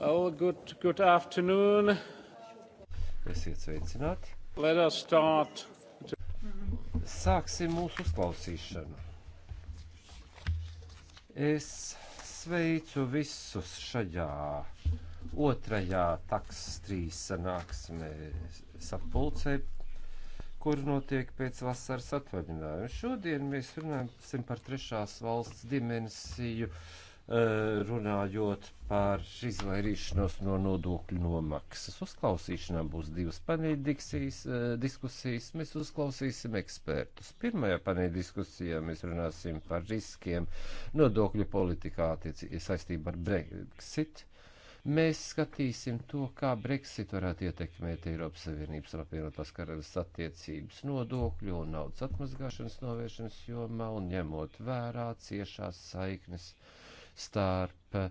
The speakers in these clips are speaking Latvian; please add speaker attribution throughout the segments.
Speaker 1: Well, good, good afternoon.
Speaker 2: Esiet sveicināti.
Speaker 1: Let us start. Sāksim
Speaker 2: mūsu uzklausīšanu. Es sveicu visus šajā otrajā taks trīs sanāksmē sapulcē, kur notiek pēc vasaras atvaļinājuma. Šodien mēs runājam par trešās valsts dimensiju. Uh, Eh, runājot par izvairīšanos no nodokļu nomaksas. Uzklausīšanā būs divas paneļa eh, diskusijas. Mēs uzklausīsim ekspertus. Pirmajā paneļa diskusijā mēs runāsim par riskiem nodokļu politikā saistībā ar Brexit. Mēs skatīsim to, kā Brexit varētu ietekmēt Eiropas Savienības un apvienotās karalistas attiecības nodokļu un naudas atmazgāšanas novēršanas jomā un ņemot vērā ciešās saiknes uh, starp eh,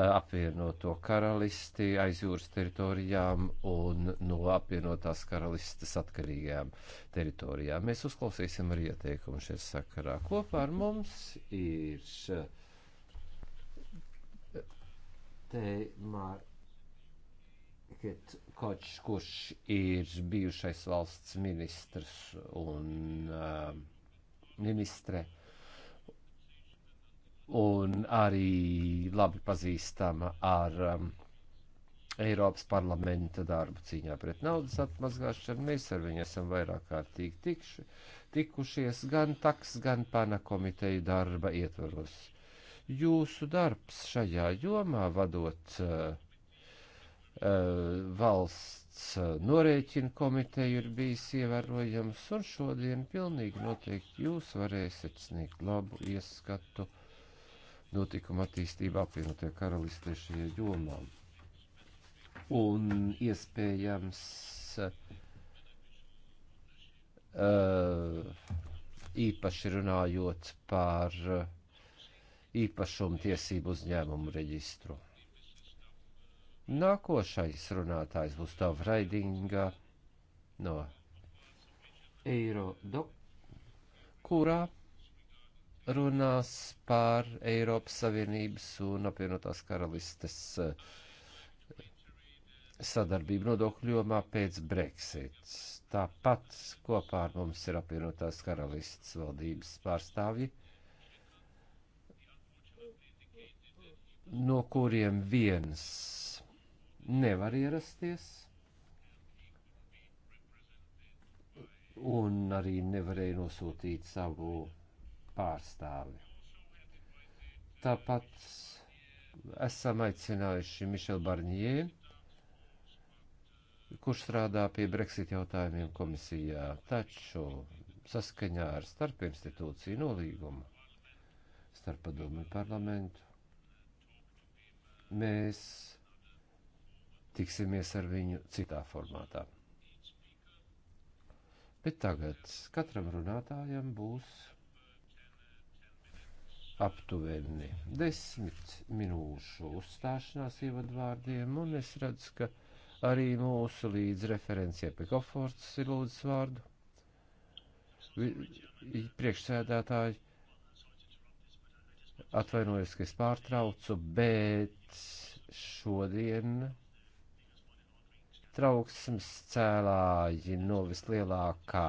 Speaker 2: apvienoto karalisti aiz jūras teritorijām un no apvienotās karalistes atkarīgajām teritorijām. Mēs uzklausīsim arī ieteikumu šajā sakarā. Kopā ar mums ir eh, Teimār Ket Kočs, kurš ir bijušais valsts ministrs un uh, ministre uh, un arī labi pazīstama ar um, Eiropas parlamenta darbu cīņā pret naudas atmazgāšanu. Mēs ar viņu esam vairāk kārtīgi tikši, tikušies gan taks, gan pana komiteju darba ietvaros. Jūsu darbs šajā jomā vadot uh, uh, valsts uh, norēķinu komiteju ir bijis ievērojams, un šodien pilnīgi noteikti jūs varēsiet sniegt labu ieskatu notikuma attīstība apvienotajā karalistē šajā jomā. Un iespējams uh, īpaši runājot par īpašumu tiesību uzņēmumu reģistru. Nākošais runātājs būs Tava Raidinga no Eiro, do, kurā runās par Eiropas Savienības un apvienotās karalistes eh, sadarbību nodokļu jomā pēc Brexit. Tāpat kopā ar mums ir apvienotās karalistes valdības pārstāvji, no kuriem viens nevar ierasties. Un arī nevarēja nosūtīt savu pārstāvi. Tāpat esam aicinājuši Mišelu Barņē, kurš strādā pie Brexit jautājumiem komisijā, taču saskaņā ar starpinstitūciju nolīgumu starp padomu parlamentu mēs tiksimies ar viņu citā formātā. Bet tagad katram runātājam būs aptuveni desmit minūšu uzstāšanās ievadvārdiem, un es redzu, ka arī mūsu līdz referencija pie Koforts ir lūdzis vārdu. Priekšsēdētāji atvainojos, ka es pārtraucu, bet šodien trauksmes cēlāji no vislielākā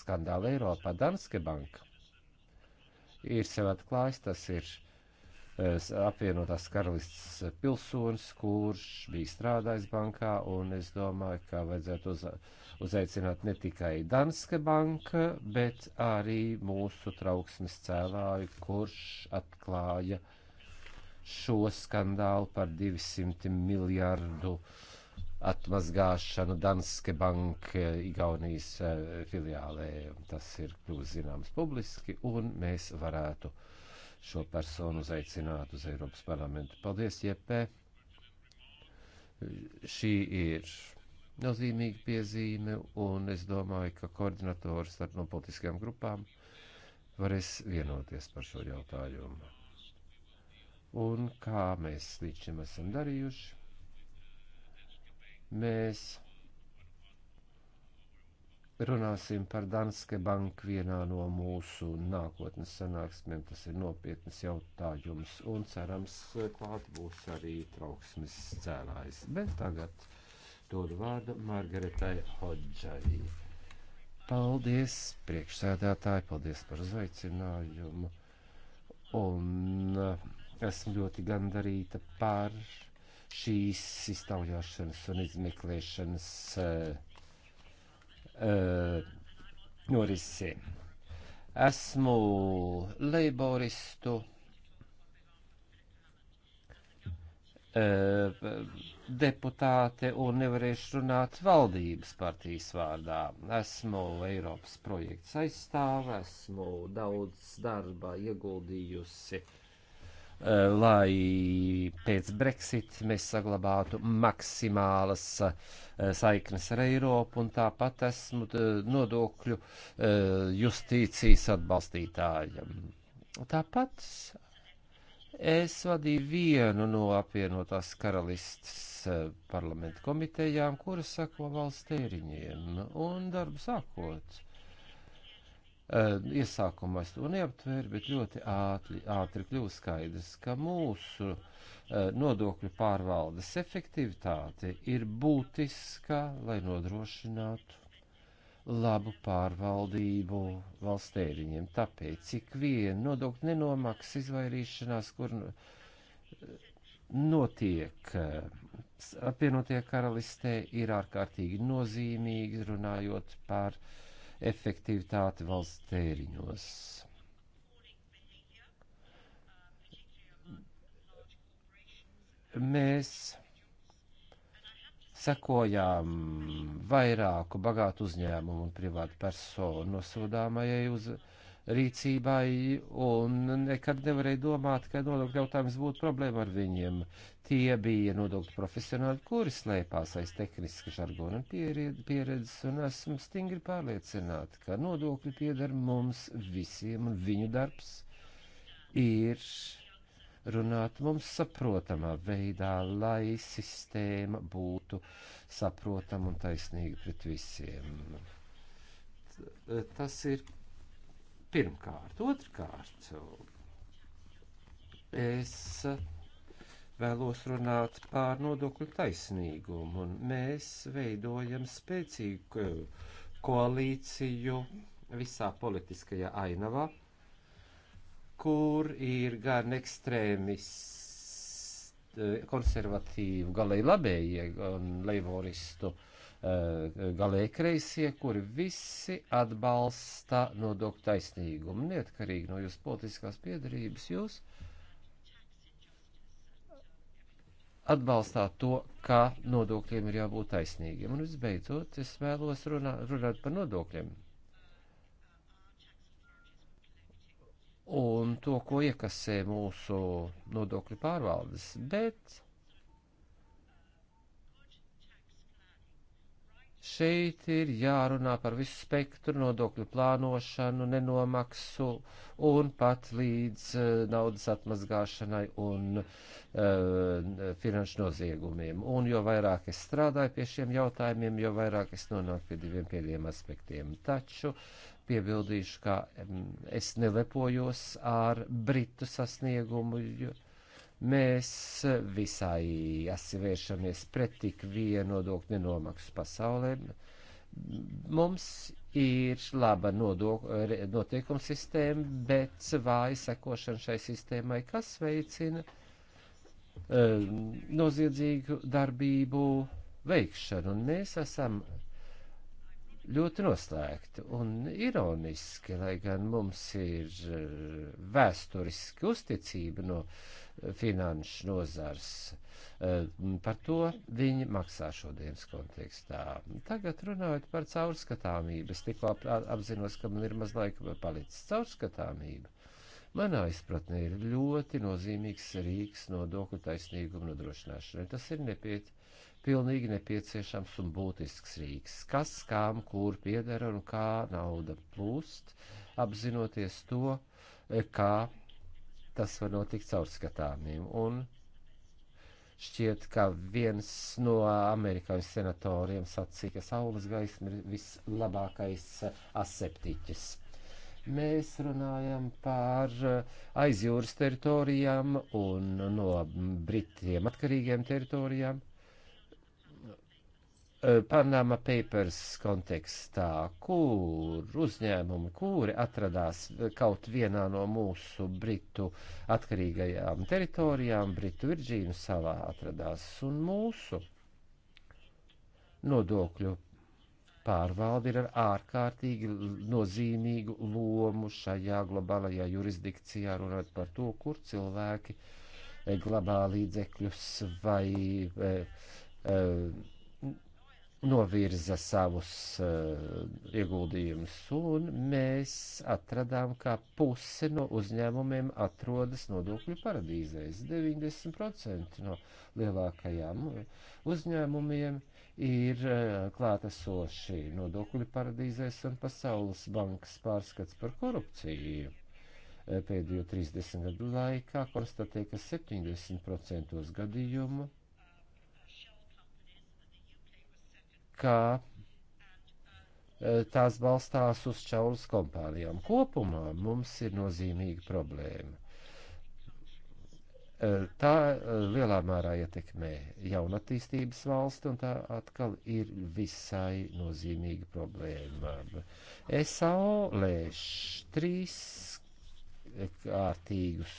Speaker 2: skandāla Eiropā Danske banka ir sev atklājis, tas ir eh, apvienotās karalists eh, pilsonis, kurš bija strādājis bankā, un es domāju, ka vajadzētu uz, uzaicināt ne tikai Danske banka, bet arī mūsu trauksmes cēlāju, kurš atklāja šo skandālu par 200 miljārdu uh, atmazgāšanu Danske Bank Igaunijas eh, filiālē. Tas ir kļūst zināms publiski, un mēs varētu šo personu uzaicināt uz Eiropas parlamentu. Paldies, Jepē! Šī ir nozīmīga piezīme, un es domāju, ka koordinatori starp no politiskajām grupām varēs vienoties par šo jautājumu. Un kā mēs līdz šim esam darījuši, Mēs runāsim par Danske banku vienā no mūsu nākotnes sanāksmēm. Tas ir nopietnas jautājums un cerams, klāt būs arī trauksmes cēlājs. Bet tagad dodu vārdu Margaretai Hodžai. Paldies, priekšsēdētāji, paldies par uzaicinājumu. Un eh, esmu ļoti gandarīta par šīs iztaujošanas un izmeklēšanas uh, eh, uh, eh, norisi. Esmu leiboristu uh, deputāte un nevarēšu runāt valdības partijas vārdā. Esmu Eiropas projekts aizstāve, esmu daudz darba ieguldījusi uh, Eh, lai pēc Brexit mēs saglabātu maksimālas eh, saiknes ar Eiropu, un tāpat esmu eh, nodokļu justīcijas atbalstītāja. Tāpat es vadīju vienu no apvienotās karalistes parlamentu komitejām, kuras sako valsts tēriņiem, un darbu sākot iesākumā es to neaptvēru, bet ļoti ātri, ātri kļuva skaidrs, ka mūsu nodokļu pārvaldes efektivitāte ir būtiska, lai nodrošinātu labu pārvaldību valstēriņiem. Tāpēc ik viena nodokļu nenomaks izvairīšanās, kur notiek apvienotie karalistē, ir ārkārtīgi nozīmīgi runājot par uh, efektivitāti valsts tēriņos. Mēs sekojām vairāku bagātu uzņēmumu un privātu personu nosodāmajai uz, rīcībai, un nekad nevarēja domāt, ka nodokļu jautājums būtu problēma ar viņiem. Tie bija nodokļu profesionāļi, kuri slēpās aiz tehniska žargona pieredzes, un esmu stingri pārliecināti, ka nodokļi pieder mums visiem, un viņu darbs ir runāt mums saprotamā veidā, lai sistēma būtu saprotama un taisnīga pret visiem. Tas ir Pirmkārt, otrkārt, es vēlos runāt par nodokļu taisnīgumu, un mēs veidojam spēcīgu eh, koalīciju visā politiskajā ainavā, kur ir gan ekstrēmisti, eh, konservatīvi, galēji labējie un leiboristu uh, Eh, galēji kreisie, kuri visi atbalsta nodokļu taisnīgumu, neatkarīgi no jūsu politiskās piedarības, jūs atbalstāt to, ka nodokļiem ir jābūt taisnīgiem. Un visbeidzot, es vēlos runā, runāt par nodokļiem. Un to, ko iekasē mūsu nodokļu pārvaldes, bet Šeit ir jārunā par visu spektru nodokļu plānošanu, nenomaksu un pat līdz uh, naudas atmazgāšanai un uh, finanšu noziegumiem. Un jo vairāk es strādāju pie šiem jautājumiem, jo vairāk es nonāku pie diviem pēdējiem aspektiem. Taču piebildīšu, ka um, es nelepojos ar Britu sasniegumu. Jo, Mēs visai asivēršamies pret tik vienu nodokļu nenomaksu pasaulē. Mums ir laba nodok, notiekuma sistēma, bet vāja sekošana šai sistēmai, kas veicina um, noziedzīgu darbību veikšanu. Un mēs esam ļoti noslēgti un ironiski, lai gan mums ir e, vēsturiski uzticība no finanšu nozars. E, par to viņi maksā šodienas kontekstā. Tagad runājot par caurskatāmību, es tikko apzinos, ka man ir maz laika palicis caurskatāmība. Manā izpratnē ir ļoti nozīmīgs rīks nodokļu taisnīguma nodrošināšanai. Tas ir nepieciešams pilnīgi nepieciešams un būtisks rīks, kas kam, kur piedara un kā nauda plūst, apzinoties to, e, kā tas var notikt caurskatāmiem. Un šķiet, ka viens no amerikāņu senatoriem sacīja, ka saules gaisma ir vislabākais e, aseptiķis mēs runājam par e, aizjūras teritorijām un no Britiem atkarīgiem teritorijām. Eh, Panama Papers kontekstā, kur uzņēmumi, kuri atradās kaut vienā no mūsu Britu atkarīgajām teritorijām, Britu Virģīnu salā atradās un mūsu nodokļu pārvalde ir ar ārkārtīgi nozīmīgu lomu šajā globālajā jurisdikcijā, runājot par to, kur cilvēki eh, glabā līdzekļus vai. E, e, novirza savus uh, ieguldījumus, un mēs atradām, ka puse no uzņēmumiem atrodas nodokļu paradīzēs. 90% no lielākajām eh, uzņēmumiem ir uh, klātesoši nodokļu paradīzēs, un Pasaules bankas pārskats par korupciju pēdējo 30 gadu laikā konstatē, ka 70% gadījumu ka eh, tās balstās uz čaulas kompānijām. Kopumā mums ir nozīmīga problēma. Eh, tā eh, lielā mērā ietekmē jaunatīstības valsti, un tā atkal ir visai nozīmīga problēma. SAO lēš trīs kārtīgus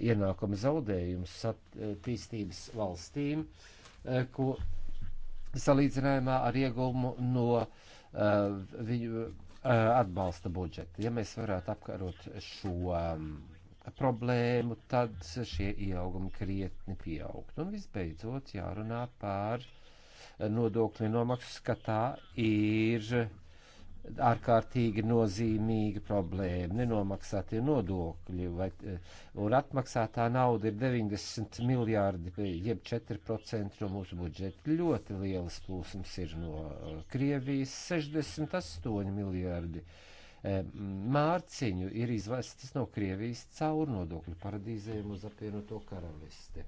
Speaker 2: ienākuma zaudējumus attīstības valstīm, ko salīdzinājumā ar iegulmu no uh, viņu uh, atbalsta budžeta. Ja mēs varētu apkarot šo um, problēmu, tad šie ieaugumi krietni pieaugtu. Un visbeidzot jārunā par eh, nodokļu nomaksu, ka tā ir uh, ārkārtīgi nozīmīga problēma. Nenomaksātie nodokļi vai, un atmaksātā nauda ir 90 miljārdi, jeb 4% no mūsu budžeta. Ļoti lielas plūsmas ir no Krievijas - 68 miljārdi. E, mārciņu ir izvestas no Krievijas caur nodokļu paradīzēm uz apvienoto karalisti.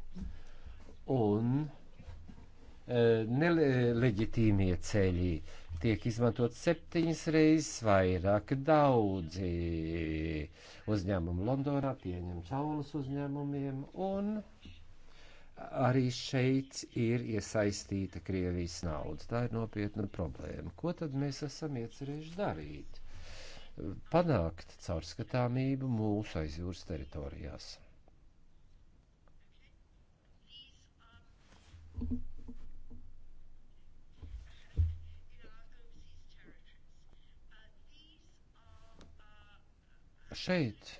Speaker 2: Un e, neleģitīmie ceļi tiek izmantot septiņas reizes vairāk. Daudzi uzņēmumi Londonā pieņem saules uzņēmumiem, un arī šeit ir iesaistīta Krievijas nauda. Tā ir nopietna problēma. Ko tad mēs esam iecerējuši darīt? Panākt caurskatāmību mūsu aizjūras teritorijās. Thank you. Šeit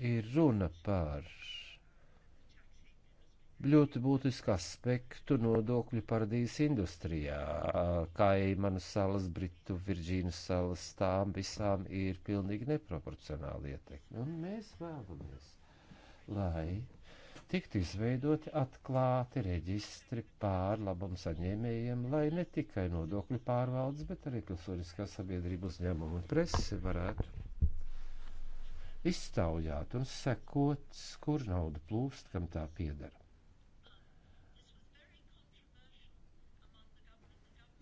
Speaker 2: ir runa par ļoti būtisku aspektu nodokļu paradīzes industrijā. Kaimanu salas, Britu Virģīnas salas, tām visām ir pilnīgi neproporcionāli ietekmi. Un mēs vēlamies, lai tiktu izveidoti atklāti reģistri pār labumu saņēmējiem, lai ne tikai nodokļu pārvaldes, bet arī pilsoniskā sabiedrība uzņēmuma un presi varētu iztaujāt un sekot, kur nauda plūst, kam tā piedara.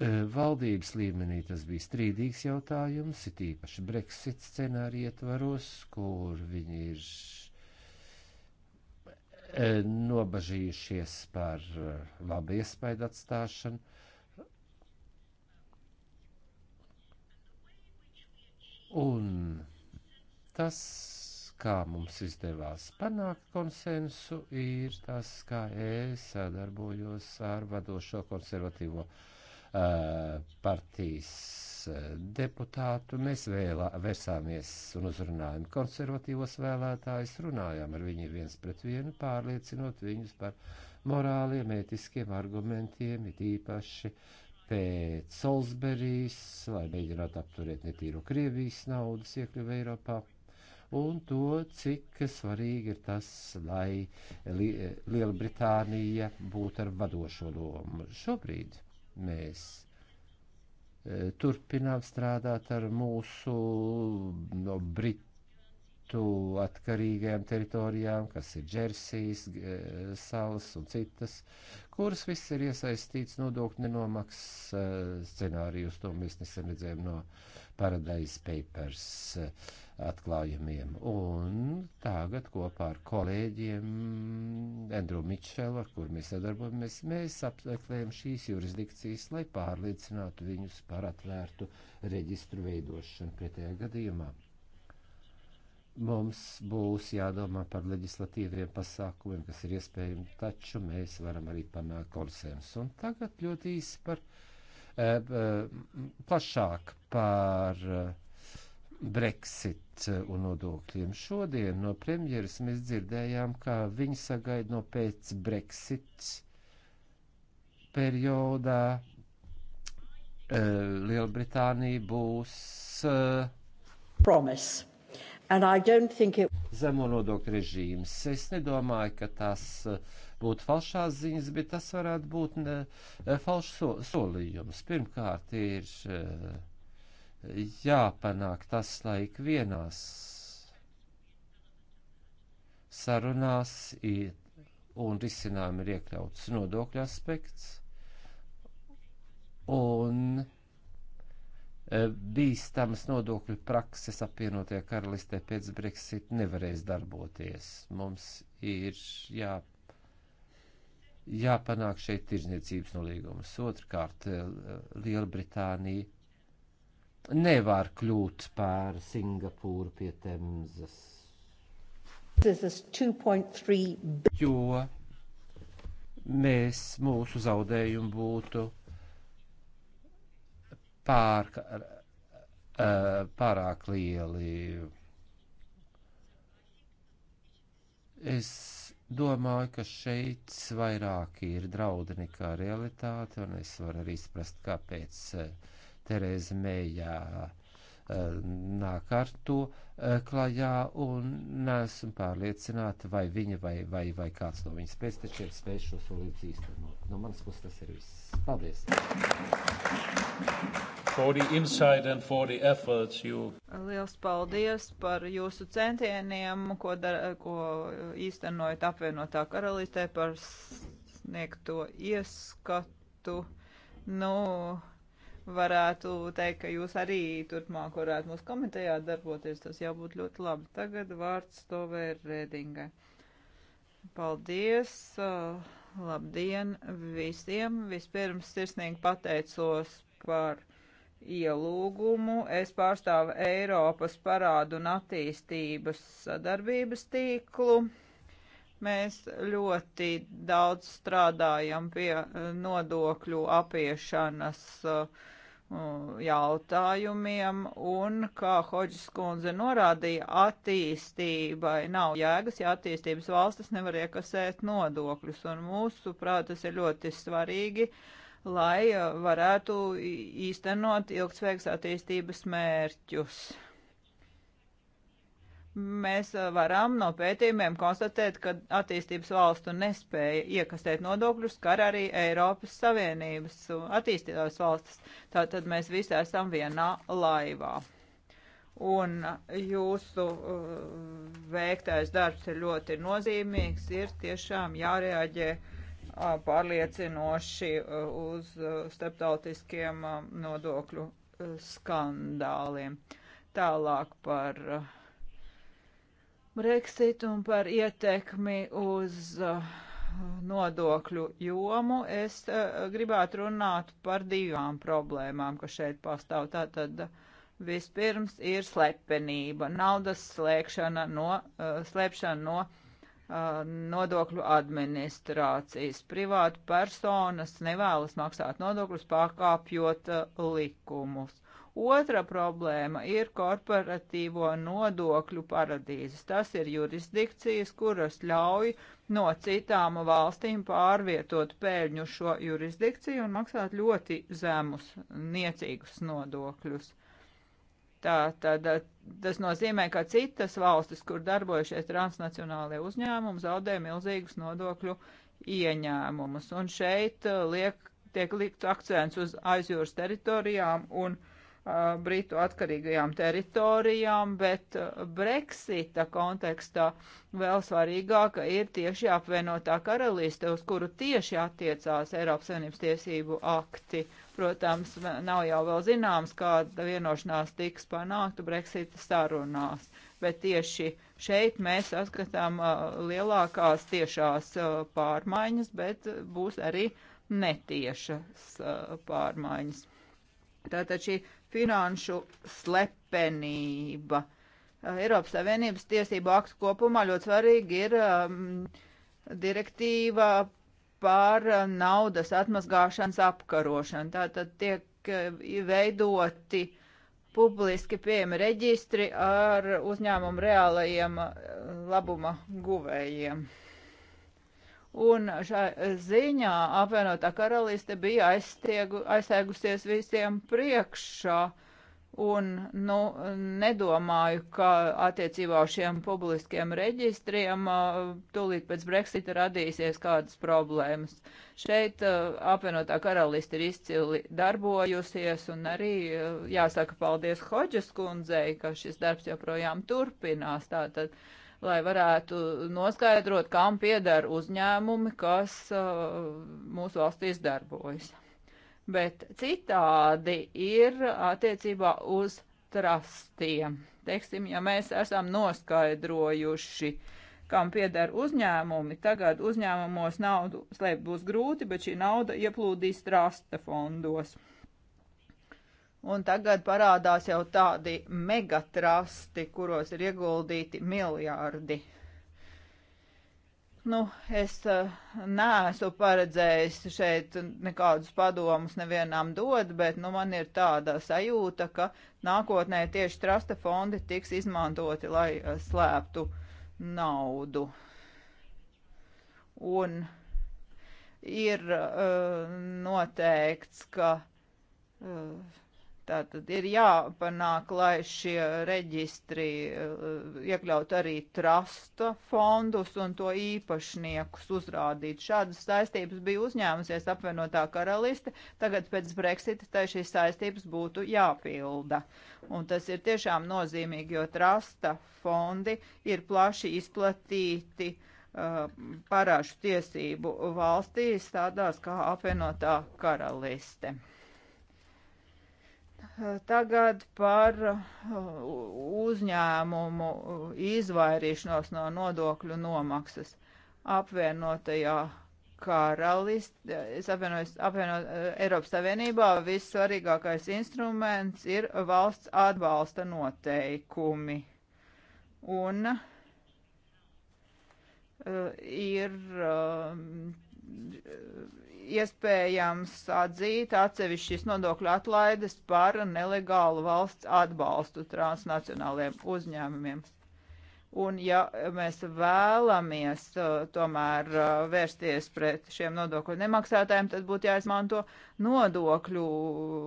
Speaker 2: E, valdības līmenī tas bija strīdīgs jautājums, it īpaši Brexit scenārija ietvaros, kur viņi ir e, nobažījušies par e, labu iespaidu atstāšanu. Un Tas, kā mums izdevās panākt konsensu, ir tas, kā es sadarbojos ar vadošo konservatīvo uh, partijas eh, deputātu. Mēs vēlā, versāmies un uzrunājam konservatīvos vēlētājus, runājām ar viņiem viens pret vienu, pārliecinot viņus par morāliem, ētiskiem argumentiem, it īpaši pēc Solsberijas, lai mēģinātu apturēt netīru Krievijas naudas iekļuvu Eiropā un to, cik svarīgi ir tas, lai Li Lielbritānija būtu ar vadošo lomu. Šobrīd mēs e, turpinām strādāt ar mūsu no Britu atkarīgajām teritorijām, kas ir Džersijas e, salas un citas, kuras viss ir iesaistīts nodokļu nenomaksas eh, scenārijus, to mēs nesen redzējām no Paradise Papers eh, atklājumiem. Un tagad kopā ar kolēģiem Andrew Mitchell, ar kur mēs sadarbojamies, mēs apmeklējam šīs jurisdikcijas, lai pārliecinātu viņus par atvērtu reģistru veidošanu pretējā gadījumā mums būs jādomā par leģislatīviem pasākumiem, kas ir iespējami, taču mēs varam arī panākt konsensu. Un tagad ļoti īsi par e, e, plašāk par e, Brexit un nodokļiem. Šodien no premjeras mēs dzirdējām, ka viņi sagaida no pēc Brexit periodā Lielbritānija būs.
Speaker 3: Promise It...
Speaker 2: Zemo nodokļu režīms. Es nedomāju, ka tas uh, būtu falšās ziņas, bet tas varētu būt ne, uh, falšs so, solījums. Pirmkārt, ir uh, jāpanāk tas, lai ik vienās sarunās ir, un risinājumi ir iekļauts nodokļu aspekts. Un Eh, bīstamas nodokļu prakses apvienotajā karalistē pēc Brexit nevarēs darboties. Mums ir jā, jāpanāk šeit tirzniecības nolīgumus. Otrkārt, eh, Lielbritānija nevar kļūt pār Singapūru pie Temzas. Jo mēs mūsu zaudējumu būtu pār, pārāk lieli. Es domāju, ka šeit vairāk ir draudi nekā realitāte, un es varu arī izprast, kāpēc Terēza Mējā nāk ar to klajā, un nesmu pārliecināta, vai viņa vai, vai, vai kāds no viņas pēctečiem spēj šo
Speaker 1: solīdzi īstenot. No manas puses tas ir viss. Paldies! for the insight and for the efforts you.
Speaker 3: Liels paldies par jūsu centieniem, ko, dar, ko īstenojat apvienotā karalistē par sniegto ieskatu. Nu, varētu teikt, ka jūs arī turpmāk varētu mūsu komitejā darboties. Tas jau būtu ļoti labi. Tagad vārds to vēr rēdingai. Paldies! Uh, labdien visiem! Vispirms sirsnīgi pateicos par ielūgumu. Es pārstāvu Eiropas parādu un attīstības sadarbības tīklu. Mēs ļoti daudz strādājam pie eh, nodokļu apiešanas eh, mm, jautājumiem, un, kā Hoģis kundze norādīja, attīstībai nav jēgas, ja attīstības valstis nevar iekasēt nodokļus, un mūsu prāt tas ir ļoti svarīgi, uh, lai uh, varētu īstenot ilgspējīgas attīstības mērķus. Mēs uh, varam no pētījumiem konstatēt, ka attīstības valstu nespēja iekastēt nodokļus, kar arī Eiropas Savienības uh, attīstītās valstis. Tātad mēs visi esam vienā laivā. Un jūsu uh, veiktais darbs ir ļoti nozīmīgs, ir tiešām jārēģē uh, pārliecinoši uz starptautiskiem nodokļu skandāliem. Tālāk par Brexit un par ietekmi uz nodokļu jomu. Es gribētu runāt par divām problēmām, kas šeit pastāv. Tātad vispirms ir slepenība, naudas slēpšana no, slēpšana no Uh, nodokļu administrācijas. Privāta personas nevēlas maksāt nodokļus, pārkāpjot uh, likumus. Otra problēma ir korporatīvo nodokļu paradīzes. Tas ir jurisdikcijas, kuras ļauj no citām valstīm pārvietot pēļņu šo jurisdikciju un maksāt ļoti zemus, niecīgus nodokļus. Uh, Tā tad eh, tas nozīmē, ka citas valstis, kur darbojušies transnacionālie uzņēmumi, zaudē milzīgus nodokļu ieņēmumus. Un šeit eh, liek, tiek likt akcents uz aizjūras teritorijām un uh, Britu atkarīgajām teritorijām, bet Brexita kontekstā vēl svarīgāka ir tieši apvienotā karaliste, uz kuru tieši attiecās Eiropas Savienības tiesību akti Protams, nav jau vēl zināms, kāda vienošanās tiks panākta Brexita sarunās, bet tieši šeit mēs saskatām uh, lielākās tiešās uh, pārmaiņas, bet būs arī netiešas uh, pārmaiņas. Tātad šī finanšu slepenība. Eiropas Savienības tiesību aktu kopumā ļoti svarīgi ir um, direktīva par eh, naudas atmazgāšanas apkarošanu. Tātad tiek eh, veidoti publiski pieejami reģistri ar uzņēmumu reālajiem eh, labuma guvējiem. Un šai ziņā apvienotā karaliste bija aizstiegusies visiem priekšā. Uh, Un nu, nedomāju, ka attiecībā uz šiem publiskiem reģistriem uh, tūlīt pēc Brexita radīsies kādas problēmas. Šeit uh, apvienotā karaliste ir izcili darbojusies un arī uh, jāsaka paldies Hoģas kundzei, ka šis darbs joprojām turpinās. Tātad, lai varētu noskaidrot, kam piedara uzņēmumi, kas mūsu valstīs darbojas bet citādi ir attiecībā uz trastiem. Teiksim, ja mēs esam noskaidrojuši, kam pieder uzņēmumi, tagad uzņēmumos naudu slēpt būs grūti, bet šī nauda ieplūdīs trasta fondos. Un tagad parādās jau tādi megatrasti, kuros ir ieguldīti miljārdi Nu, es eh, neesmu paredzējis šeit nekādus padomus nevienam dot, bet nu, man ir tāda sajūta, ka nākotnē tieši trasta fondi tiks izmantoti, lai eh, slēptu naudu. Un ir uh, noteikts, ka uh, Tātad ir jāpanāk, lai šie reģistri eh, iekļaut arī trasta fondus un to īpašniekus uzrādīt. Šādas saistības bija uzņēmusies apvienotā karaliste, tagad pēc Brexita tai šīs saistības būtu jāpilda. Un tas ir tiešām nozīmīgi, jo trasta fondi ir plaši izplatīti eh, parāžu tiesību valstīs, tādās kā apvienotā karaliste. Tagad par uh, uzņēmumu izvairīšanos no nodokļu nomaksas apvienotajā karalistē, apvienot, uh, Eiropas Savienībā vissvarīgākais instruments ir valsts atbalsta noteikumi. Un uh, ir uh, iespējams atzīt atsevišķas nodokļu atlaides par nelegālu valsts atbalstu transnacionāliem uzņēmumiem. Un ja mēs vēlamies tomēr vērsties pret šiem nodokļu nemaksātājiem, tad būtu jāizmanto nodokļu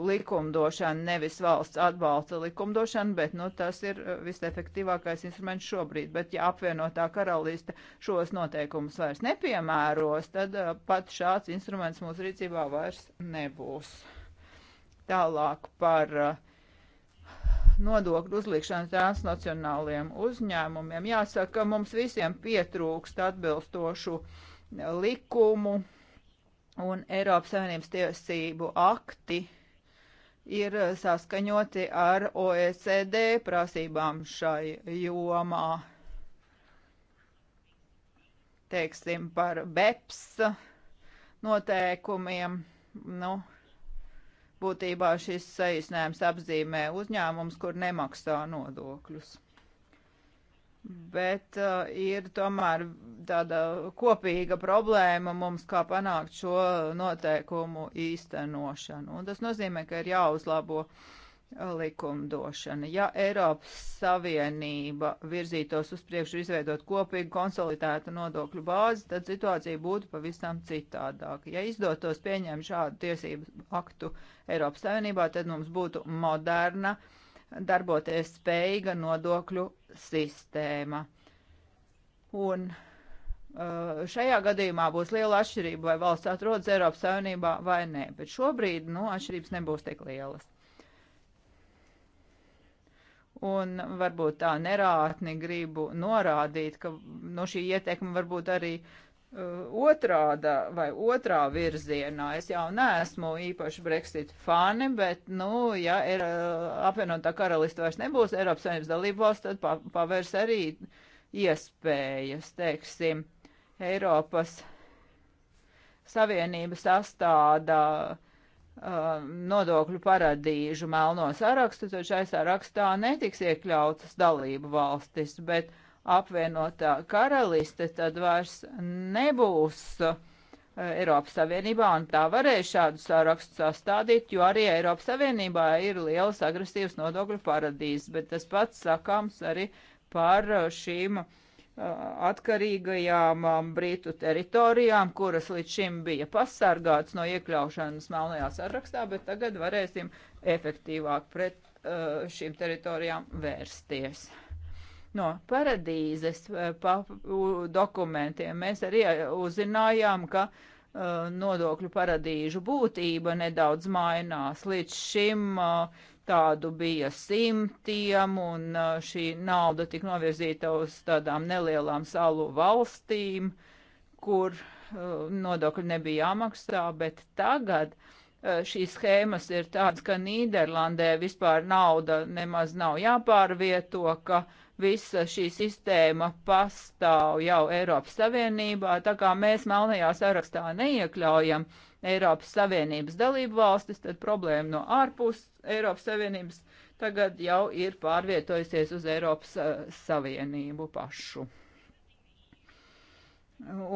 Speaker 3: likumdošana, nevis valsts atbalsta likumdošana, bet nu, tas ir visefektīvākais instruments šobrīd. Bet ja apvienotā karaliste šos noteikumus vairs nepiemēros, tad pat šāds instruments mūsu rīcībā vairs nebūs. Tālāk par uh, nodokļu uzlikšanu transnacionāliem uzņēmumiem. Jāsaka, ka mums visiem pietrūkst atbilstošu likumu un Eiropas Savienības tiesību akti ir saskaņoti ar OECD prasībām šai jomā. Teiksim par BEPS noteikumiem. Nu, Būtībā šis saīsinājums apzīmē uzņēmums, kur nemaksā nodokļus. Bet uh, ir tomēr tāda kopīga problēma mums, kā panākt šo noteikumu īstenošanu. Un tas nozīmē, ka ir jāuzlabo uh, likumdošana. Ja Eiropas Savienība virzītos uz priekšu izveidot kopīgu konsolidētu nodokļu bāzi, tad situācija būtu pavisam citādāka. Ja izdotos pieņemt šādu tiesību aktu Eiropas Savienībā, tad mums būtu moderna, darboties spējīga nodokļu sistēma. Un uh, šajā gadījumā būs liela atšķirība, vai valsts atrodas Eiropas Savienībā vai nē, bet šobrīd, nu, atšķirības nebūs tik lielas. Un varbūt tā nerātni gribu norādīt, ka no šī ieteikuma varbūt arī uh, otrāda vai otrā virzienā. Es jau neesmu īpaši Brexit fani, bet, nu, ja ir uh, apvienotā karalista vairs nebūs Eiropas Savienības dalību valsts, tad pa, pavērs arī iespējas, teiksim, Eiropas Savienība sastādā uh, Um, nodokļu paradīžu melno sarakstu, tad šai sarakstā netiks iekļautas dalību valstis, bet apvienotā karaliste tad vairs nebūs uh, Eiropas Savienībā, un tā varēja šādu sarakstu sastādīt, jo arī Eiropas Savienībā ir liels agresīvs nodokļu paradīzes, bet tas pats sakāms arī par uh, šīm uh, atkarīgajām Britu teritorijām, kuras līdz šim bija pasargātas no iekļaušanas melnajā sarakstā, bet tagad varēsim efektīvāk pret uh, šīm teritorijām vērsties. No paradīzes pa, dokumentiem mēs arī uzzinājām, ka uh, nodokļu paradīžu būtība nedaudz mainās. Līdz šim uh, tādu bija simtiem, un šī nauda tika novirzīta uz tādām nelielām salu valstīm, kur uh, nodokļi nebija jāmaksā, bet tagad uh, šīs schēmas ir tādas, ka Nīderlandē vispār nauda nemaz nav jāpārvieto, ka visa šī sistēma pastāv jau Eiropas Savienībā, tā kā mēs Melnajā sarakstā neiekļaujam uh, Eiropas Savienības dalību valstis, tad problēma no ārpus Eiropas Savienības tagad jau ir pārvietojusies uz Eiropas uh, Savienību pašu.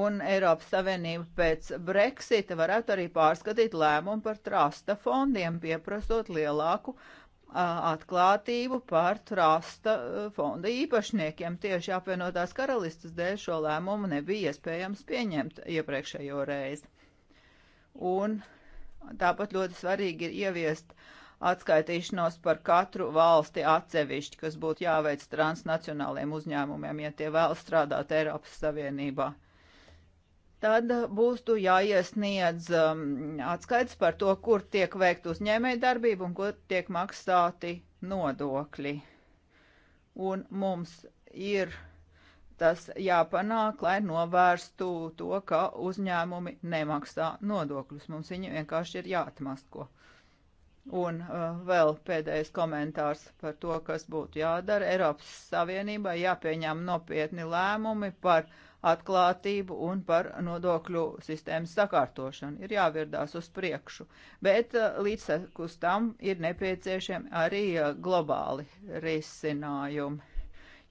Speaker 3: Un Eiropas Savienība pēc Brexita varētu arī pārskatīt lēmumu par trasta fondiem, pieprasot lielāku eh, atklātību par trasta eh, fonda īpašniekiem. Tieši apvienotās karalistas dēļ šo lēmumu nebija iespējams pieņemt iepriekšējo reizi un tāpat ļoti svarīgi ir ieviest atskaitīšanos par katru valsti atsevišķi, kas būtu jāveic transnacionāliem uzņēmumiem, ja tie vēl strādāt Eiropas Savienībā. Tad būs tu jāiesniedz um, atskaits par to, kur tiek veikt uzņēmēja darbība un kur tiek maksāti nodokļi. Un mums ir tas jāpanāk, lai novērstu to, ka uzņēmumi nemaksā nodokļus. Mums viņi vienkārši ir jāatmasko. Un uh, vēl pēdējais komentārs par to, kas būtu jādara. Eiropas Savienībai jāpieņem nopietni lēmumi par atklātību un par nodokļu sistēmas sakārtošanu. Ir jāvirdās uz priekšu, bet uh, līdzsekus tam ir nepieciešami arī uh, globāli risinājumi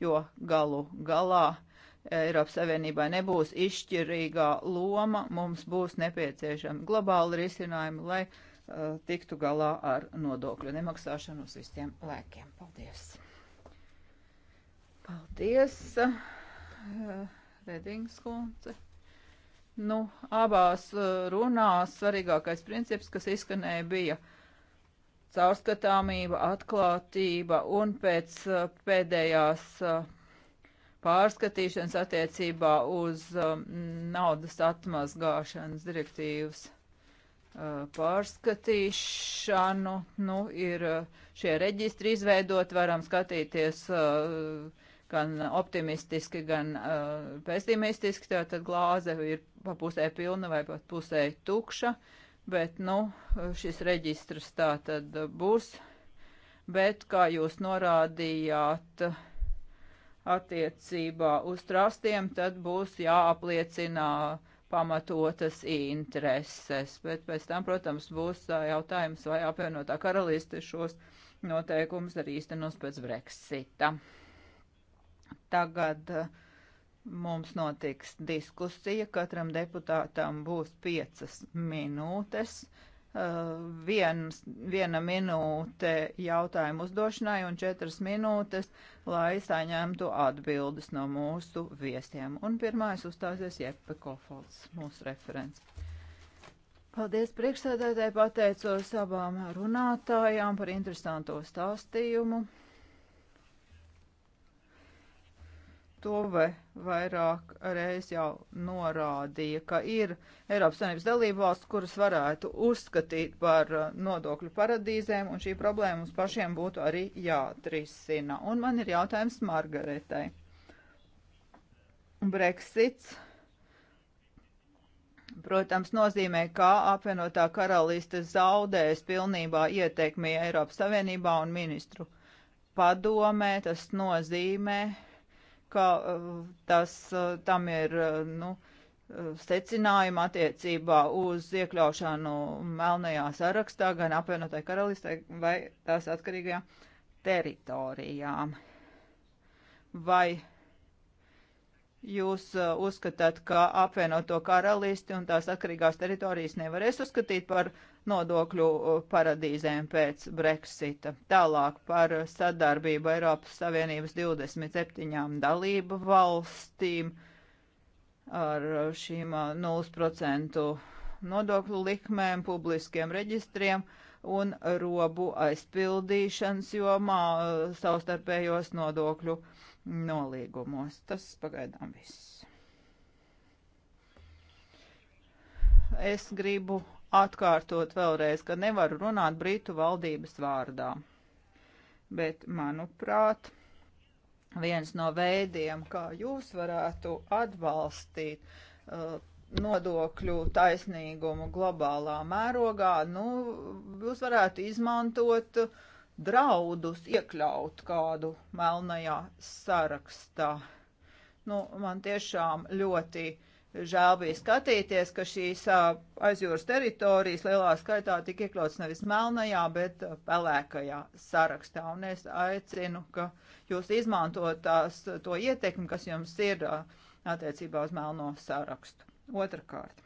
Speaker 3: jo galu galā eh, Eiropas Savienībai nebūs izšķirīgā loma, mums būs nepieciešami globāli risinājumi, lai uh, tiktu galā ar nodokļu nemaksāšanu uz visiem lēkiem. Paldies! Paldies, uh, Redings kundze! Nu, abās runās svarīgākais princips, kas izskanēja, bija uh, caurskatāmība, atklātība un pēc eh, pēdējās eh, pārskatīšanas attiecībā uz eh, naudas atmazgāšanas direktīvas pārskatīšanu, nu, ir šie reģistri izveidot, varam skatīties gan optimistiski, gan pesimistiski, tātad glāze ir pa pusē pilna vai pat pusē tukša. Uh, bet, nu, šis reģistrs tā tad būs, bet, kā jūs norādījāt, attiecībā uz trastiem, tad būs jāapliecinā pamatotas intereses, bet pēc tam, protams, būs jautājums, vai apvienotā karaliste šos noteikumus arī īstenos pēc Brexita. Tagad uh, Mums notiks diskusija, katram deputātam būs piecas minūtes. Uh, Viens, viena minūte jautājumu uzdošanai un četras minūtes, lai saņemtu atbildes no mūsu viesiem. Un pirmais uzstāsies Jeppe Kofolds, mūsu referents. Paldies priekšsēdētāji, pateicos abām runātājām par interesanto stāstījumu. Tuve vairāk reiz jau norādīja, ka ir Eiropas Savienības dalībvalsts, kuras varētu uzskatīt par uh, nodokļu paradīzēm, un šī problēma mums pašiem būtu arī jāatrisina. Un man ir jautājums Margaretai. Brexits, protams, nozīmē, ka apvienotā karaliste zaudēs pilnībā ietekmi Eiropas Savienībā un ministru padomē. Tas nozīmē, ka eh, tas eh, tam ir, eh, nu, secinājumu attiecībā uz iekļaušanu melnajā sarakstā gan apvienotai karalistē vai tās atkarīgajām teritorijām. Vai jūs uzskatāt, ka apvienoto karalisti un tās atkarīgās teritorijas nevarēs uzskatīt par uh, nodokļu paradīzēm pēc Brexita. Tālāk par sadarbību Eiropas Savienības 27 dalību valstīm ar šīm 0% nodokļu likmēm, publiskiem reģistriem un robu aizpildīšanas jomā savstarpējos nodokļu nolīgumos. Tas pagaidām viss. Es gribu atkārtot vēlreiz, ka nevaru runāt Britu valdības vārdā. Bet, manuprāt, viens no veidiem, kā jūs varētu atbalstīt uh, nodokļu taisnīgumu globālā mērogā, nu, jūs varētu izmantot draudus, iekļaut kādu melnajā sarakstā. Nu, man tiešām ļoti uh, Žēl bija skatīties, ka šīs aizjūras teritorijas lielā skaitā tika iekļauts nevis melnajā, bet pelēkajā sarakstā. Un es aicinu, ka jūs izmantot tās, to ietekmi, kas jums ir attiecībā uz melno sarakstu. Otrakārt.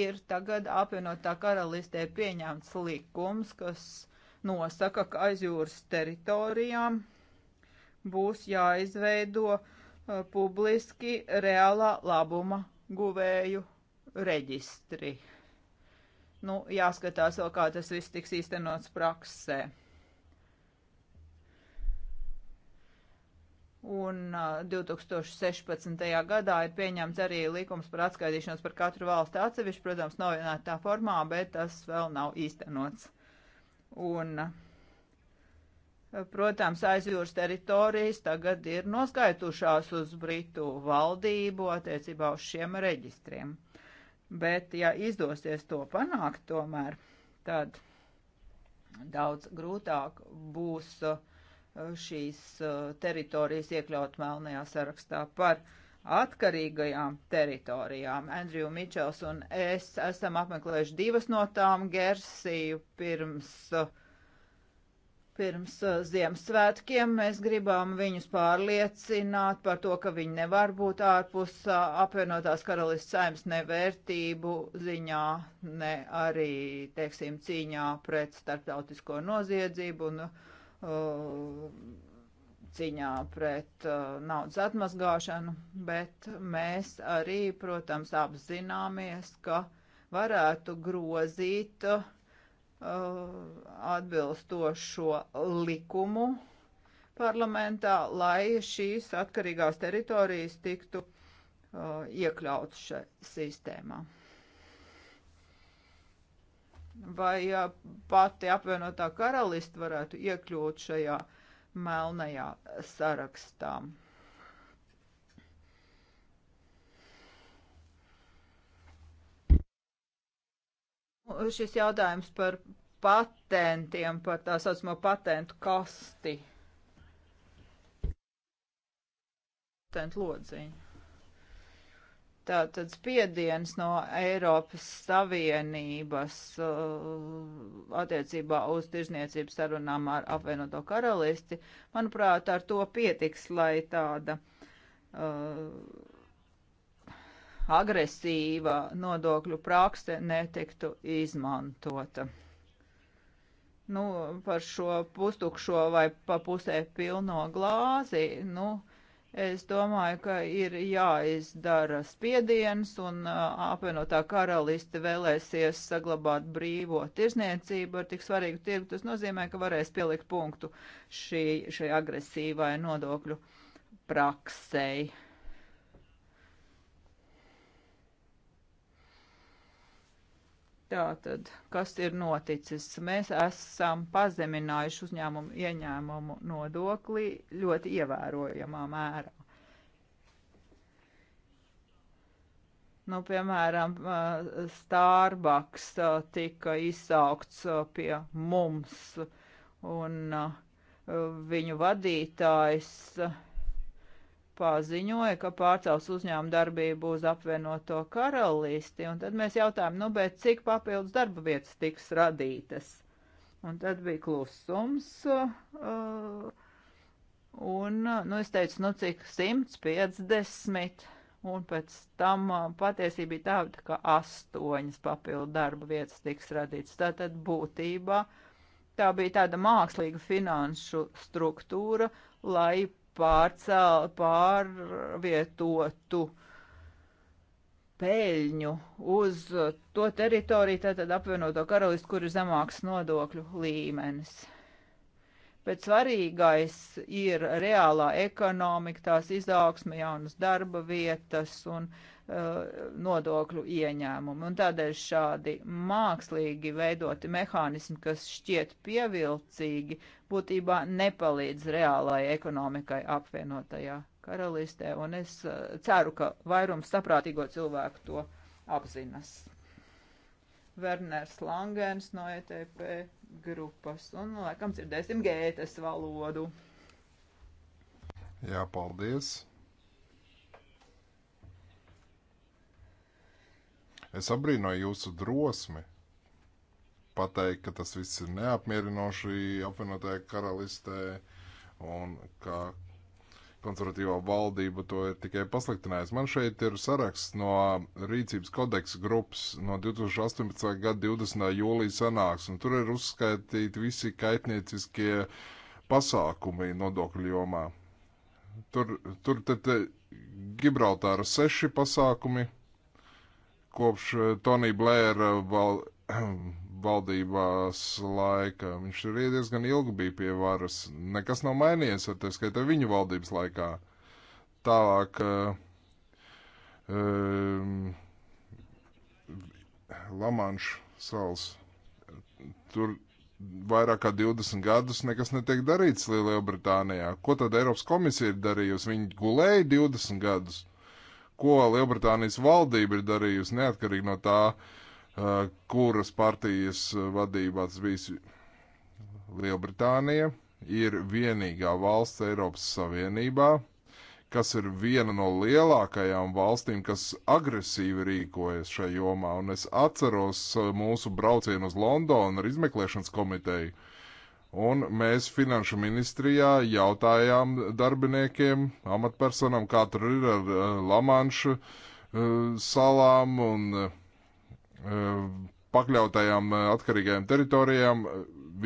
Speaker 3: Ir tagad apvienotā karalistē pieņemts likums, kas nosaka, ka aizjūras teritorijām būs jāizveido uh, Uh, publiski reālā labuma guvēju reģistri. Nu, jāskatās vēl, kā tas viss tiks īstenots praksē. Un 2016. Uh, gadā ir pieņemts arī likums par atskaitīšanos par katru valsti atsevišķi. Protams, nav vienā tā formā, bet tas vēl nav īstenots. Un uh, Protams, aizjūras teritorijas tagad ir noskaitušās uz Britu valdību attiecībā uz šiem reģistriem. Bet, ja izdosies to panākt, tomēr tad daudz grūtāk būs uh, šīs uh, teritorijas iekļaut melnajā sarakstā par atkarīgajām teritorijām. Andrew Mičels un es esam apmeklējuši divas no tām Gersiju pirms uh, Pirms uh, Ziemassvētkiem mēs gribam viņus pārliecināt par to, ka viņi nevar būt ārpus uh, apvienotās karalists saimnes nevērtību ziņā, ne arī, teiksim, cīņā pret starptautisko noziedzību un uh, cīņā pret uh, naudas atmazgāšanu, bet mēs arī, protams, apzināmies, ka varētu grozīt uh, Uh, atbilstošo likumu parlamentā, lai šīs atkarīgās teritorijas tiktu uh, iekļauts šai sistēmā. Vai uh, pati apvienotā karalista varētu iekļūt šajā melnajā sarakstām? Šis jautājums par patentiem, par tā saucamo patentu kasti. Patentu lodziņu. Tātad spiediens no Eiropas Savienības uh, attiecībā uz tirzniecības sarunām ar apvienoto karalisti, manuprāt, ar to pietiks, lai tāda uh, agresīva nodokļu prakse netiktu izmantota. Nu, par šo pustukšo vai pa pusē pilno glāzi, nu, Es domāju, ka ir jāizdara spiediens, un apvienotā karaliste vēlēsies saglabāt brīvo tirzniecību ar tik svarīgu tirgu. Tas nozīmē, ka varēs pielikt punktu šī, šai agresīvai nodokļu praksei. Tātad, kas ir noticis? Mēs esam pazeminājuši uzņēmumu ieņēmumu nodoklī ļoti ievērojamā mērā. Nu, piemēram, Starbucks tika izsaukts pie mums, un viņu vadītājs paziņoja, ka pārcels uzņēmumu darbību uz apvienoto karalisti, un tad mēs jautājām, nu, bet cik papildus darba vietas tiks radītas? Un tad bija klusums, uh, un, nu, es teicu, nu, cik 150, un pēc tam uh, patiesība bija tāda, ka astoņas papildu darba vietas tiks radītas. Tātad būtībā tā bija tāda mākslīga finanšu struktūra, lai pārcēl, pārvietotu peļņu uz to teritoriju, tātad apvienoto karalistu, kur ir zemāks nodokļu līmenis bet svarīgais ir reālā ekonomika, tās izaugsme, jaunas darba vietas un Uh, nodokļu ieņēmumu. Un tādēļ šādi mākslīgi veidoti mehānismi, kas šķiet pievilcīgi, būtībā nepalīdz reālajai ekonomikai apvienotajā karalistē. Un es uh, ceru, ka vairums saprātīgo cilvēku to apzinas. Werners Langens no ETP grupas un, laikam, dzirdēsim gētas valodu.
Speaker 4: Jā, paldies! Es abrīnoju jūsu drosmi pateikt, ka tas viss ir neapmierinoši apvienotajā karalistē un ka konservatīvā valdība to ir tikai pasliktinājusi. Man šeit ir saraksts no rīcības kodeksa grupas no 2018. gada 20. jūlijas sanāks, un tur ir uzskaitīti visi kaitnieciskie pasākumi nodokļu jomā. Tur, tur tad Gibraltāra seši pasākumi, kopš eh, Tonija Blēra eh, val, valdībās laika. Viņš ir diezgan ilgi bija pie varas. Nekas nav mainījies ar to skaitā viņa valdības laikā. Tālāk. Um, eh, ehm, Lamanša salas. Tur vairāk kā 20 gadus nekas netiek darīts Lielbritānijā. Ko tad Eiropas komisija ir darījusi? Viņi gulēja 20 gadus ko Lielbritānijas valdība ir darījusi, neatkarīgi no tā, kuras partijas vadībā tas bijis Lielbritānija, ir vienīgā valsts Eiropas Savienībā, kas ir viena no lielākajām valstīm, kas agresīvi rīkojas šajā jomā. Un es atceros mūsu braucienu uz Londonu ar izmeklēšanas komiteju, uh, Un mēs finanšu ministrijā jautājām darbiniekiem, amatpersonām, kā tur ir ar eh, Lamanšu eh, salām un eh, pakļautajām atkarīgajām teritorijām.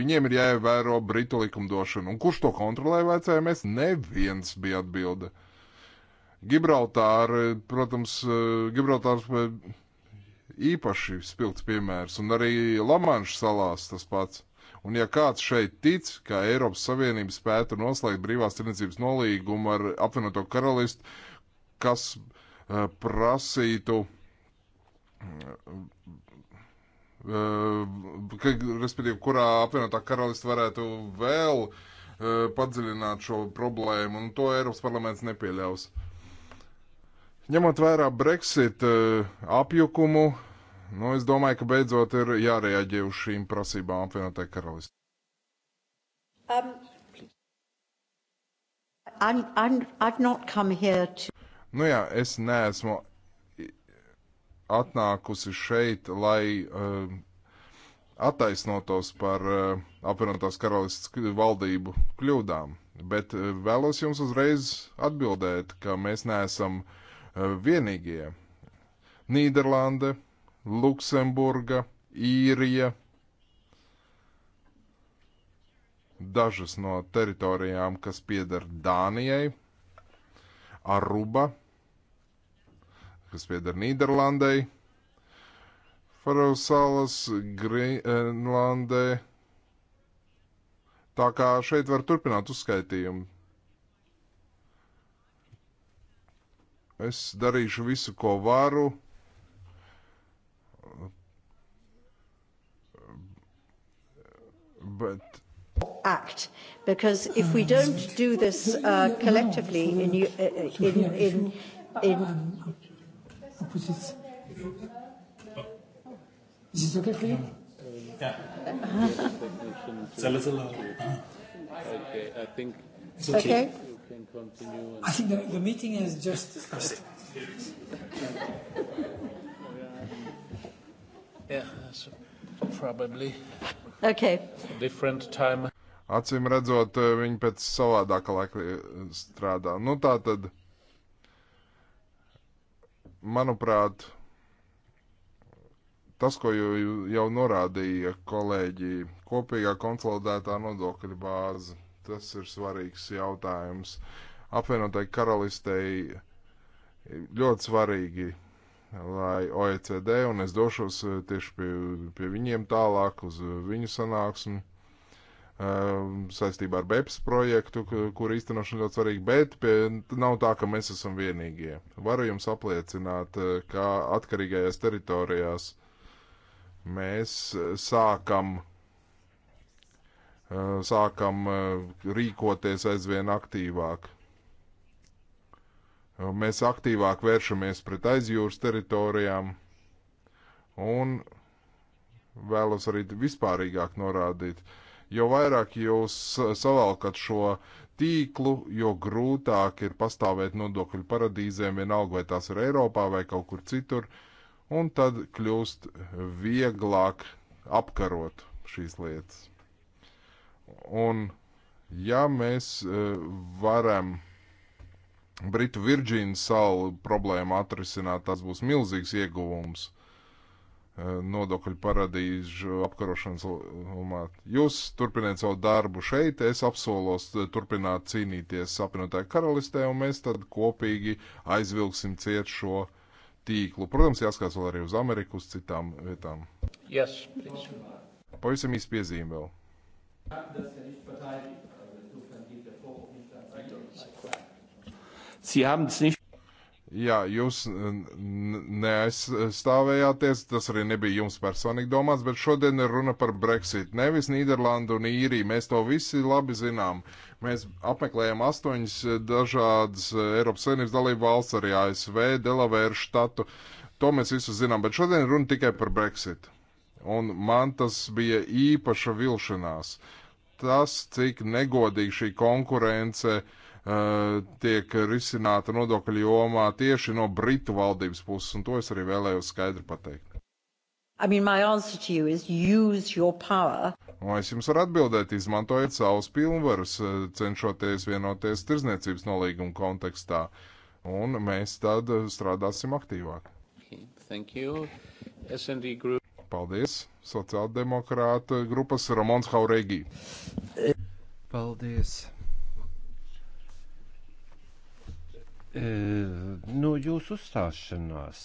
Speaker 4: Viņiem ir jāievēro Britu likumdošana. Un kurš to kontrolē, vajadzējāmies? Neviens bija atbilde. Gibraltāra, protams, Gibraltārs īpaši spilgts piemērs, un arī Lamanšu salās tas pats Un ja kāds šeit tic, ka Eiropas Savienība spētu noslēgt brīvās tirdzniecības nolīgumu ar apvienoto karalistu, kas uh, prasītu, uh, ka, respektīvi, kurā apvienotā karalista varētu vēl uh, padziļināt šo problēmu, un to Eiropas parlaments nepieļaus. Ņemot vērā Brexit apjukumu, Nu, es domāju, ka beidzot ir jārēģē uz šīm prasībām apvienotai karalistē.
Speaker 3: Um, I'm, I'm, I've not come here to...
Speaker 4: Nu jā, es neesmu atnākusi šeit, lai uh, attaisnotos par uh, apvienotās karalists valdību kļūdām. Bet uh, vēlos jums uzreiz atbildēt, ka mēs neesam uh, vienīgie. Nīderlande, Luksemburga, Īrija, dažas no teritorijām, kas pieder Dānijai, Aruba, kas pieder Nīderlandai, Faroe salas, Grenlandē. Tā kā šeit var turpināt uzskaitījumu. Es darīšu visu, ko varu Bet
Speaker 5: act because if we don't do this uh,
Speaker 3: collectively in, uh, uh, in, in, in
Speaker 5: Is this okay for you? Yeah.
Speaker 1: okay, I think it's okay. okay. You can continue. I think the, the meeting has just discussed. yeah, so probably. Okay. Different
Speaker 4: time. Acīm redzot, eh, viņi pēc savādāka laika eh, strādā. Nu tā tad, manuprāt, tas, ko jau, jau norādīja kolēģi, kopīgā konsolidētā nodokļa bāze, tas ir svarīgs jautājums. Apvienotai karalistei ļoti svarīgi lai OECD, un es došos eh, tieši pie, pie viņiem tālāk uz eh, viņu sanāksmi eh, saistībā ar BEPS projektu, kur īstenošana ļoti svarīga, bet pie, nav tā, ka mēs esam vienīgie. Varu jums apliecināt, ka atkarīgajās teritorijās mēs sākam, sākam rīkoties aizvien aktīvāk. Mēs aktīvāk vēršamies pret aizjūras teritorijām un vēlos arī vispārīgāk norādīt. Jo vairāk jūs savalkat šo tīklu, jo grūtāk ir pastāvēt nodokļu paradīzēm, vienalga vai tās ir Eiropā vai kaut kur citur, un tad kļūst vieglāk apkarot šīs lietas. Un ja mēs eh, varam Britu Virģīnu salu problēmu atrisināt, tas būs milzīgs ieguvums eh, nodokļu paradīžu apkarošanas lomā. Jūs turpiniet savu darbu šeit, es apsolos eh, turpināt cīnīties apvienotāju karalistē, un mēs tad kopīgi aizvilksim ciet šo tīklu. Protams, jāskatās vēl arī uz Ameriku, uz citām vietām.
Speaker 1: Yes, please.
Speaker 4: Pavisam īsti piezīme vēl.
Speaker 1: Tas ir patāji.
Speaker 4: Sie haben es nicht. Jā, jūs neaizstāvējāties, tas arī nebija jums personīgi domāts, bet šodien ir runa par Brexit, nevis Nīderlandu un Īriju. Mēs to visi labi zinām. Mēs apmeklējam astoņas dažādas Eiropas Savienības dalību valsts, arī ASV, Delavēru štatu. To mēs visu zinām, bet šodien runa tikai par Brexit. Un man tas bija īpaša vilšanās. Tas, cik negodīgi šī konkurence uh, Eh, tiek risināta nodokļu jomā tieši no Britu valdības puses, un to es arī vēlējos skaidri pateikt. I mean, Es jums varu atbildēt, izmantojot savus pilnvarus, eh, cenšoties vienoties tirzniecības nolīguma kontekstā, un mēs tad eh, strādāsim aktīvāk.
Speaker 1: Okay,
Speaker 4: Paldies, sociāldemokrāta grupas Ramons Hauregi. Paldies. E, no jūsu uzstāšanās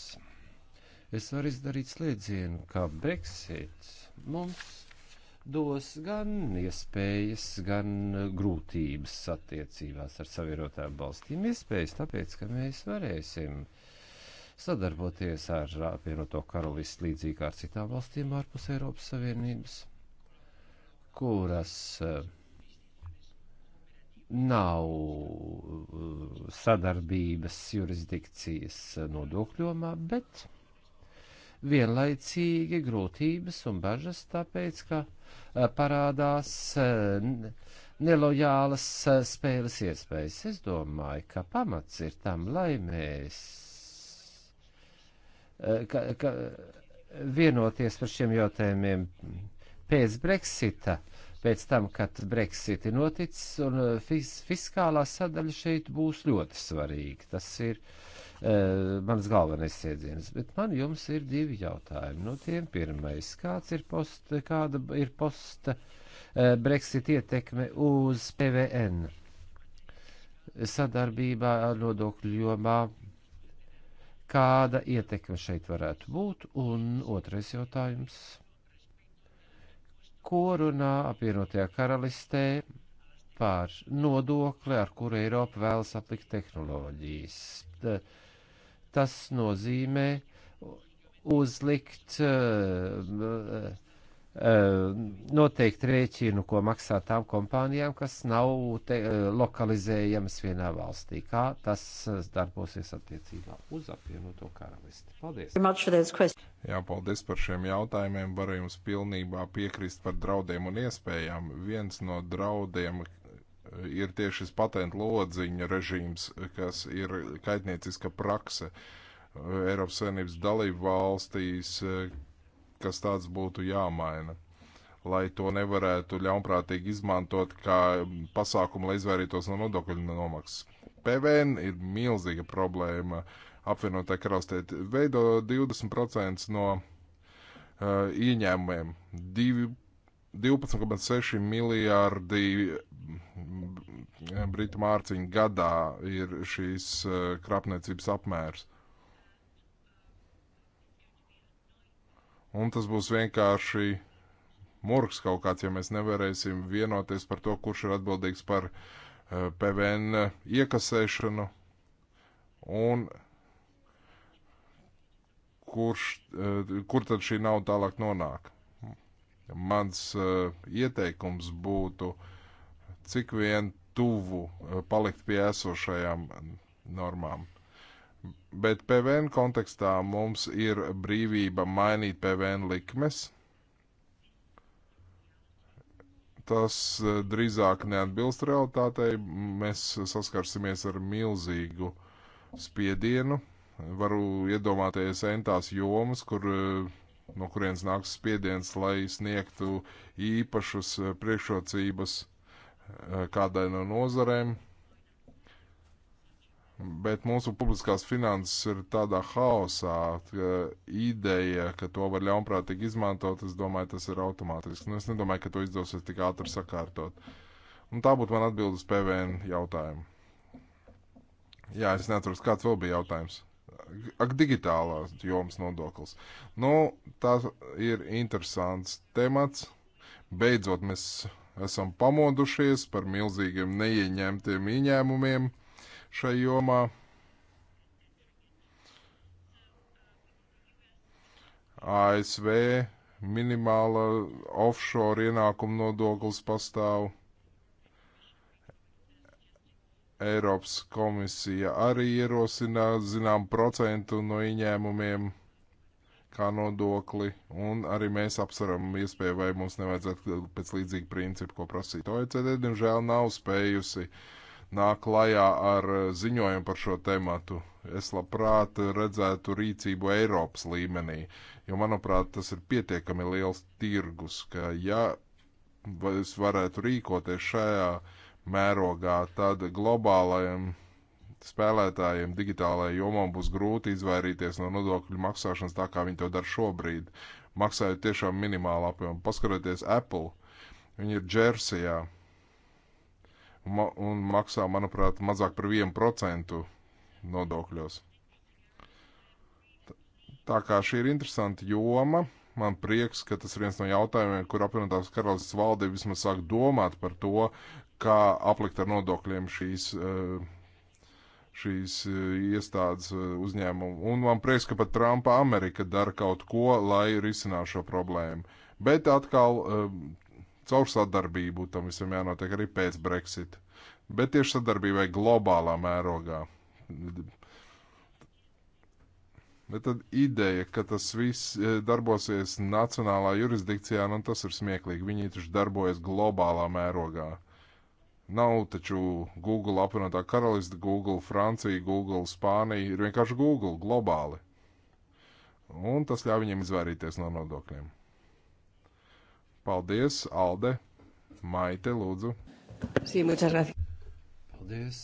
Speaker 2: es varu izdarīt slēdzienu, ka Brexit mums dos gan iespējas, gan grūtības attiecībās ar savienotām valstīm. Iespējas tāpēc, ka mēs varēsim sadarboties ar apvienoto karalisti līdzīgi kā ar citām valstīm ārpus Eiropas Savienības, kuras e, nav Eh, sadarbības jurisdikcijas nodokļomā, bet vienlaicīgi grūtības un bažas tāpēc, ka eh, parādās eh, nelojālas spēles iespējas. Es domāju, ka pamats ir tam, lai mēs ka, ka vienoties par šiem jautājumiem pēc Brexita uh, pēc tam, kad Brexit ir noticis, un uh, fis, fiskālā sadaļa šeit būs ļoti svarīga. Tas ir uh, mans galvenais iedziens, bet man jums ir divi jautājumi. No nu, tiem pirmais, kāds ir posta, kāda ir posta uh, Brexit ietekme uz PVN sadarbībā nodokļu jomā? Kāda ietekme šeit varētu būt? Un otrais jautājums ko runā apvienotajā karalistē par nodokli, ar kuru Eiropa vēlas aplikt tehnoloģijas. Tas nozīmē uzlikt uh, Eh, noteikti rēķinu, ko maksā tām kompānijām, kas nav te, eh, lokalizējamas vienā
Speaker 4: valstī. Kā tas eh, darbosies attiecībā uz apvienoto karalisti? Paldies! Jā, paldies par šiem jautājumiem. Varu jums pilnībā piekrist par draudiem un iespējām. Viens no draudiem ir tieši šis patentu lodziņa režīms, kas ir kaitnieciska prakse Eiropas Savienības dalību valstīs kas tāds būtu jāmaina, lai to nevarētu ļaunprātīgi izmantot kā pasākumu, lai izvairītos no nodokļu nomaksas. PVN ir milzīga problēma. Apvienotā karalistē veido 20% no uh, ieņēmumiem. 12,6 miljārdi mm, britu mārciņu gadā ir šīs uh, krāpniecības apmērs. Un tas būs vienkārši murgs kaut kāds, ja mēs nevarēsim vienoties par to, kurš ir atbildīgs par eh, PVN iekasēšanu un kurš, eh, kur tad šī nauda tālāk nonāk. Mans eh, ieteikums būtu, cik vien tuvu palikt pie esošajām normām bet PVN kontekstā mums ir brīvība mainīt PVN likmes. Tas eh, drīzāk neatbilst realitātei. Mēs saskarsimies ar milzīgu spiedienu. Varu iedomāties entās jomas, kur, eh, no kurienes nāks spiediens, lai sniegtu īpašas eh, priekšrocības kādai no nozarēm Bet mūsu publiskās finanses ir tādā haosā, ka ideja, ka to var ļaunprātīgi izmantot, es domāju, tas ir automātiski. Nu, es nedomāju, ka to izdosies tik ātri sakārtot. Un tā būtu man atbild uz PVN jautājumu. Jā, es neatceros, kāds vēl bija jautājums. Ak, digitālā jomas nodoklis. Nu, tas ir interesants temats. Beidzot, mēs esam pamodušies par milzīgiem neieņemtiem ieņēmumiem šai jomā. ASV minimāla offshore ienākuma nodoklis pastāv. Eiropas komisija arī ierosina zinām procentu no ieņēmumiem kā nodokli, un arī mēs apsveram iespēju, vai mums nevajadzētu pēc līdzīga principa, ko prasīt OECD, diemžēl nav spējusi uh, nāk klajā ar eh, ziņojumu par šo tēmatu. Es labprāt redzētu rīcību Eiropas līmenī, jo, manuprāt, tas ir pietiekami liels tirgus, ka ja es varētu rīkoties šajā mērogā, tad globālajiem spēlētājiem digitālajā jomā būs grūti izvairīties no nodokļu maksāšanas tā, kā viņi to dara šobrīd, maksājot tiešām minimālu apjomu. Paskatieties Apple, viņi ir Džersijā, ma un maksā, manuprāt, mazāk par 1% nodokļos. Tā kā šī ir interesanta joma, man prieks, ka tas ir viens no jautājumiem, kur apvienotās karalistas valdība vismaz sāk domāt par to, kā aplikt ar nodokļiem šīs, eh, šīs eh, iestādes eh, uzņēmumu. Un man prieks, ka pat Trumpa Amerika dara kaut ko, lai risinātu šo problēmu. Bet atkal Caur sadarbību tam visam jānotiek arī pēc Brexit, bet tieši sadarbībai globālā mērogā. Bet tad ideja, ka tas viss eh, darbosies nacionālā jurisdikcijā, nu tas ir smieklīgi. Viņi taču darbojas globālā mērogā. Nav taču Google apvienotā karalista, Google Francija, Google Spānija, ir vienkārši Google globāli. Un tas ļauj viņiem izvairīties no nodokļiem. Paldies, Alde. Maite, lūdzu.
Speaker 2: Sí, muchas gracias. Paldies.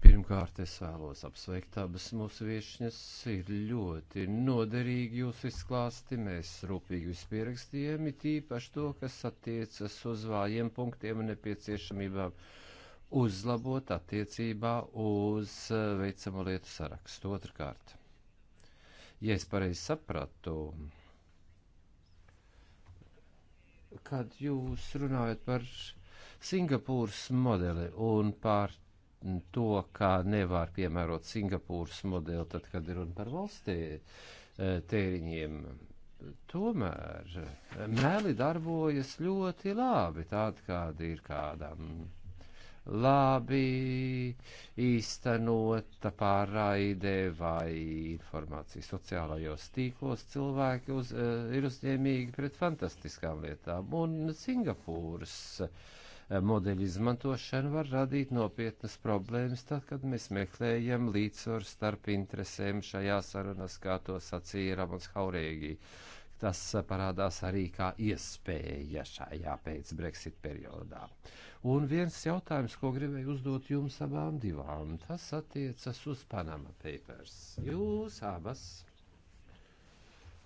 Speaker 2: Pirmkārt, es vēlos apsveikt abas mūsu viešņas. Ir ļoti noderīgi jūs izklāsti. Mēs rūpīgi vispierakstījām, it īpaši to, kas attiecas uz vājiem punktiem un nepieciešamībām uzlabot attiecībā uz eh, veicamo lietu sarakstu. Otrkārt, ja es pareizi sapratu, kad jūs runājat par Singapūras modeli un par to, kā nevar piemērot Singapūras modeli, tad, kad ir runa par valstī e, tēriņiem. Tomēr e, meli darbojas ļoti labi, tādi kādi ir kādam labi īstenota pārraide vai informācija sociālajos tīklos, cilvēki uz, eh, ir uzņēmīgi pret fantastiskām lietām. Un Singapūras eh, modeļu izmantošana var radīt nopietnas problēmas, tad, kad mēs meklējam līdzsvaru starp interesēm šajā sarunās, kā to sacīja Ramons Haurēgī tas eh, parādās arī kā iespēja šajā pēc Brexit periodā. Un viens jautājums, ko gribēju uzdot jums abām divām, tas attiecas uz Panama Papers. Jūs abas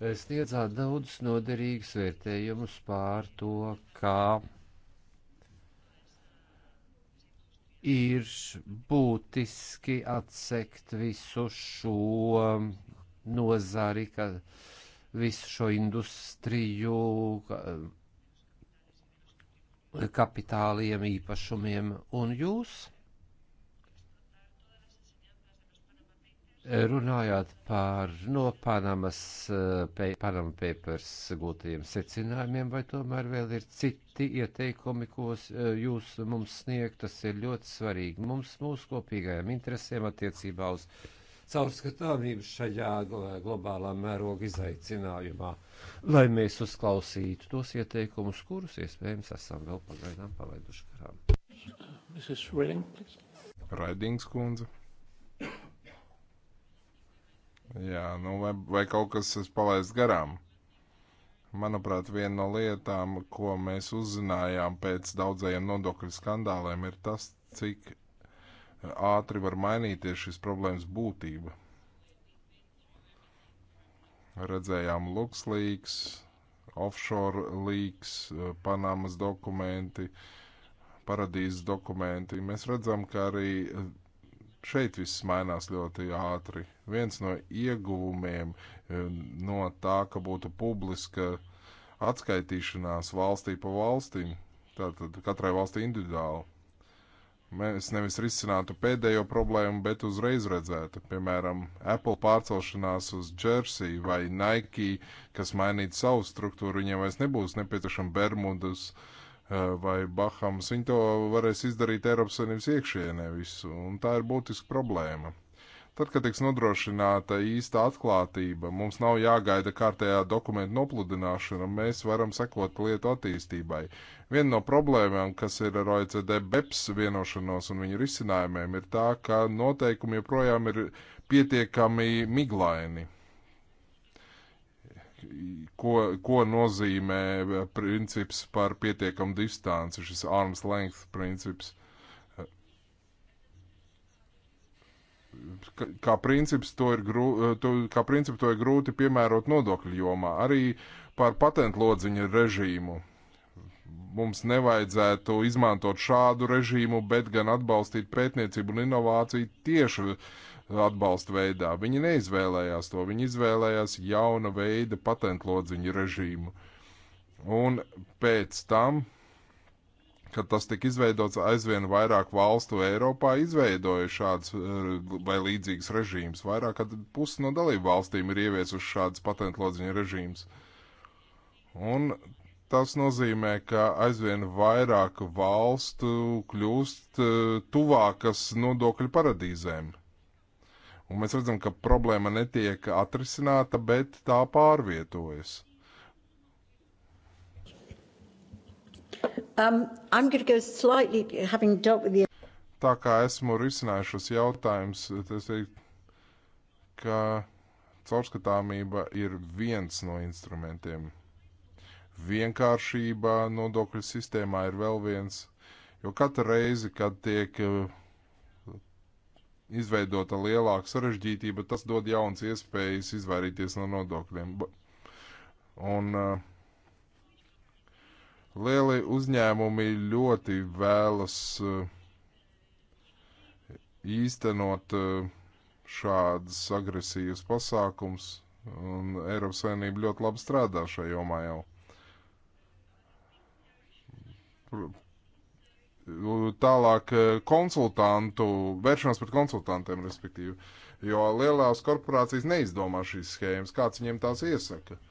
Speaker 2: eh, sniedzāt daudz noderīgus vērtējumus pār to, kā ir būtiski atsekt visu šo nozari, ka uh, visu šo industriju eh, kapitāliem, īpašumiem, un jūs eh, runājāt par no Panamas eh, Panama Papers gūtajiem secinājumiem, vai tomēr vēl ir citi ieteikumi, ko jūs mums sniegt, tas ir ļoti svarīgi mums, mūsu kopīgajām interesēm attiecībā uz caurskatāmību šajā globālā mēroga izaicinājumā, lai mēs uzklausītu tos ieteikumus, kurus iespējams esam vēl pagaidām palaiduši garām.
Speaker 4: Raidings kundze. Jā, nu vai, vai kaut kas es palaidu garām? Manuprāt, viena no lietām, ko mēs uzzinājām pēc daudzajiem nodokļu skandāliem, ir tas, cik ātri var mainīties šis problēmas būtība. Redzējām LuxLeaks, offshore leaks, eh, Panamas dokumenti, paradīzes dokumenti. Mēs redzam, ka arī eh, šeit viss mainās ļoti ātri. Viens no ieguvumiem eh, no tā, ka būtu publiska atskaitīšanās valstī pa valstīm, tātad katrai valstī individuāli, Mēs nevis risinātu pēdējo problēmu, bet uzreiz redzētu, piemēram, Apple pārcelšanās uz Jersey vai Nike, kas mainītu savu struktūru, viņiem vairs nebūs nepieciešama Bermudas eh, vai Bahamas. Viņi to varēs izdarīt Eiropas Savienības iekšienē visu, un tā ir būtiska problēma. Tad, kad tiks nodrošināta īsta atklātība, mums nav jāgaida kārtējā dokumentu nopludināšana, mēs varam sekot lietu attīstībai. Viena no problēmām, kas ir ar OECD BEPS vienošanos un viņu risinājumiem, ir tā, ka noteikumi joprojām ir pietiekami miglaini. Ko, ko nozīmē princips par pietiekamu distanci, šis arms length princips? kā princips to ir, grū, eh, to, kā princip to ir grūti piemērot nodokļu jomā. Arī par patentlodziņu režīmu. Mums nevajadzētu izmantot šādu režīmu, bet gan atbalstīt pētniecību un inovāciju tieši atbalsta veidā. Viņi neizvēlējās to, viņi izvēlējās jauna veida patentlodziņu režīmu. Un pēc tam kad tas tika izveidots, aizvien vairāk valstu Eiropā izveidoja šādas eh, vai līdzīgas režīmas. Vairāk kā pusi no dalību valstīm ir ieviesuši šādas patentlodziņa režīmas. Un tas nozīmē, ka aizvien vairāk valstu kļūst eh, tuvākas nodokļu paradīzēm. Un mēs redzam, ka problēma netiek atrisināta, bet tā pārvietojas.
Speaker 3: Um, I'm going to go slightly, having dealt with the...
Speaker 4: Tā kā esmu risinājušos jautājums, tas ir, ka caurskatāmība ir viens no instrumentiem. Vienkāršība nodokļu sistēmā ir vēl viens, jo katru reizi, kad tiek uh, izveidota lielāka sarežģītība, tas dod jauns iespējas izvairīties no nodokļiem. Un uh, Lielie uzņēmumi ļoti vēlas eh, īstenot eh, šādas agresīvas pasākums, un Eiropas Savienība ļoti labi strādā šajā jomā jau. Tālāk eh, konsultantu, vēršanās pret konsultantiem, respektīvi, jo lielās korporācijas neizdomā šīs schēmas, kāds viņiem tās iesaka. Uh,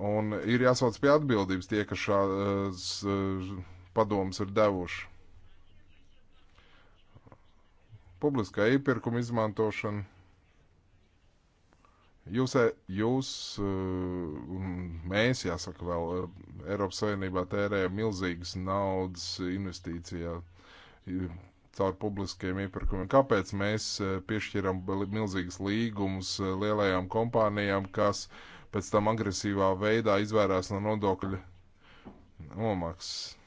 Speaker 4: Un ir jāsauc pie atbildības tie, kas šādas eh, padomas ir devuši. Publiskā iepirkuma izmantošana. Jūs, eh, jūs eh, un mēs, jāsaka, vēl Eiropas Savienībā tērējam milzīgas naudas investīcijā caur publiskiem iepirkumiem. Kāpēc mēs piešķiram milzīgas līgumus lielajām kompānijām, kas uh, pēc tam agresīvā veidā izvairās no nodokļa nomaksas.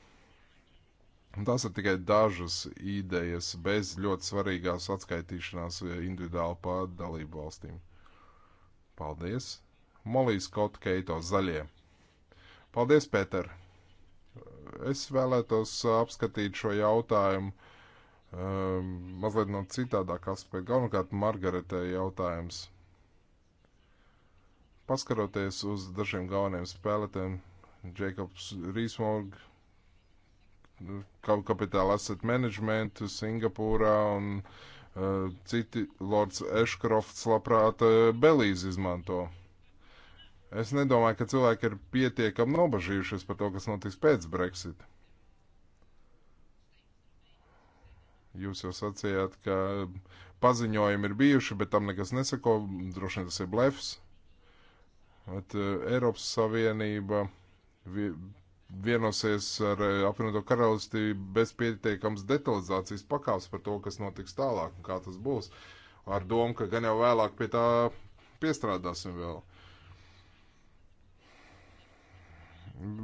Speaker 4: Tās ir tikai dažas idejas bez ļoti svarīgās atskaitīšanās individuāli pār dalību valstīm. Paldies! Molijas kaut keito zaļie. Paldies, Pēter! Es vēlētos apskatīt šo jautājumu um, mazliet no citādāk aspekta. Galvenokārt Margaretai jautājums Paskaroties uz dažiem galveniem spēlētājiem, Jacobs Rīsmorg, Kapitāla Asset Management Singapūrā un uh, citi Lords Eškrofts labprāt uh, eh, Belīzi izmanto. Es nedomāju, ka cilvēki ir pietiekami nobažījušies par to, kas notiks pēc Brexita. Jūs jau sacījāt, ka paziņojumi ir bijuši, bet tam nekas nesako. Droši vien tas ir blefs. At, eh, Eiropas Savienība vienosies ar eh, apvienoto karalisti bez pietiekams detalizācijas pakāps par to, kas notiks tālāk un kā tas būs. Ar domu, ka gan jau vēlāk pie tā piestrādāsim vēl.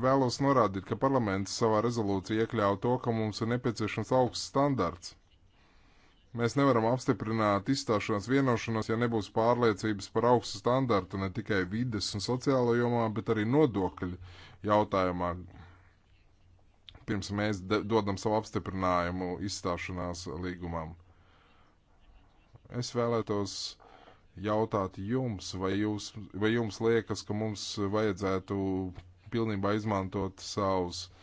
Speaker 4: Vēlos norādīt, ka parlaments savā rezolūcijā iekļāva to, ka mums ir nepieciešams augsts standarts Mēs nevaram apstiprināt izstāšanās vienošanos, ja nebūs pārliecības par augstu standartu ne tikai vides un sociālo jomā, bet arī nodokļu jautājumā. Pirms mēs dodam savu apstiprinājumu izstāšanās līgumam. Es vēlētos jautāt jums, vai, jūs, vai jums liekas, ka mums vajadzētu pilnībā izmantot savus uh,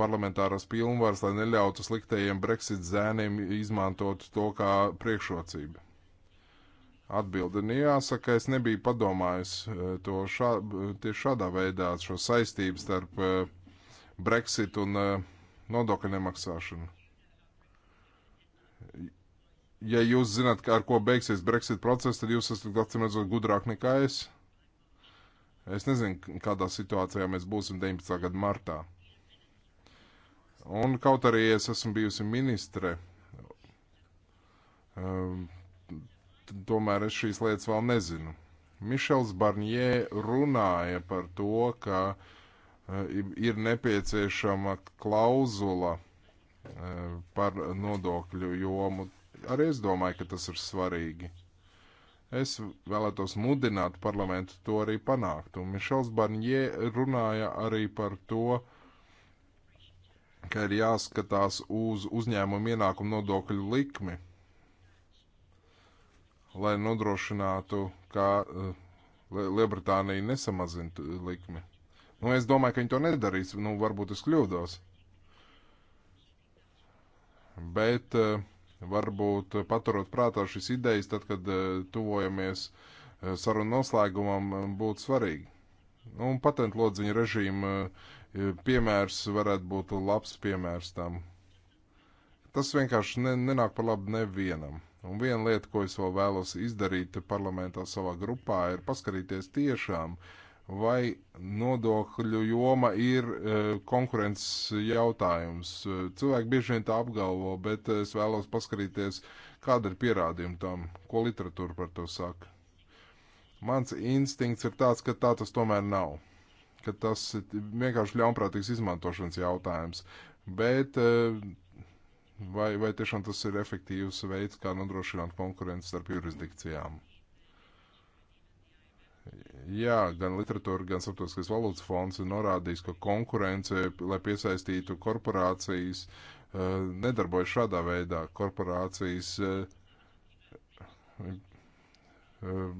Speaker 4: parlamentāras pilnvaras, lai neļautu sliktajiem Brexit zēniem izmantot to kā priekšrocību. Atbilde ir jāsaka, es nebiju padomājis eh, to šā, tieši šādā veidā, šo saistību starp eh, Brexit un eh, nodokļu nemaksāšanu. Ja jūs zināt, ar ko beigsies Brexit process, tad jūs esat acīm redzot gudrāk nekā es. Es nezinu, kādā situācijā mēs būsim 19. gada martā. Un kaut arī es esmu bijusi ministre, um, tomēr es šīs lietas vēl nezinu. Mišels Barņē runāja par to, ka uh, ir nepieciešama klauzula uh, par nodokļu jomu. Arī es domāju, ka tas ir svarīgi. Es vēlētos mudināt parlamentu to arī panākt. Un Mišels Barņē runāja arī par to, uh, ka ir jāskatās uz uzņēmumu ienākumu nodokļu likmi, lai nodrošinātu, ka uh, Lielbritānija nesamazina eh, likmi. Nu, es domāju, ka viņi to nedarīs, nu, varbūt es kļūdos. Bet uh, varbūt paturot prātā šīs idejas, tad, kad uh, tuvojamies sarunu noslēgumam, būtu svarīgi. Nu, un patentlodziņa režīma uh, piemērs varētu būt labs piemērs tam. Tas vienkārši ne, nenāk par labu nevienam. Un viena lieta, ko es vēl vēlos izdarīt parlamentā savā grupā, ir paskatīties tiešām, vai nodokļu joma ir e, konkurences jautājums. E, cilvēki bieži vien tā apgalvo, bet es vēlos paskatīties, kāda ir pierādījuma tam, ko literatūra par to saka. Mans instinkts ir tāds, ka tā tas tomēr nav ka tas ir vienkārši ļaunprātīgs izmantošanas jautājums. Bet eh, vai, vai tiešām tas ir efektīvs veids, kā nodrošināt konkurenci starp jurisdikcijām? Jā, gan literatūra, gan starptautiskais valūtas fonds ir norādījis, ka konkurence, lai piesaistītu korporācijas, eh, nedarbojas šādā veidā. Korporācijas eh,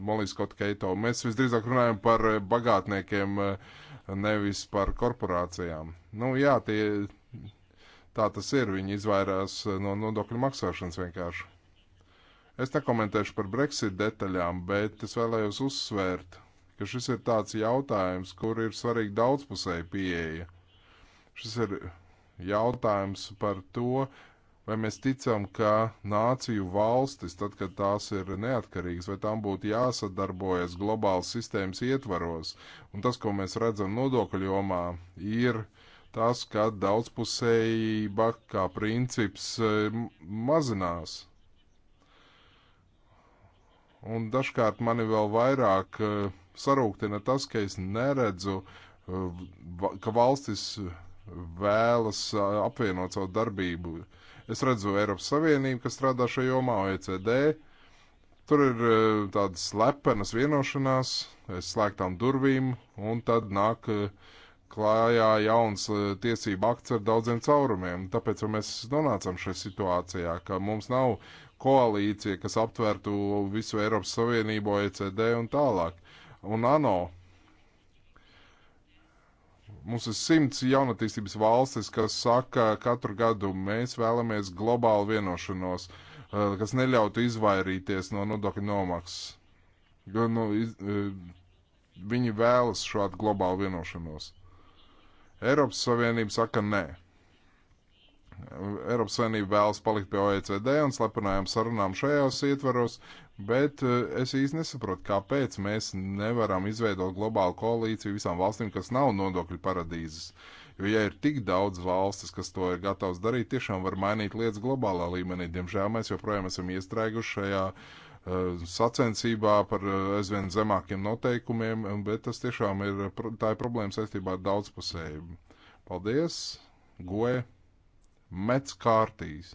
Speaker 4: Molis Kotkeito. Mēs visdrīzāk runājam par bagātniekiem uh, nevis par korporācijām. Nu, jā, tie, tā tas ir. Viņi izvairās no nodokļu maksāšanas vienkārši. Es nekomentēšu par Brexit detaļām, bet es vēlējos uzsvērt, ka šis ir tāds jautājums, kur ir svarīga daudzpusēja pieeja. Šis ir jautājums par to, Vai mēs ticam, ka nāciju valstis, tad, kad tās ir neatkarīgas, vai tām būtu jāsadarbojas globālas sistēmas ietvaros? Un tas, ko mēs redzam nodokļu jomā, ir tas, ka daudzpusējība kā princips e, mazinās. Un dažkārt mani vēl vairāk e, sarūktina tas, ka es neredzu, e, ka valstis vēlas apvienot savu darbību Es redzu Eiropas Savienību, kas strādā šajā jomā, OECD. Tur ir e, tādas lepenas vienošanās, e, slēgtām durvīm, un tad nāk e, klājā jauns tiesība akts ar daudziem caurumiem. Tāpēc ja mēs nonācam šajā situācijā, ka mums nav koalīcija, kas aptvērtu visu Eiropas Savienību, OECD un tālāk. Un ANO Mums ir simts jaunatīstības valstis, kas saka katru gadu, mēs vēlamies globālu vienošanos, eh, kas neļautu izvairīties no nodokļu nomaksas. Nu, iz, eh, viņi vēlas šādu globālu vienošanos. Eiropas Savienība saka nē. Eiropas Savienība vēlas palikt pie OECD un slepenajām sarunām šajos ietvaros, bet eh, es īsti nesaprotu, kāpēc mēs nevaram izveidot globālu koalīciju visām valstīm, kas nav nodokļu paradīzes. Jo, ja ir tik daudz valstis, kas to ir gatavs darīt, tiešām var mainīt lietas globālā līmenī. Diemžēl mēs joprojām esam iestrēguši šajā uh, sacensībā par uh, aizvien zemākiem noteikumiem, bet tas tiešām ir, tā ir problēma saistībā ar daudzpusējību. Paldies, Goe, Mets kārtīs!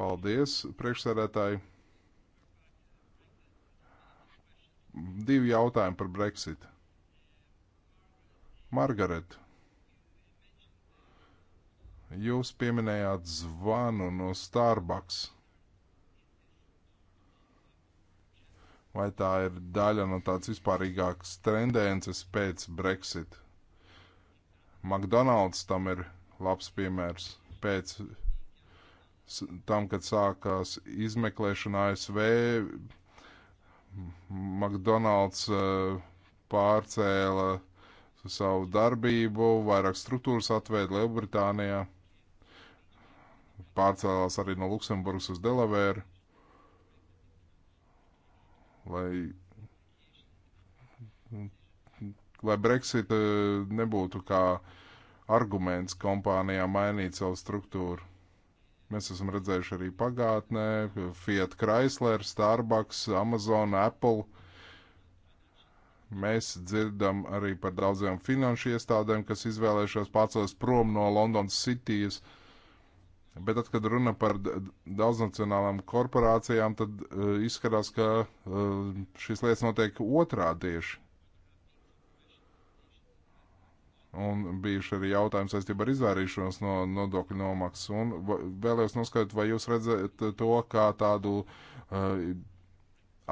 Speaker 4: Paldies, priekšsēdētāji! Divi jautājumi par Brexit. Margaret, jūs pieminējāt zvanu no Starbucks. Vai tā ir daļa no tādas vispārīgākas tendences pēc Brexit? McDonald's tam ir labs piemērs. Pēc tam, kad sākās izmeklēšana ASV, McDonald's eh, pārcēla savu darbību, vairāk struktūras atvēra Lielbritānijā, pārcēlās arī no Luksemburgas uz Delavēru, lai, lai Brexit eh, nebūtu kā arguments kompānijā mainīt savu struktūru. Mēs esam redzējuši arī pagātnē Fiat, Chrysler, Starbucks, Amazon, Apple. Mēs dzirdam arī par daudziem finanšu iestādēm, kas izvēlējušās pārcelties prom no Londonas Cityjas. Bet tad, kad runa par daudznacionālām korporācijām, tad uh, izskatās, ka uh, šīs lietas notiek otrā tieši un bijuši arī jautājumi saistībā ar izvairīšanos no nodokļu nomaksas. Un vēlējos noskaidrot, vai jūs redzat to kā tādu uh,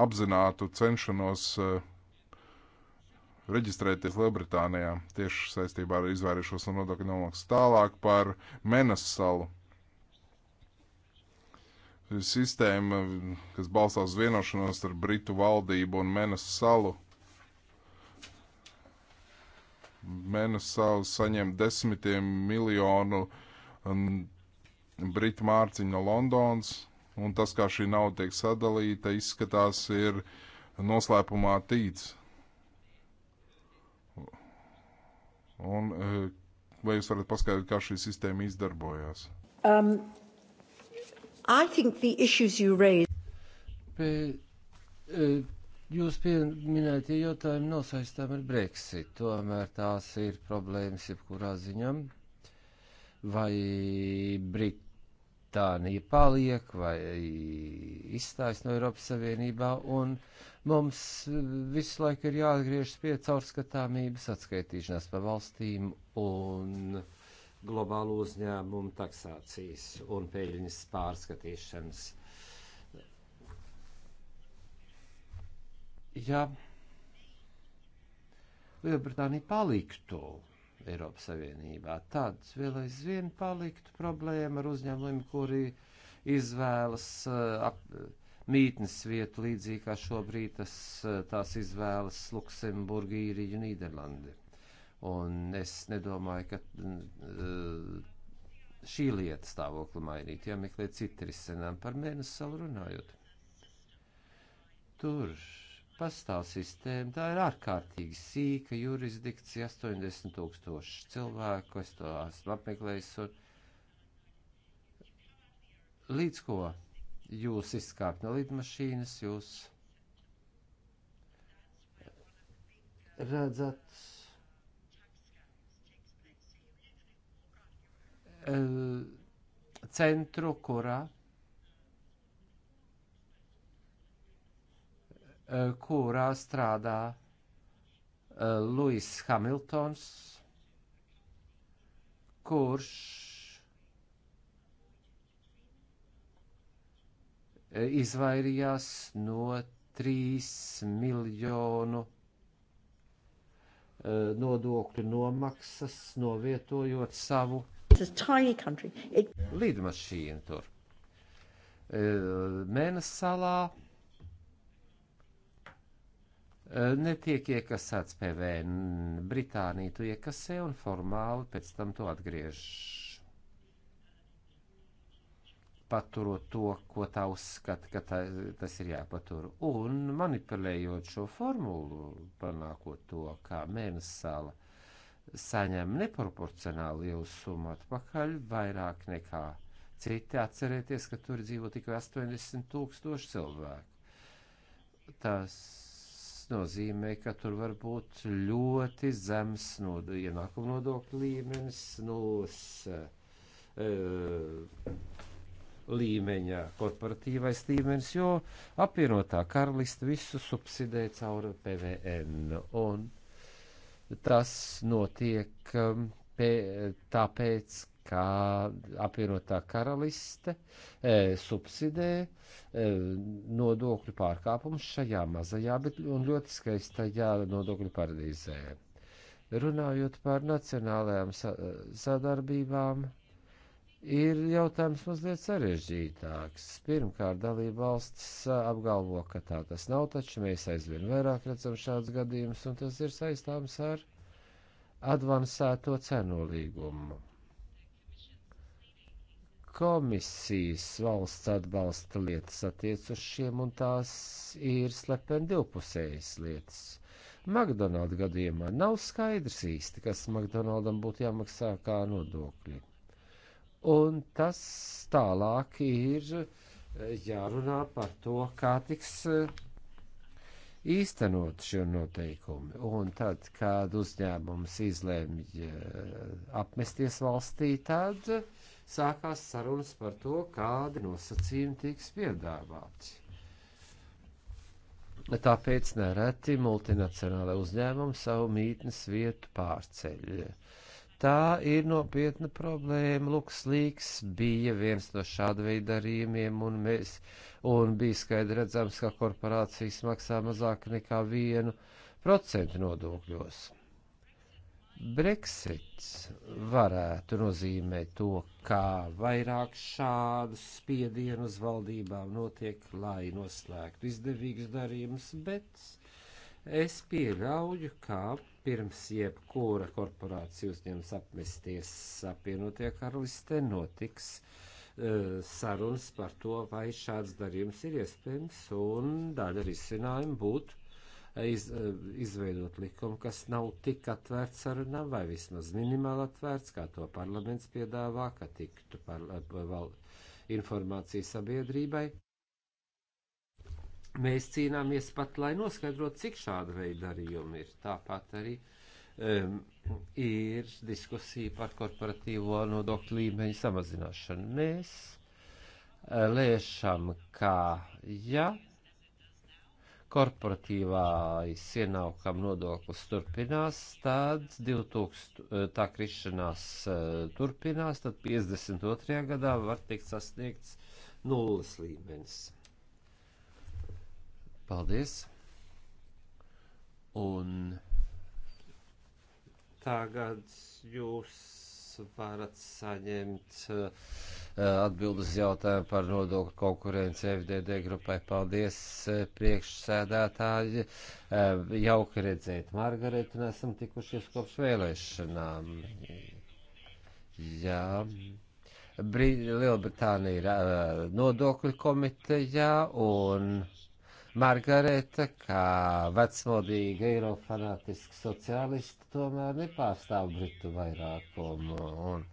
Speaker 4: apzinātu cenšanos uh, reģistrēties Lielbritānijā tieši saistībā ar izvairīšanos no nodokļu nomaksas. Tālāk par Menas salu. Sistēma, kas balstās uz vienošanos ar Britu valdību un Menas salu Mēnesā saņem desmitiem miljonu um, britu mārciņu no Londonas, un tas, kā šī nauda tiek sadalīta, izskatās ir noslēpumā tīts. Un uh, vai jūs varat paskaidrot, kā šī sistēma izdarbojās?
Speaker 2: Um, I think the issues you raise. Pēc Jūs pieminētie jautājumi nav saistām ar Brexit, tomēr tās ir problēmas jebkurā ziņā. Vai Britānija paliek vai izstājas no Eiropas Savienībā, un mums visu laiku ir jāatgriežas pie caurskatāmības atskaitīšanās pa valstīm un globālu uzņēmumu taksācijas un peļņas pārskatīšanas. Uh, ja Lielbritānija paliktu Eiropas Savienībā, tad vēl aizvien paliktu problēma ar uzņēmumiem, kuri izvēlas eh, ap, mītnes vietu līdzīgi kā šobrīd tas, eh, tās izvēlas Luksemburgu, Īriju un Nīderlandi. Un es nedomāju, ka eh, šī lieta stāvokli mainīt, jāmeklē citi risinājumi par mēnesi salu runājot. Tur pastāv sistēma, tā ir ārkārtīgi sīka jurisdikcija, 80 tūkstoši cilvēku, es to esmu apmeklējis, un līdz ko jūs izskāp no lidmašīnas, jūs redzat eh, centru, kurā Eh, kurā strādā eh, Luis Hamiltons, kurš eh, izvairījās no 3 miljonu nodokļu nomaksas, novietojot savu it... lidmašīnu tur. Mēnesis salā Eh, netiek iekasēts PVN. Britānija to iekasē un formāli pēc tam to atgriež. Paturot to, ko tā uzskata, ka tā, tas ir jāpatur. Un manipulējot šo formulu, panākot to, kā mēnesāla saņem neproporcionāli lielu summu atpakaļ, vairāk nekā citi. Atcerieties, ka tur dzīvo tikai 80 tūkstoši cilvēku. Tas nozīmē, ka tur var būt ļoti zems nod ienākuma nodokļu līmenis, nulles e, līmeņa korporatīvais līmenis, jo apvienotā karalista visu subsidē caur PVN. Un tas notiek um, pē, tāpēc, kā apvienotā karaliste e, subsidē e, nodokļu pārkāpumus šajā mazajā, bet ļoti skaistajā nodokļu paradīzē. Runājot par nacionālajām sa e, sadarbībām, ir jautājums mazliet sarežģītāks. Pirmkārt, dalība valsts e, apgalvo, ka tā tas nav, taču mēs aizvien vairāk redzam šādus gadījumus, un tas ir saistāms ar advansēto cenu līgumu komisijas valsts atbalsta lietas attiec uz šiem, un tās ir slepeni divpusējas lietas. McDonald's gadījumā nav skaidrs īsti, kas McDonald'am būtu jāmaksā kā nodokļi. Un tas tālāk ir eh, jārunā par to, kā tiks eh, īstenot šie noteikumi. Un tad, kad uzņēmums izlēmj eh, apmesties valstī, tad sākās sarunas par to, kādi nosacījumi tiks piedāvāti. Tāpēc nereti multinacionālai uzņēmumi savu mītnes vietu pārceļ. Tā ir nopietna problēma. Luksulīgs bija viens no šāda veida darījumiem, un, mēs, un bija skaidri redzams, ka korporācijas maksā mazāk nekā vienu procentu nodokļos. Brexits varētu nozīmēt to, kā vairāk šādu spiedienu uz valdībām notiek, lai noslēgtu izdevīgus darījumus, bet es pieļauju, ka pirms jebkura korporācija uzņems apmesties apvienotie karalistē, notiks uh, sarunas par to, vai šāds darījums ir iespējams, un daļa risinājumu būtu iz, izveidot likumu, kas nav tik atvērts sarunām, vai vismaz minimāli atvērts, kā to parlaments piedāvā, ka tiktu par, val, informācija sabiedrībai. Mēs cīnāmies pat, lai noskaidrotu, cik šāda veida darījumi ir. Tāpat arī um, ir diskusija par korporatīvo nodokļu līmeņu samazināšanu. Mēs eh, lēšam, ka ja korporatīvais ienākuma nodoklis turpinās, tad 2000 eh, tā krišanās eh, turpinās, tad 52. gadā var tikt sasniegts nulles līmenis. Paldies! Un tagad jūs varat saņemt eh, atbildes jautājumu par nodokļu konkurenci FDD grupai. Paldies, eh, priekšsēdētāji. Eh, jauki redzēt Margaretu, nesam tikušies kopš vēlēšanām. Jā. Bri Lielbritānija ir uh, nodokļu komitejā un Margareta, kā vecmodīga eirofanātiska sociālista, tomēr nepārstāv Britu vairākumu. Un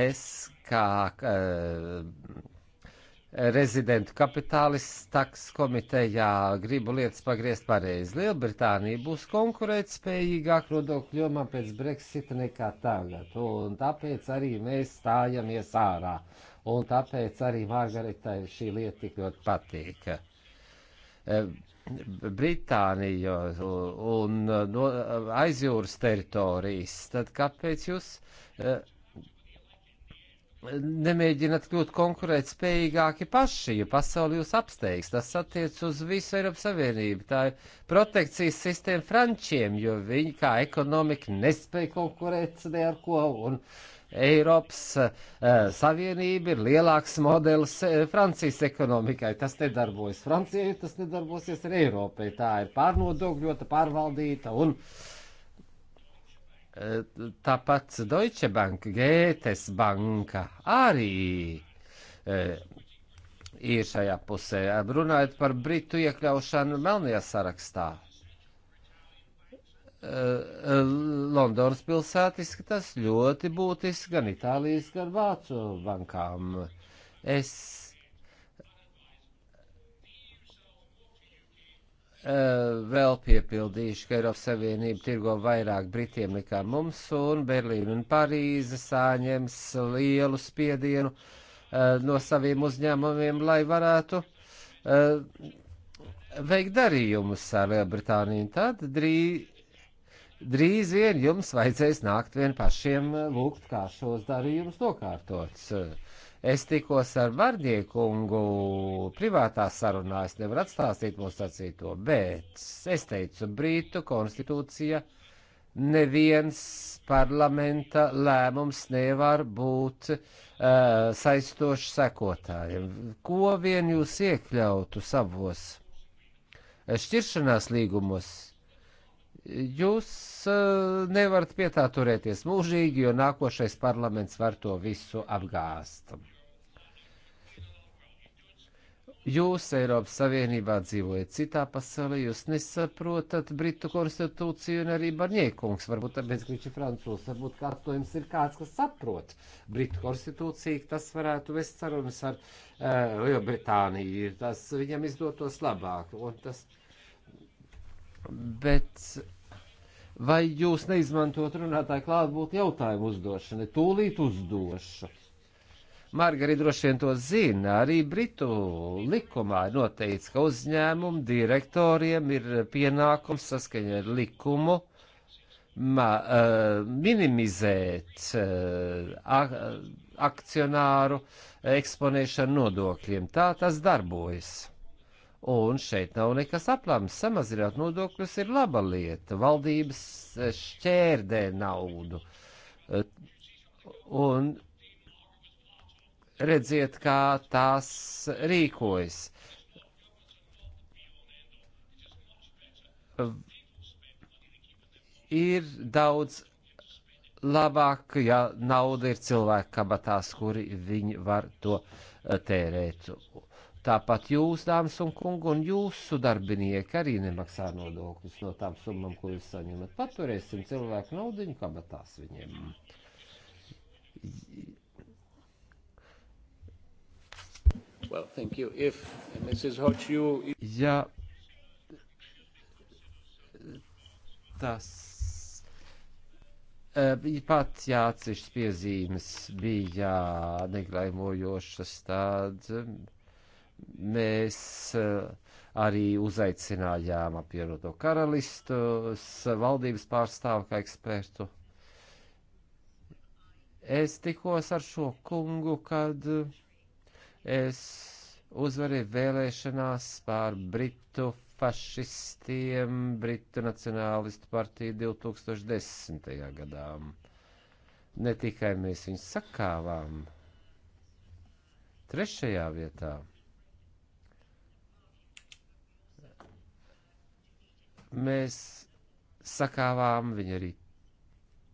Speaker 2: es kā uh, rezidentu kapitālists taks komitejā gribu lietas pagriezt pareizi. Lielbritānija būs konkurētspējīgāk nodokļu jomā pēc Brexita nekā tagad, un tāpēc arī mēs stājamies ārā. Uh, un tāpēc arī Margaritai šī lieta tik ļoti patīk. E, Britānija un e, no, aizjūras teritorijas, tad kāpēc jūs e, nemēģināt kļūt konkurēt spējīgāki paši, jo pasauli jūs apsteigs. Tas attiec uz visu Eiropas Savienību. Tā ir protekcijas sistēma frančiem, jo viņi kā ekonomika nespēja konkurēt ne ar ko, un Eiropas uh, Savienība ir lielāks modelis eh, Francijas ekonomikai. Tas nedarbojas Francijai, tas nedarbosies ar Eiropai. Tā ir pārnodokļota, pārvaldīta un uh, tāpat Deutsche Bank, Gētes banka arī uh, ir šajā pusē. Runājot par Britu iekļaušanu Melnajā sarakstā Eh, eh, Londonas pilsēta izskatās ļoti būtiski gan Itālijas, gan Vācu bankām. Es eh, vēl piepildīšu, ka Eiropas Savienība tirgo vairāk Britiem nekā mums, un Berlīna un Parīze saņems lielu spiedienu uh, no saviem uzņēmumiem, lai varētu uh, veikt darījumus ar Lielbritāniju. Tad drīz drīz vien jums vajadzēs nākt vien pašiem eh, lūgt, kā šos darījumus nokārtots. Eh, es tikos ar Vardiekungu privātā sarunā, es nevaru atstāstīt mūsu sacīto, bet es teicu, Brītu konstitūcija neviens parlamenta lēmums nevar būt uh, saistošs sekotājiem. Ko vien jūs iekļautu savos šķiršanās līgumos, Jūs uh, nevarat pie tā turēties mūžīgi, jo nākošais parlaments var to visu apgāst. Jūs Eiropas Savienībā dzīvojat citā pasaulē, jūs nesaprotat Britu konstitūciju un arī Barņēkungs, varbūt tāpēc, ka viņš ir francūzs, varbūt kāds no jums ir kāds, kas saprot Britu konstitūciju, tas varētu vest sarunas ar uh, Lielbritāniju, tas viņam izdotos labāk, un tas Bet vai jūs neizmantot runātāju klātbūtni jautājumu uzdošanai? Tūlīt uzdošu. Margarita droši vien to zina. Arī Britu likumā ir noteikts, ka uzņēmumu direktoriem ir pienākums saskaņā ar likumu ma, uh, minimizēt uh, eh, ak akcionāru eksponēšanu nodokļiem. Tā tas darbojas. Un šeit nav nekas aplams. Samazināt nodokļus ir laba lieta. Valdības eh, šķērdē naudu. Eh, un redziet, kā tās rīkojas. Ir daudz labāk, ja nauda ir cilvēku kabatās, kuri viņi var to eh, tērēt. Tāpat jūs, dāmas un kungi, un jūsu darbinieki arī nemaksā nodokļus no tām summām, ko jūs saņemat. Paturēsim cilvēku naudu kabatās viņiem.
Speaker 1: Well, thank you. If Mrs. Hodge, you...
Speaker 2: Ja tas e, pat ja atsevišķas piezīmes bija neglaimojošas, tad mēs eh, arī uzaicinājām apvienoto karalistus, valdības pārstāvu kā ekspertu. Es tikos ar šo kungu, kad es uzvarēju vēlēšanās pār Britu fašistiem, Britu nacionālistu partiju 2010. gadā. Ne tikai mēs viņus sakāvām, trešajā vietā mēs sakāvām, viņa arī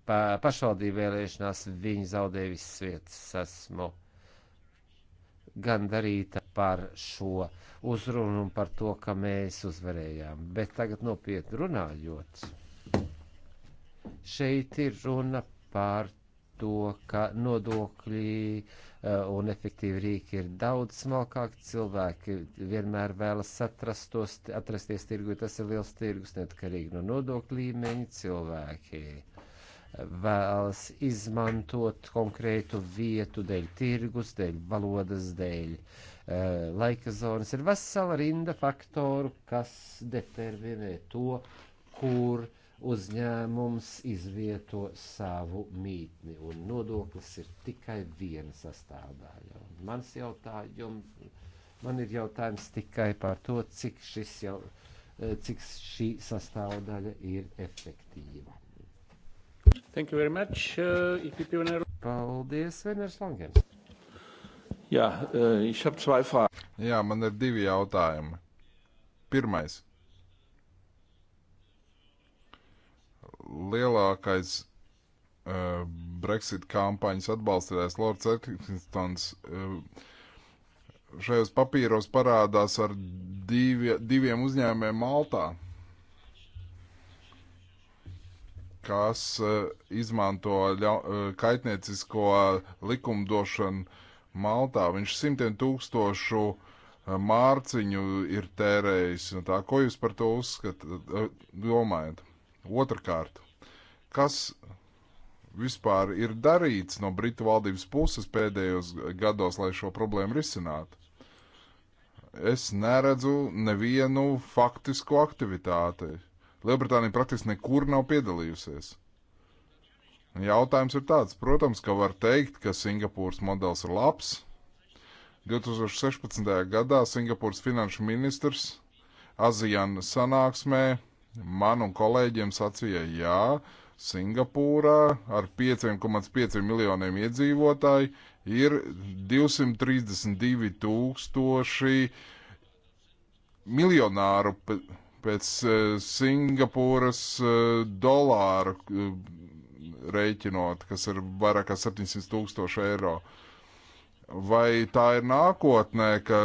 Speaker 2: pa, pašvaldību vēlēšanās, viņa zaudēja visas vietas. Esmu gan darīta par šo uzrunu un par to, ka mēs uzvarējām. Bet tagad nopietni runājot, šeit ir runa par to, ka nodokļi Eh, un efektīvi rīki ir daudz smalkāki. Cilvēki vienmēr vēlas atrastos, atrasties tirgu, tas ir liels tirgus, neatkarīgi no nodokļu līmeņa. Cilvēki eh, vēlas izmantot konkrētu vietu dēļ tirgus, dēļ valodas, dēļ eh, laika zonas. Ir vesela rinda faktoru, kas determinē to, kur uh, uzņēmums izvieto savu mītni, un nodoklis ir tikai viena sastāvdaļa. Mans jautājums, man ir jautājums tikai par to, cik, jau, eh, cik šī sastāvdaļa ir efektīva.
Speaker 1: Thank you very much. Uh, e Pioner... Paldies, Veners Langen.
Speaker 4: Jā, uh, ich habe zwei Fragen. Jā, man ir divi jautājumi. Pirmais. lielākais uh, Brexit kampaņas atbalstītājs Lords Atkinstons uh, eh, šajos papīros parādās ar divi, diviem uzņēmumiem Maltā, kas uh, izmanto ļau, uh, kaitniecisko likumdošanu Maltā. Viņš simtiem tūkstošu uh, mārciņu ir tērējis. Tā, ko jūs par to uzskatāt, domājat? Otrakārt, kas vispār ir darīts no Britu valdības puses pēdējos gados, lai šo problēmu risinātu? Es neredzu nevienu faktisku aktivitāti. Lielbritānija praktiski nekur nav piedalījusies. Jautājums ir tāds, protams, ka var teikt, ka Singapūras modelis ir labs. 2016. gadā Singapūras finanšu ministrs ASEAN sanāksmē man un kolēģiem sacīja jā, Singapūrā ar 5,5 miljoniem iedzīvotāju ir 232 tūkstoši miljonāru pēc e, Singapūras e, dolāru e, rēķinot, kas ir vairāk kā 700 tūkstoši eiro. Uh, Vai tā ir nākotnē, ka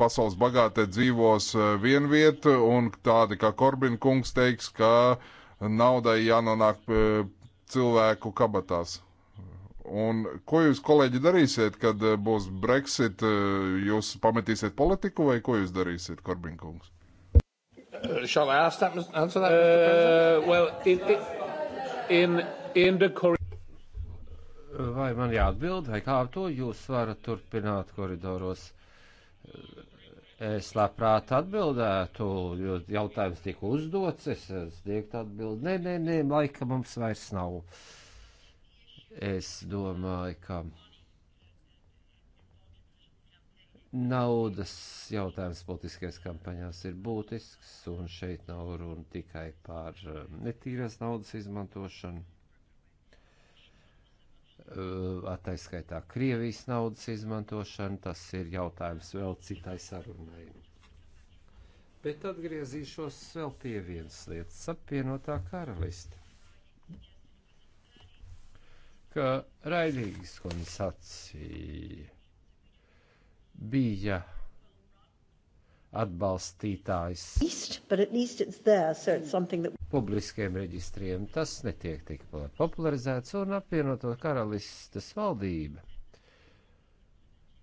Speaker 4: pasaules bagātē dzīvos e, vienvieta un tādi kā Korbina kungs teiks, ka naudai jānonāk e, cilvēku kabatās? Un ko jūs, kolēģi, darīsiet, kad e, būs Brexit? Jūs pametīsiet politiku vai ko jūs darīsiet, Korbina kungs?
Speaker 1: Uh, shall I ask that, answer that? Uh, well, it, it, in, in the
Speaker 2: Vai man jāatbild, vai kā to jūs varat turpināt koridoros? Es labprāt atbildētu, jo jautājums tika uzdots, es sniegtu atbildi. Nē, nē, nē, laika mums vairs nav. Es domāju, ka naudas jautājums politiskajās kampaņās ir būtisks, un šeit nav runa tikai par eh, netīras naudas izmantošanu attaiskaitā Krievijas naudas izmantošana, tas ir jautājums vēl citai sarunai. Bet atgriezīšos vēl pie vienas lietas - apvienotā karaliste. Ka Raidīgas kundze sacīja, bija atbalstītājs
Speaker 5: there, so that...
Speaker 2: publiskiem reģistriem. Tas netiek tik popularizēts un apvienoto karalistes valdība.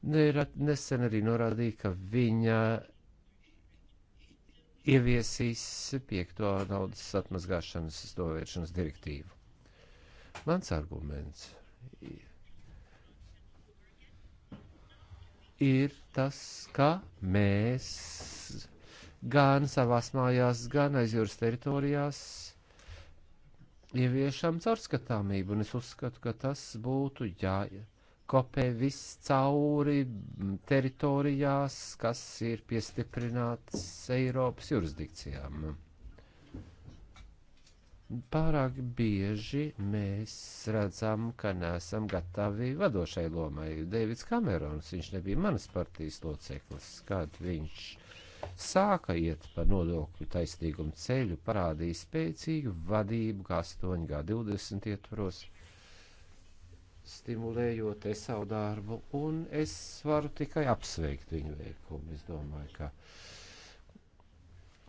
Speaker 2: Nesen arī norādīja, ka viņa ieviesīs piekto naudas atmazgāšanas novēršanas direktīvu. Mans arguments ir ir tas, ka mēs gan savās mājās, gan aiz jūras teritorijās ieviešam caurskatāmību, un es uzskatu, ka tas būtu jākopē viss cauri teritorijās, kas ir piestiprināts Eiropas jurisdikcijām. Pārāk bieži mēs redzam, ka neesam gatavi vadošai lomai. Deivids Kamerons, viņš nebija manas partijas loceklis, kad viņš sāka iet pa nodokļu taisnīgumu ceļu, parādīja spēcīgu vadību, kā 8G20 ietvaros, stimulējot es savu darbu, un es varu tikai apsveikt viņu veikumu. Es domāju, ka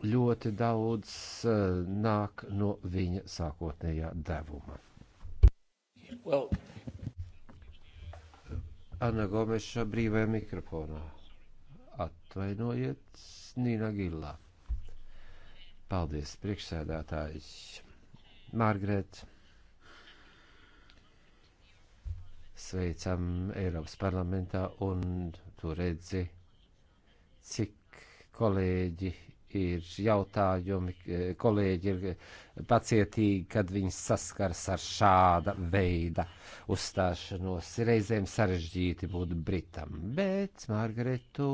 Speaker 2: ļoti daudz eh, nāk no viņa sākotnējā devuma. Well. Anna Gomeša brīvajā mikrofonā. Atvainojiet, Nīna Gillā. Paldies, priekšsēdētājs. Margaret. Sveicam Eiropas parlamentā un tu redzi, cik kolēģi ir jautājumi, kolēģi ir pacietīgi, kad viņi saskars ar šāda veida uzstāšanos. Reizēm sarežģīti būt Britam, bet Margaretu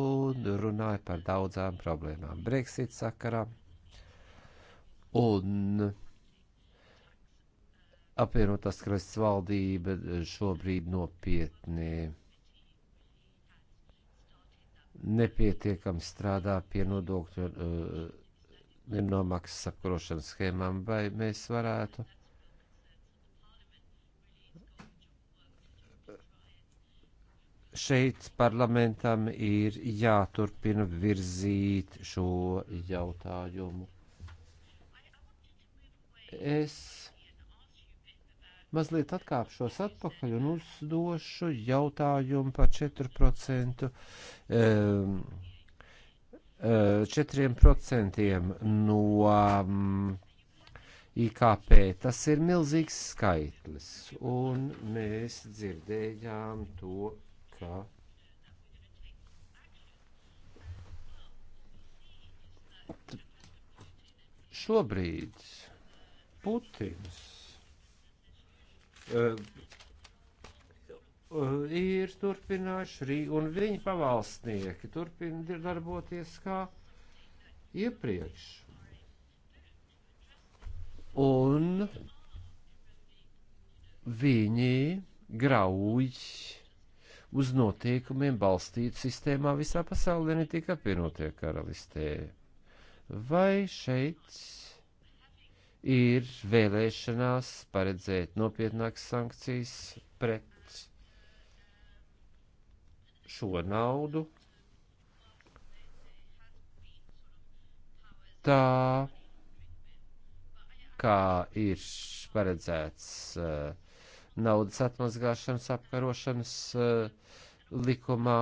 Speaker 2: runāja par daudzām problēmām Brexit sakarā. Un apvienotās karalists valdība šobrīd nopietni nepietiekami strādā pie nodokļu uh, eh, nomaksas apkarošanas schēmām, vai mēs varētu eh, šeit parlamentam ir jāturpina virzīt šo jautājumu. Es mazliet atkāpšos atpakaļ un uzdošu jautājumu par 4%. Um, 4% no um, mm, IKP. Tas ir milzīgs skaitlis, un mēs dzirdējām to, ka šobrīd Putins Eh, eh, ir turpinājuši arī, un viņa pavalsnieki turpina darboties kā iepriekš. Un viņi grauj uz notiekumiem balstīt sistēmā visā pasaulē, ne tikai apvienotie karalistē. Vai šeit ir vēlēšanās paredzēt nopietnākas sankcijas pret šo naudu. Tā kā ir paredzēts uh, naudas atmazgāšanas apkarošanas uh, likumā,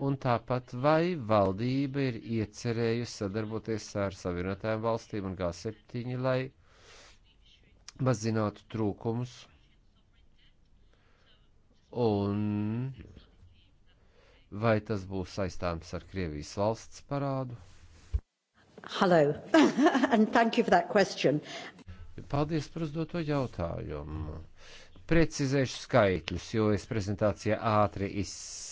Speaker 2: Un tāpat vai valdība ir iecerējusi sadarboties ar savienotājiem valstīm un G7, lai mazinātu trūkumus un vai tas būs saistāms ar Krievijas valsts parādu? Hello, and thank you for that question. Paldies par uzdoto jautājumu. Precizēšu skaitļus, jo es prezentācijā ātri izsāku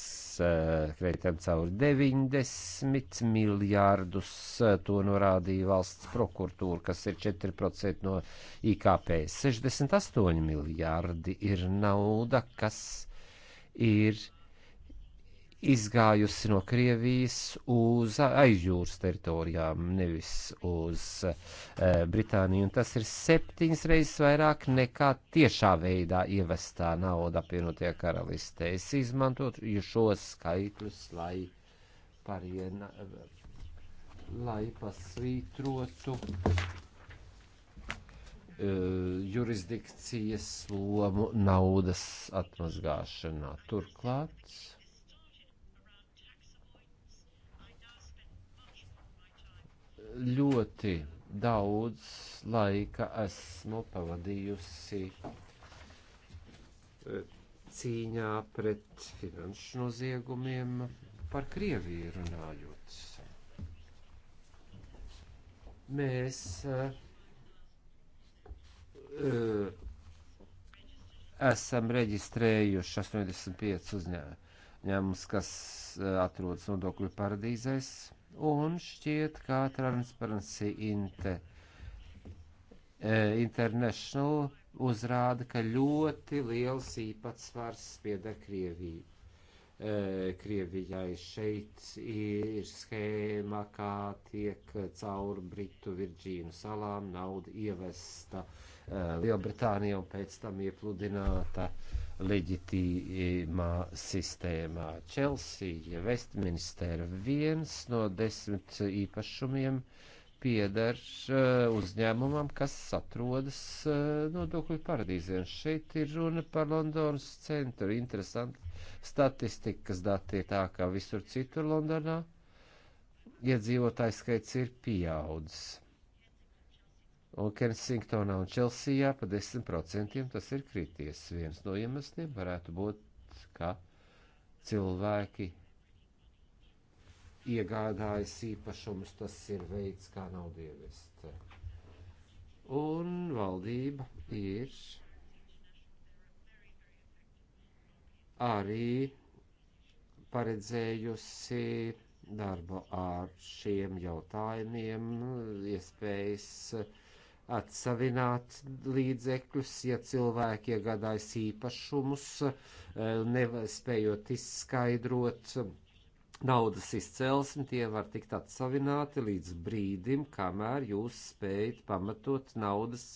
Speaker 2: Eh, kreditiem cauri 90 miljārdus. Eh, to norādīja valsts prokuratūra, kas ir 4% no IKP. 68 miljārdi ir nauda, kas ir izgājusi no Krievijas uz aizjūras teritorijām, nevis uz e, Britāniju. Un tas ir septiņas reizes vairāk nekā tiešā veidā ievestā nauda apvienotajā karalistē. Es izmantotu šos skaitļus, lai pariena, lai pasvītrotu e, jurisdikcijas lomu naudas atmazgāšanā. Turklāt ļoti daudz laika esmu pavadījusi eh, cīņā pret finanšu noziegumiem par Krieviju runājot. Mēs uh, esam reģistrējuši 85 uzņēmumus, kas atrodas nodokļu paradīzēs un šķiet, kā Transparency Inter, e, International uzrāda, ka ļoti liels īpatsvars pieder Krieviju. E, Krievijai šeit ir schēma, kā tiek caur Britu Virģīnu salām nauda ievesta e, Lielbritānijā un pēc tam iepludināta uh, leģitīmā sistēmā. Čelsija, Vestminstera, viens no desmit īpašumiem pieder eh, uzņēmumam, kas atrodas eh, nodokļu paradīzēm. Šeit ir runa par Londonas centru. Interesanti statistikas dati ir tā kā visur citur Londonā. Iedzīvotājs skaits ir pieaudzis un Kensingtonā un Čelsijā pa 10% tas ir krities. Viens no iemesliem varētu būt, ka cilvēki iegādājas īpašumus, tas ir veids, kā naudu ievest. Un valdība ir arī paredzējusi darbu ar šiem jautājumiem, iespējas atsavināt līdzekļus, ja cilvēki iegādājas īpašumus, eh, nespējot izskaidrot naudas izcelsmi, tie var tikt atsavināti līdz brīdim, kamēr jūs spējat pamatot naudas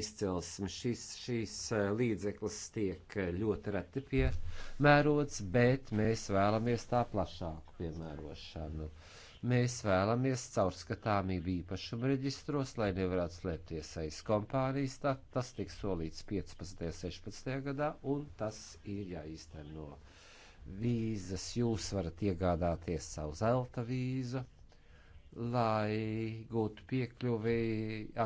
Speaker 2: izcelsmi. Šis, šīs eh, līdzeklis tiek ļoti reti piemērots, bet mēs vēlamies tā plašāku piemērošanu. Uh, Mēs vēlamies caurskatāmību īpašumu reģistros, lai nevarētu slēpties aiz kompānijas. Tā, tas tiks solīts 15. un 16. gadā, un tas ir jāīsteno. Vīzas jūs varat iegādāties savu zelta vīzu, lai gūtu piekļuvi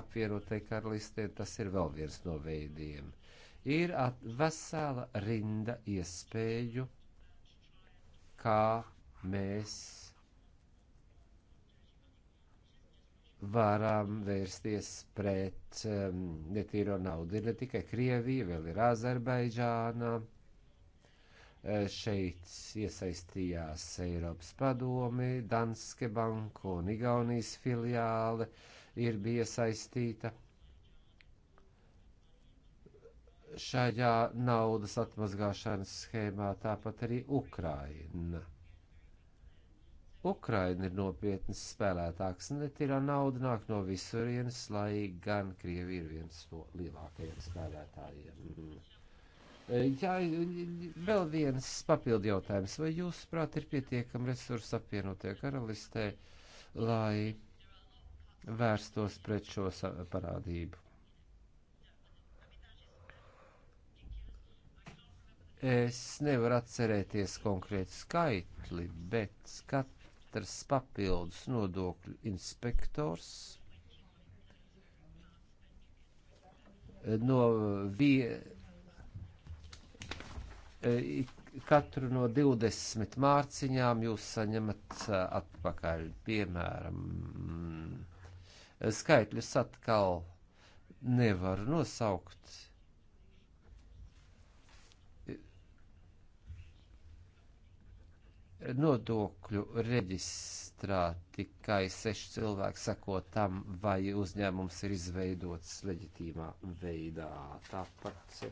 Speaker 2: apvienotai karalistē. Tas ir vēl viens no veidiem. Ir vesela rinda iespēju, kā mēs varam vērsties pret um, netīro naudu. Ir ne tikai Krievija, vēl ir Azerbaidžāna. Eh, šeit iesaistījās Eiropas padomi, Danske banka un Igaunijas filiāle ir iesaistīta šajā naudas atmazgāšanas schēmā, tāpat arī Ukraina Ukraina ir nopietnas spēlētāks, un netīrā nauda nāk no visurienes, lai gan Krievi ir viens no lielākajiem spēlētājiem. Mhm. Eh, jā, vēl viens papildu jautājums. Vai jūs, prāt, ir pietiekami resursi apvienotie karalistē, lai vērstos pret šo parādību? Es nevaru atcerēties konkrētu skaitli, bet skat katrs papildus nodokļu inspektors no vie, katru no 20 mārciņām jūs saņemat e, atpakaļ, piemēram, mm, skaitļus atkal nevaru nosaukt nodokļu reģistrā tikai seši cilvēki sako tam, vai uzņēmums ir izveidots leģitīmā veidā. Tāpat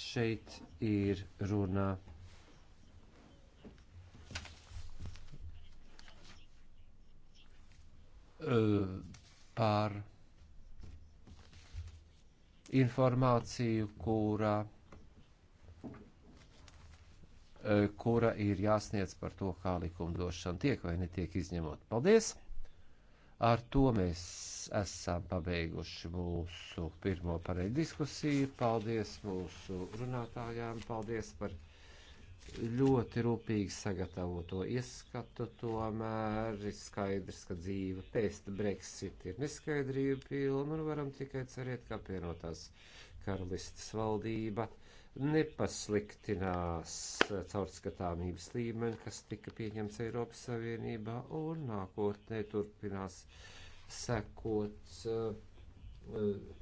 Speaker 2: šeit ir runa. Par informāciju, kurā E, kura ir jāsniedz par to, kā likumdošana tiek vai netiek izņemot. Paldies! Ar to mēs esam pabeiguši mūsu pirmo pareizi diskusiju. Paldies mūsu runātājām, paldies par ļoti rūpīgi sagatavoto ieskatu. Tomēr ir skaidrs, ka dzīve pēc Brexit ir neskaidrība pilna un nu, varam tikai cerēt, ka apvienotās karalistas valdība nepasliktinās caurskatāmības līmeni, kas tika pieņemts Eiropas Savienībā, un nākotnē turpinās sekot eh,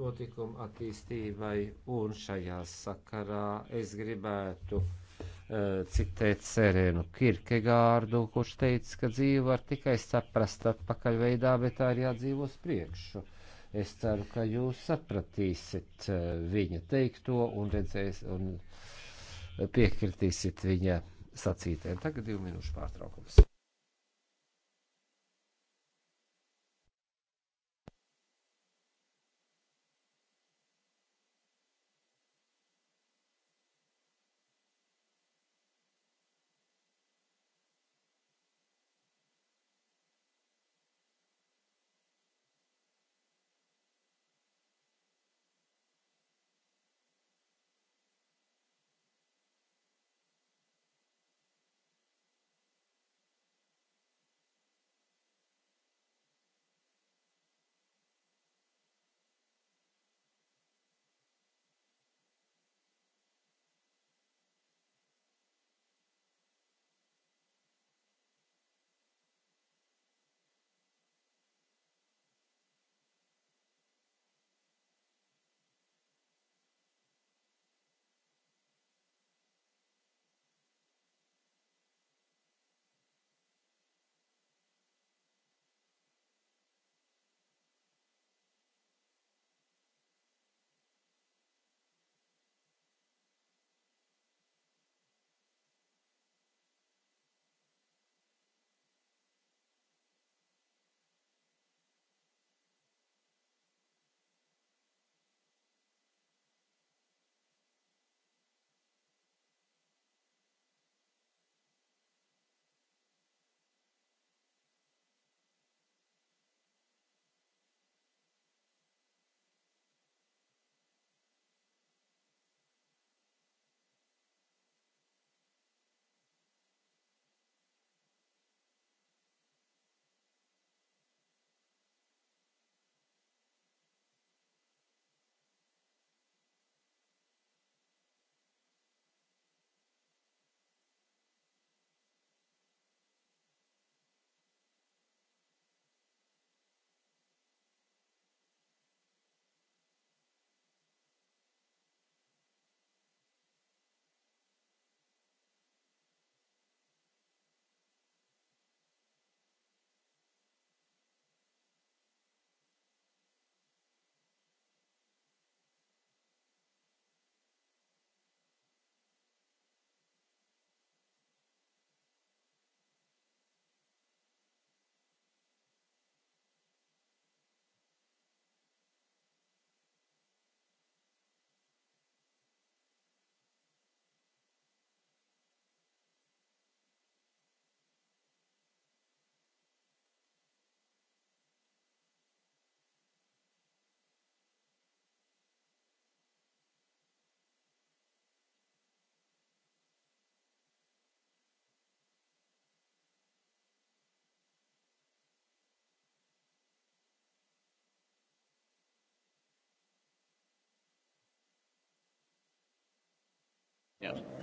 Speaker 2: notikumu attīstībai, un šajā sakarā es gribētu eh, citēt Serēnu Kirkegārdu, kurš teica, ka dzīve var tikai saprast atpakaļ veidā, bet tā ir jādzīvos priekšu. Es ceru, ka jūs sapratīsiet eh, viņa teikto un redzēs un piekritīsiet viņa sacītēm. Tagad divu minūšu pārtraukums.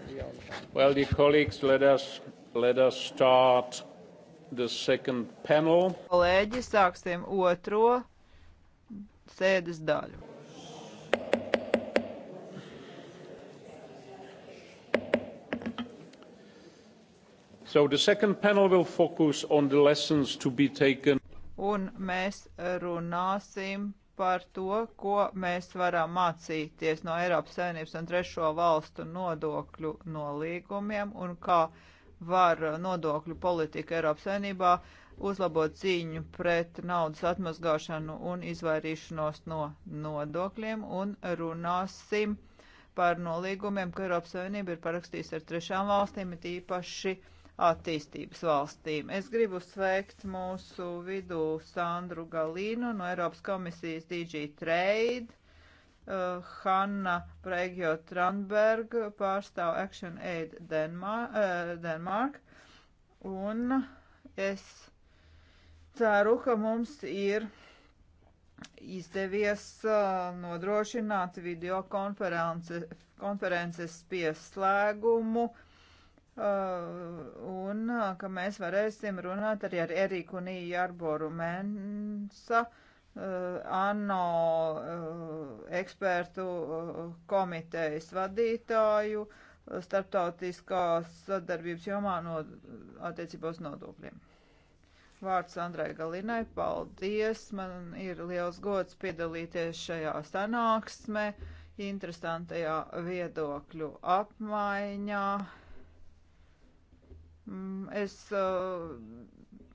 Speaker 1: Yes. Well, dear colleagues, let us, let us start the second panel. Kolēģi, sāksim otro
Speaker 3: sēdes daļu.
Speaker 1: So the second panel will focus on the lessons to be taken.
Speaker 3: Un mēs runāsim par to, ko mēs varam mācīties no Eiropas Savienības un trešo valstu nodokļu nolīgumiem un kā var nodokļu politika Eiropas Savienībā uzlabot cīņu pret naudas atmazgāšanu un izvairīšanos no nodokļiem un runāsim par nolīgumiem, ka Eiropas Savienība ir parakstījusi ar trešām valstīm, it īpaši uh, attīstības valstīm. Es gribu sveikt mūsu vidū Sandru Galīnu no Eiropas komisijas DG Trade, uh, Hanna Pregjo Tranberg pārstāv Action Aid Denmark, uh, Denmark un es ceru, ka mums ir izdevies uh, nodrošināt video konferences pieslēgumu Uh, un uh, ka mēs varēsim runāt arī ar Eriku Nīju Arboru Mensa, uh, ANO ekspertu komitejas vadītāju starptautiskās sadarbības jomā no attiecībos nodokļiem. Vārds Andrai Galinai, paldies, man ir liels gods piedalīties šajā sanāksmē, interesantajā viedokļu apmaiņā Mm, es uh,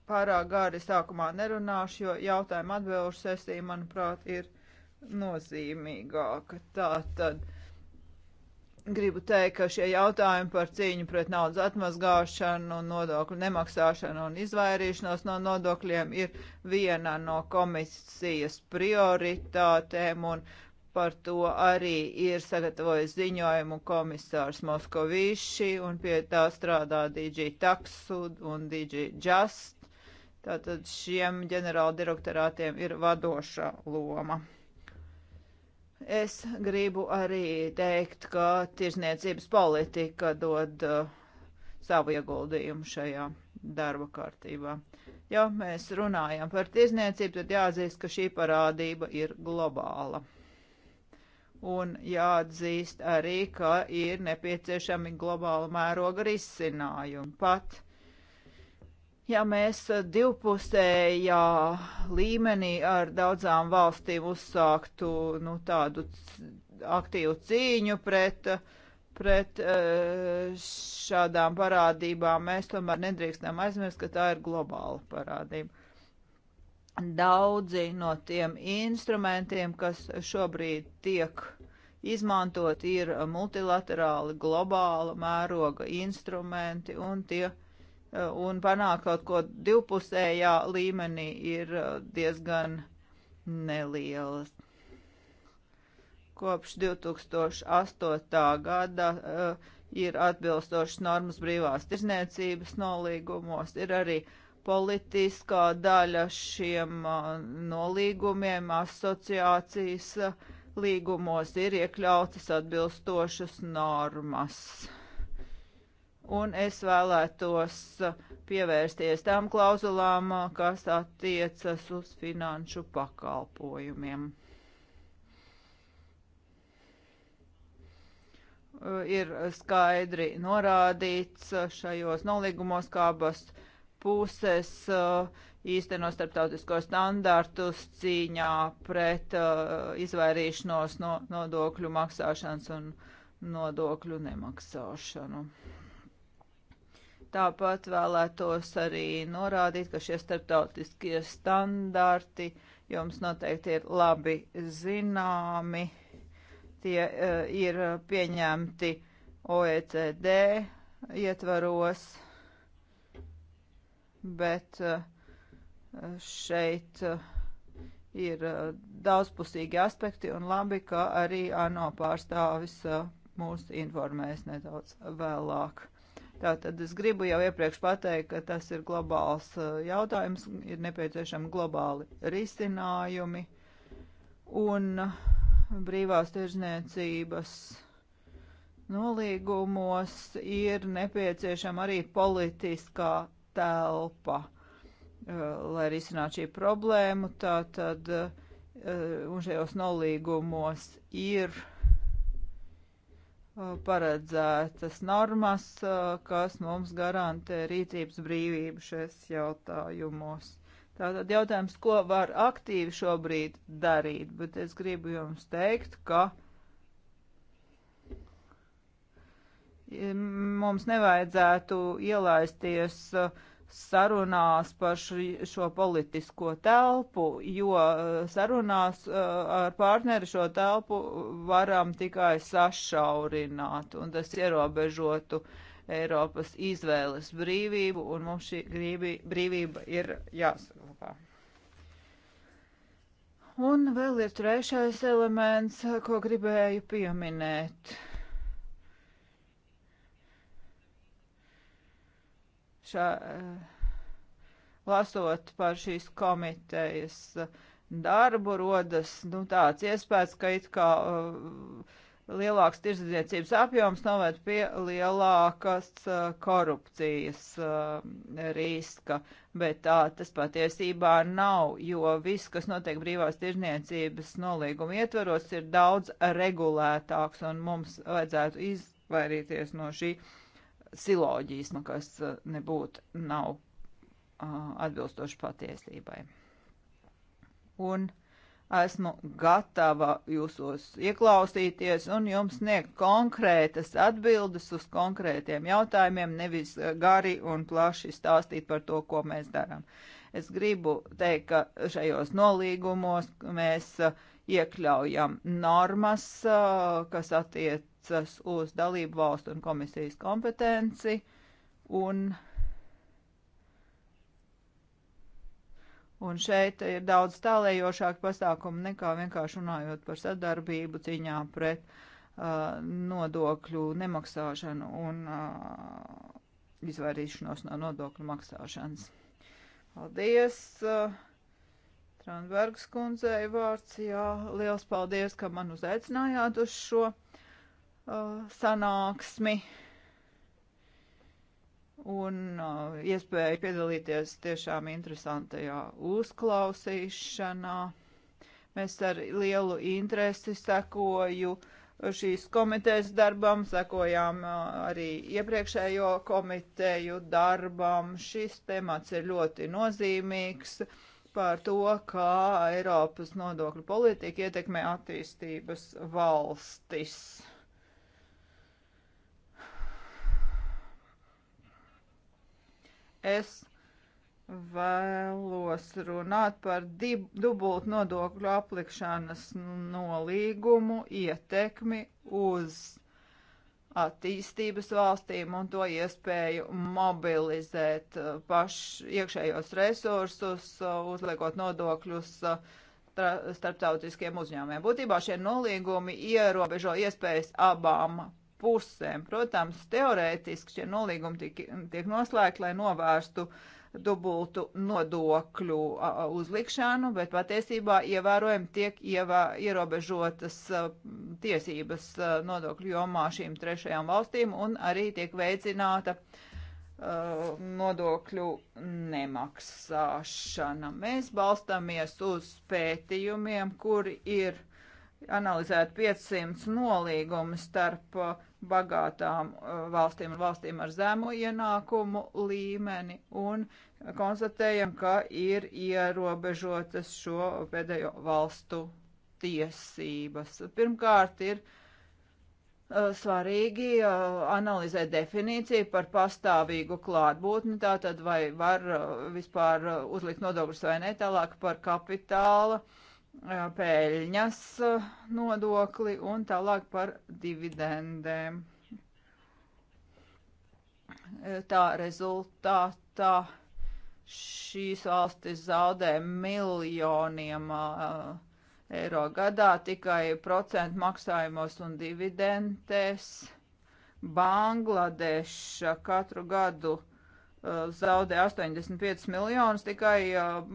Speaker 3: pārāk gāri sākumā nerunāšu, jo jautājuma atbilžu sesija, manuprāt, ir nozīmīgāka. Tā tad gribu teikt, ka šie jautājumi par cīņu pret naudas atmazgāšanu, nodokļu nemaksāšanu un izvairīšanos no nodokļiem ir viena no komisijas prioritātēm. Un, uh, par to arī ir sagatavojis ziņojumu komisārs Moskovīši, un pie tā strādā DG Taksud un DG Just. Tātad šiem ģenerāla direktorātiem ir vadoša loma. Es gribu arī teikt, ka tirzniecības politika dod uh, savu ieguldījumu šajā darba kārtībā. Ja mēs runājam par tirzniecību, tad jāatzīst, ka šī parādība ir globāla un jāatzīst arī, ka ir nepieciešami globāla mēroga risinājumi. Pat ja mēs divpusējā līmenī ar daudzām valstīm uzsāktu nu, tādu aktīvu cīņu pret, pret e, šādām parādībām, mēs tomēr nedrīkstam aizmirst, ka tā ir globāla parādība. Daudzi no tiem instrumentiem, kas šobrīd tiek izmantot, ir multilaterāli, globāla mēroga instrumenti, un tie eh, un panākt kaut ko divpusējā līmenī ir eh, diezgan nelielas. Kopš 2008. gada uh, ir atbilstošas normas brīvās tirzniecības nolīgumos, ir arī uh, politiskā daļa šiem nolīgumiem asociācijas līgumos ir iekļautas atbilstošas normas. Un es vēlētos pievērsties tām klauzulām, kas attiecas uz finanšu pakalpojumiem. Ir skaidri norādīts šajos nolīgumos, kā abas uh, puses eh, īsteno starptautisko standārtus cīņā pret eh, izvairīšanos no nodokļu maksāšanas un nodokļu nemaksāšanu. Tāpat vēlētos arī norādīt, ka šie starptautiskie standarti jums noteikti ir labi zināmi. Tie uh, ir pieņemti OECD ietvaros. Uh, bet eh, šeit eh, ir eh, daudzpusīgi aspekti un labi, ka arī ANO pārstāvis mūs informēs nedaudz vēlāk. Tātad es gribu jau iepriekš pateikt, ka tas ir globāls jautājums, ir nepieciešami globāli risinājumi un brīvās tirzniecības nolīgumos ir nepieciešama arī politiskā telpa, eh, lai risinātu šī problēmu. Tā tad eh, un šajos nolīgumos ir eh, paredzētas normas, kas mums garantē rīcības brīvību šajos jautājumos. Tātad jautājums, ko var aktīvi šobrīd darīt, bet es gribu jums teikt, ka uh, Mums nevajadzētu ielaisties uh, sarunās par šo politisko telpu, jo uh, sarunās uh, ar partneri šo telpu varam tikai sašaurināt, un tas ierobežotu Eiropas izvēles brīvību, un mums šī brīvība ir jāsaglabā. Un vēl ir trešais elements, ko gribēju pieminēt. šā, eh, lasot par šīs komitejas eh, darbu, rodas nu, tāds iespējas, ka it kā uh, lielāks tirdzniecības apjoms noved pie lielākas uh, korupcijas uh, riska, bet tā tas patiesībā nav, jo viss, kas notiek brīvās tirdzniecības nolīguma ietvaros, ir daudz regulētāks un mums vajadzētu izvairīties no šī uh, siloģisma, kas eh, nebūtu nav eh, atbilstoši patiesībai. Un esmu gatava jūsos ieklausīties un jums sniegt konkrētas atbildes uz konkrētiem jautājumiem, nevis eh, gari un plaši stāstīt par to, ko mēs darām. Es gribu teikt, ka šajos nolīgumos mēs iekļaujam normas, kas attiec attiecas uz dalību valstu un komisijas kompetenci un, un šeit ir daudz tālējošāk pasākumu nekā vienkārši runājot par sadarbību ciņā pret uh, nodokļu nemaksāšanu un uh, izvairīšanos no nodokļu maksāšanas. Paldies! Uh, Tranbergs kundzei vārds. Jā, liels paldies, ka man uzaicinājāt uz šo sanāksmi un uh, iespēju piedalīties tiešām interesantajā uzklausīšanā. Mēs ar lielu interesi sekoju šīs komitejas darbam, sekojām uh, arī iepriekšējo komiteju darbam. Šis temats ir ļoti nozīmīgs par to, kā Eiropas nodokļu politika ietekmē attīstības valstis. Es vēlos runāt par dubult nodokļu aplikšanas nolīgumu ietekmi uz attīstības valstīm un to iespēju mobilizēt uh, pašu iekšējos resursus, uh, uzliekot nodokļus uh, starptautiskiem uzņēmumiem. Būtībā šie nolīgumi ierobežo iespējas abām pusēm. Protams, teorētiski šie nolīgumi tiek, tiek noslēgti, lai novērstu dubultu nodokļu uzlikšanu, bet patiesībā ievērojami tiek ievā, ierobežotas tiesības nodokļu jomā šīm trešajām valstīm un arī tiek veicināta nodokļu nemaksāšana. Mēs balstāmies uz pētījumiem, kur ir analizēt 500 nolīgumus starp uh, bagātām uh, valstīm un valstīm ar zemu ienākumu līmeni un konstatējam, ka ir ierobežotas šo pēdējo valstu tiesības. Pirmkārt ir uh, svarīgi uh, analizēt definīciju par pastāvīgu klātbūtni, tātad vai var vispār uzlikt nodokļus vai ne tālāk par kapitāla uh, peļņas nodokli un tālāk par dividendēm. Tā rezultātā šīs valstis zaudē miljoniem uh, eiro gadā tikai procentu maksājumos un dividendēs. Bangladeša katru gadu Eh, zaudē 85 miljonus tikai eh,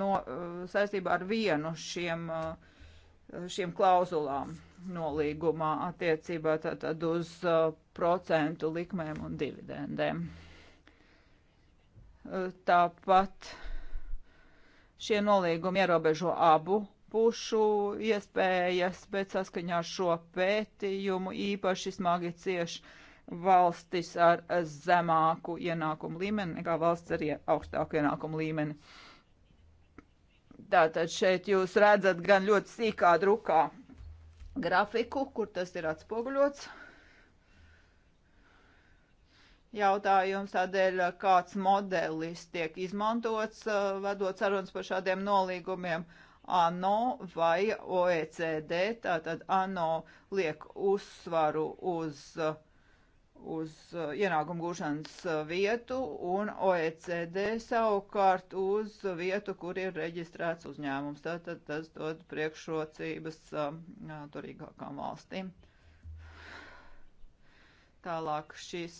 Speaker 3: no, eh, saistībā ar vienu šiem, šiem klauzulām nolīgumā attiecībā tātad uz procentu likmēm un dividendēm. Tāpat šie nolīgumi ierobežo abu pušu iespējas, bet saskaņā ar šo pētījumu īpaši smagi cieši valstis ar zemāku ienākumu līmeni nekā valsts ar augstāku ienākumu līmeni. Tātad šeit jūs redzat gan ļoti sīkā drukā grafiku, kur tas ir atspoguļots. Jautājums tādēļ, kāds modelis tiek izmantots, vedot sarunas par šādiem nolīgumiem. ANO vai OECD, tātad ANO liek uzsvaru uz uh, uz eh, ienākumu gūšanas eh, vietu un OECD savukārt uz vietu, kur ir reģistrēts uzņēmums. Tātad tas dod priekšrocības jā, eh, turīgākām valstīm. Tālāk šis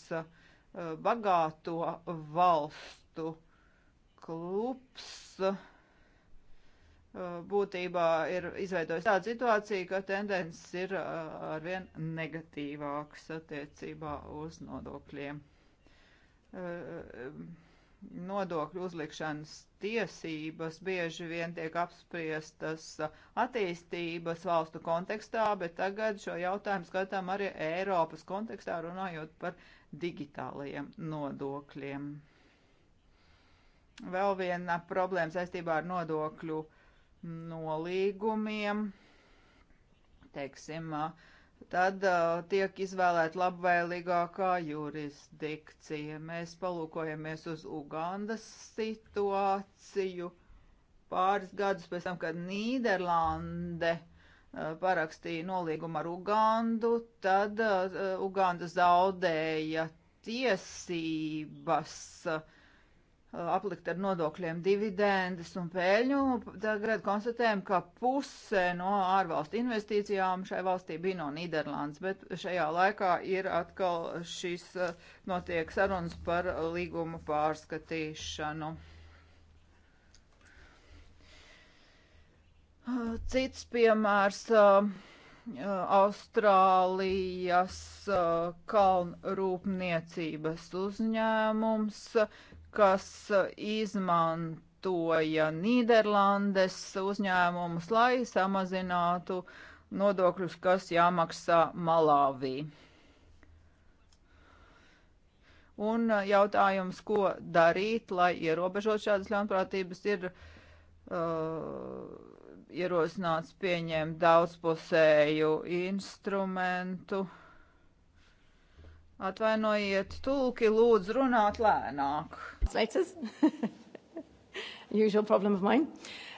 Speaker 3: bagāto valstu klubs Uh, būtībā ir izveidojusi tāda situācija, ka tendences ir uh, arvien negatīvākas attiecībā uz nodokļiem. Uh, um, nodokļu uzlikšanas tiesības bieži vien tiek apspriestas attīstības valstu kontekstā, bet tagad šo jautājumu skatām arī Eiropas kontekstā, runājot par digitālajiem nodokļiem. Vēl viena problēma saistībā ar nodokļu uh, nolīgumiem, teiksim, tad uh, tiek izvēlēta labvēlīgākā jurisdikcija. Mēs palūkojamies uz Ugandas situāciju pāris gadus pēc tam, kad Nīderlande uh, parakstīja nolīgumu ar Ugandu, tad uh, Uganda zaudēja tiesības uh, Uh, aplikt ar nodokļiem dividendes un peļņu. Tagad konstatējam, ka puse no ārvalstu investīcijām šai valstī bija no Nīderlandes, bet šajā laikā ir atkal šīs uh, notiek sarunas par līgumu pārskatīšanu. Uh, cits piemērs Austrālijas kalnrūpniecības uzņēmums kas eh, izmantoja Nīderlandes uzņēmumus, lai samazinātu nodokļus, kas jāmaksā Malāvī. Un eh, jautājums, ko darīt, lai ierobežot šādas ļaunprātības, ir uh, ierosināts pieņemt daudzpusēju instrumentu. Uh, Atvainojiet, tulki lūdzu runāt lēnāk.
Speaker 1: Slices. Usual problem of mine.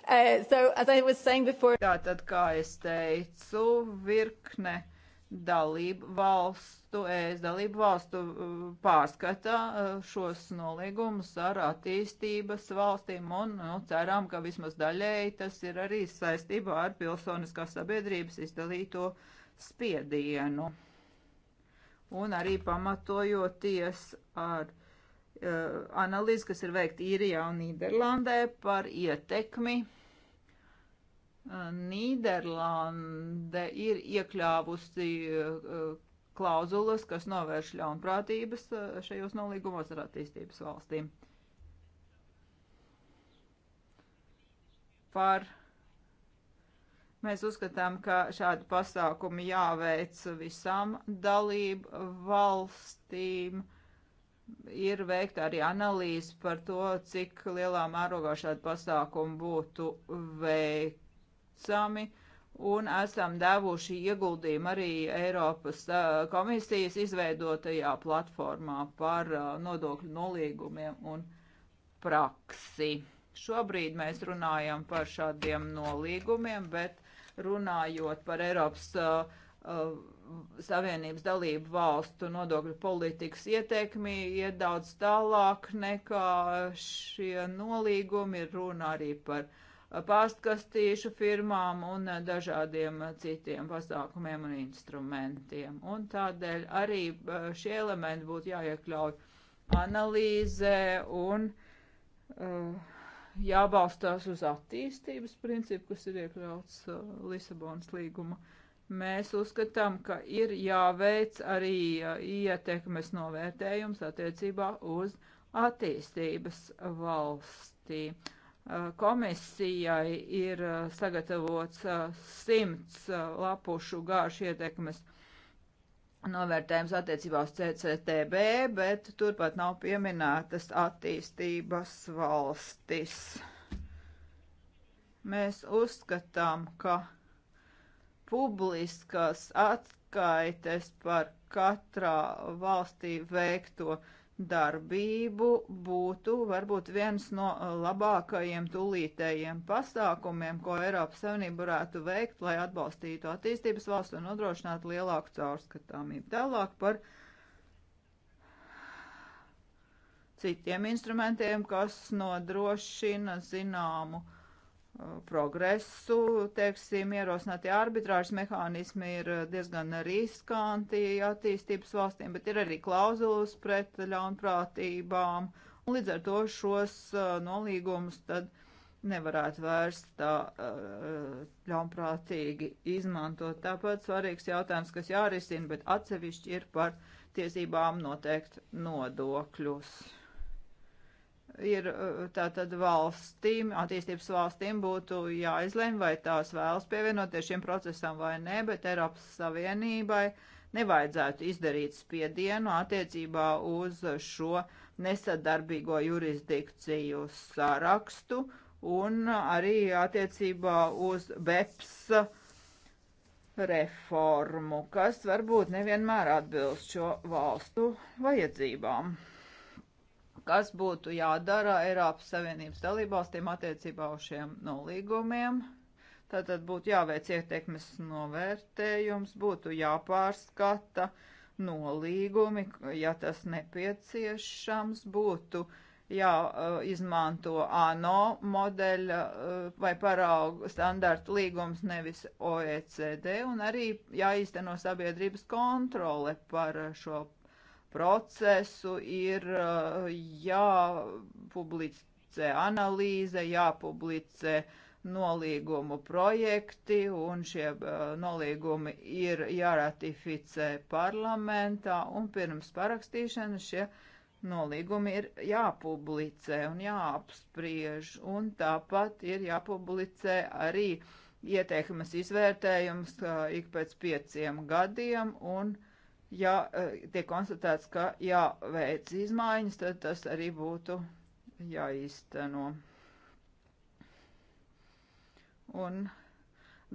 Speaker 3: Uh, so, as I was saying before... Tātad, kā es teicu, virkne dalību valstu, es dalību valstu uh, pārskata uh, šos nolīgumus ar attīstības valstīm un nu, ceram, ka vismaz daļēji tas ir arī saistībā ar pilsoniskās sabiedrības izdalīto spiedienu un arī pamatojoties ar uh, analīzi, kas ir veikta Īrijā un Nīderlandē par ietekmi. Uh, Nīderlande ir iekļāvusi uh, klauzulas, kas novērš ļaunprātības šajos nolīgumos ar attīstības valstīm. Par Mēs uzskatām, ka šādi pasākumi jāveic visām dalību valstīm. Ir veikta arī analīze par to, cik lielā mērogā šādi pasākumi būtu veicami. Un esam devuši ieguldījumu arī Eiropas komisijas izveidotajā platformā par nodokļu nolīgumiem un praksi. Šobrīd mēs runājam par šādiem nolīgumiem, bet runājot par Eiropas uh, uh, Savienības dalību valstu nodokļu politikas ietekmi iet daudz tālāk nekā šie nolīgumi. Ir runa arī par uh, pārskastīšu firmām un uh, dažādiem citiem pasākumiem un instrumentiem. Un tādēļ arī šie elementi būtu jāiekļauj analīzē un. Uh, jābalstās uz attīstības principu, kas ir iekļauts uh, Lisabonas līguma. Mēs uzskatām, ka ir jāveic arī uh, ietekmes novērtējums attiecībā uz attīstības valstī. Uh, komisijai ir uh, sagatavots uh, simts uh, lapušu gārš ietekmes novērtējums attiecībā uz CCTB, bet turpat nav pieminētas attīstības valstis. Mēs uzskatām, ka publiskās atskaites par katrā valstī veikto uh, darbību būtu varbūt viens no labākajiem tūlītējiem pasākumiem, ko Eiropas Savienība varētu veikt, lai atbalstītu attīstības valstu un nodrošinātu lielāku caurskatāmību. Tālāk par citiem instrumentiem, kas nodrošina zināmu uh, progresu, teiksim, ierosinātie arbitrāžas mehānismi ir diezgan riskanti attīstības valstīm, bet ir arī klauzulas pret ļaunprātībām, un līdz ar to šos uh, nolīgumus tad nevarētu vairs tā uh, ļaunprātīgi izmantot. Tāpat svarīgs jautājums, kas jārisina, bet atsevišķi ir par tiesībām noteikt nodokļus ir eh, tātad valstīm, attīstības valstīm būtu jāizlem, vai tās vēlas pievienoties šiem procesam vai nē, bet Eiropas Savienībai nevajadzētu izdarīt spiedienu attiecībā uz šo nesadarbīgo jurisdikciju sarakstu un arī attiecībā uz BEPS reformu, kas varbūt nevienmēr atbilst šo valstu vajadzībām kas būtu jādara Eiropas Savienības dalībvalstīm attiecībā uz šiem nolīgumiem. Tātad būtu jāveic ietekmes novērtējums, būtu jāpārskata nolīgumi, ja tas nepieciešams, būtu jāizmanto uh, ANO modeļa uh, vai paraugu standarta līgums, nevis OECD, un arī jāīsteno sabiedrības kontrole par šo procesu, ir eh, jāpublicē analīze, jāpublicē nolīgumu projekti, un šie eh, nolīgumi ir jāratificē parlamentā, un pirms parakstīšanas šie nolīgumi ir jāpublicē un jāapspriež, un tāpat ir jāpublicē arī ieteikumas izvērtējums eh, ik pēc pieciem gadiem, un uh, ja eh, tiek konstatēts, ka jāveic izmaiņas, tad tas arī būtu jāīsteno. Un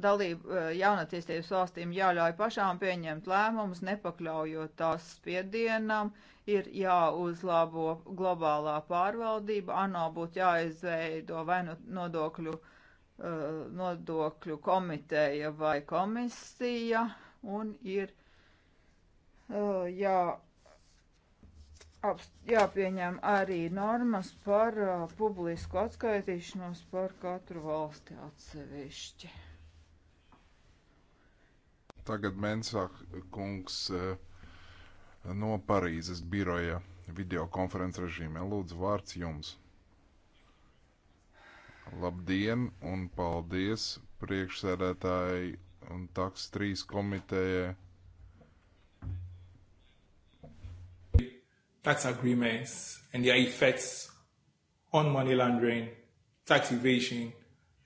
Speaker 3: dalību eh, jaunatīstības valstīm jāļauj pašām pieņemt lēmumus, nepakļaujot tās spiedienam, ir jāuzlabo globālā pārvaldība, ANO būtu jāizveido vai nu nodokļu, eh, nodokļu komiteja vai komisija, un ir jāizveido jā, ap, jāpieņem arī normas par uh, publisku atskaitīšanos par katru valsti atsevišķi.
Speaker 4: Tagad Mensāk kungs no Parīzes biroja videokonferences režīmē. Lūdzu, vārds jums. Labdien un paldies priekšsēdētāji un taks trīs komitējai
Speaker 5: tax agreements and their effects on money laundering, tax evasion,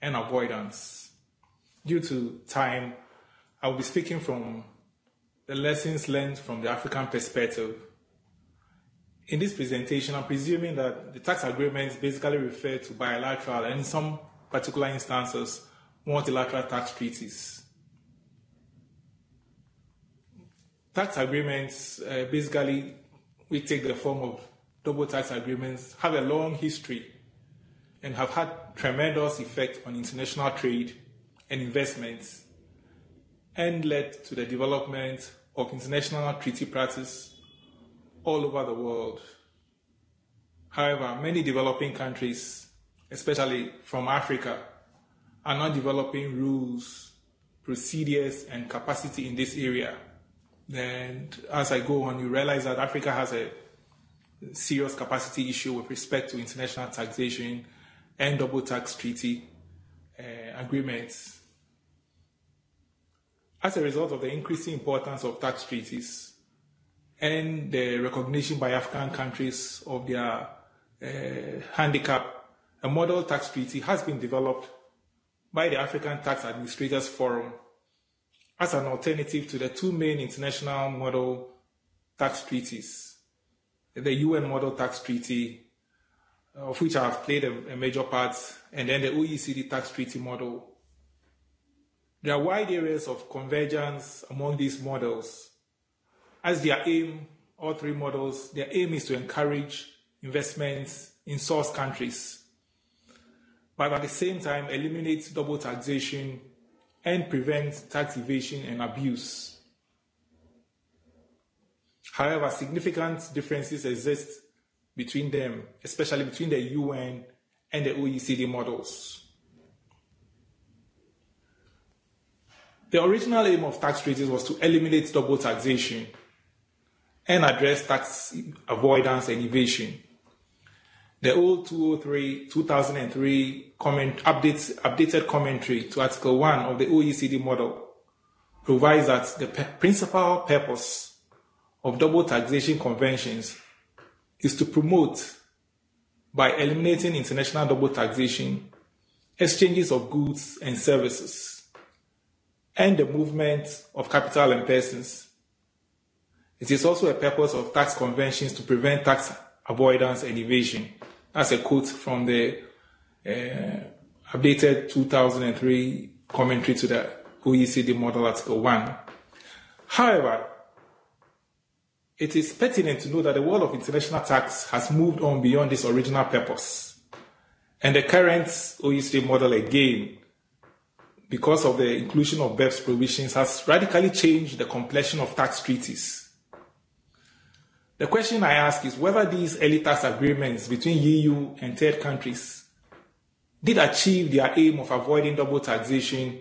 Speaker 5: and avoidance. Due to time, I will be speaking from the lessons learned from the African perspective. In this presentation, I'm presuming that the tax agreements basically refer to bilateral and, in some particular instances, multilateral tax treaties. Tax agreements uh, basically which take the form of double tax agreements, have a long history and have had tremendous effect on international trade and investments and led to the development of international treaty practice all over the world. However, many developing countries, especially from Africa, are not developing rules, procedures, and capacity in this area Then as I go on, you realize that Africa has a serious capacity issue with respect to international taxation and double tax treaty uh, agreements. As a result of the increasing importance of tax treaties and the recognition by African countries of their uh, handicap, a model tax treaty has been developed by the African Tax Administrators Forum as an alternative to the two main international model tax treaties the UN Model Tax Treaty, uh, of which I have played a, a major part, and then the OECD Tax Treaty model. There are wide areas of convergence among these models, as their aim, all three models, their aim is to encourage investments in source countries, but at the same time eliminate double taxation and prevent tax evasion and abuse. However, significant differences exist between them, especially between the UN and the OECD models. The original aim of tax treaties was to eliminate double taxation and address tax avoidance and evasion. The old 203, 2003 comment, updates, updated commentary to Article 1 of the OECD model provides that the pe- principal purpose of double taxation conventions is to promote, by eliminating international double taxation, exchanges of goods and services, and the movement of capital and persons. It is also a purpose of tax conventions to prevent tax avoidance and evasion. That's a quote from the uh, updated 2003 commentary to the OECD model article 1. However, it is pertinent to know that the world of international tax has moved on beyond its original purpose. And the current OECD model, again, because of the inclusion of BEPS provisions, has radically changed the complexion of tax treaties The question I ask is whether these elitist agreements between EU and third countries did achieve their aim of avoiding double taxation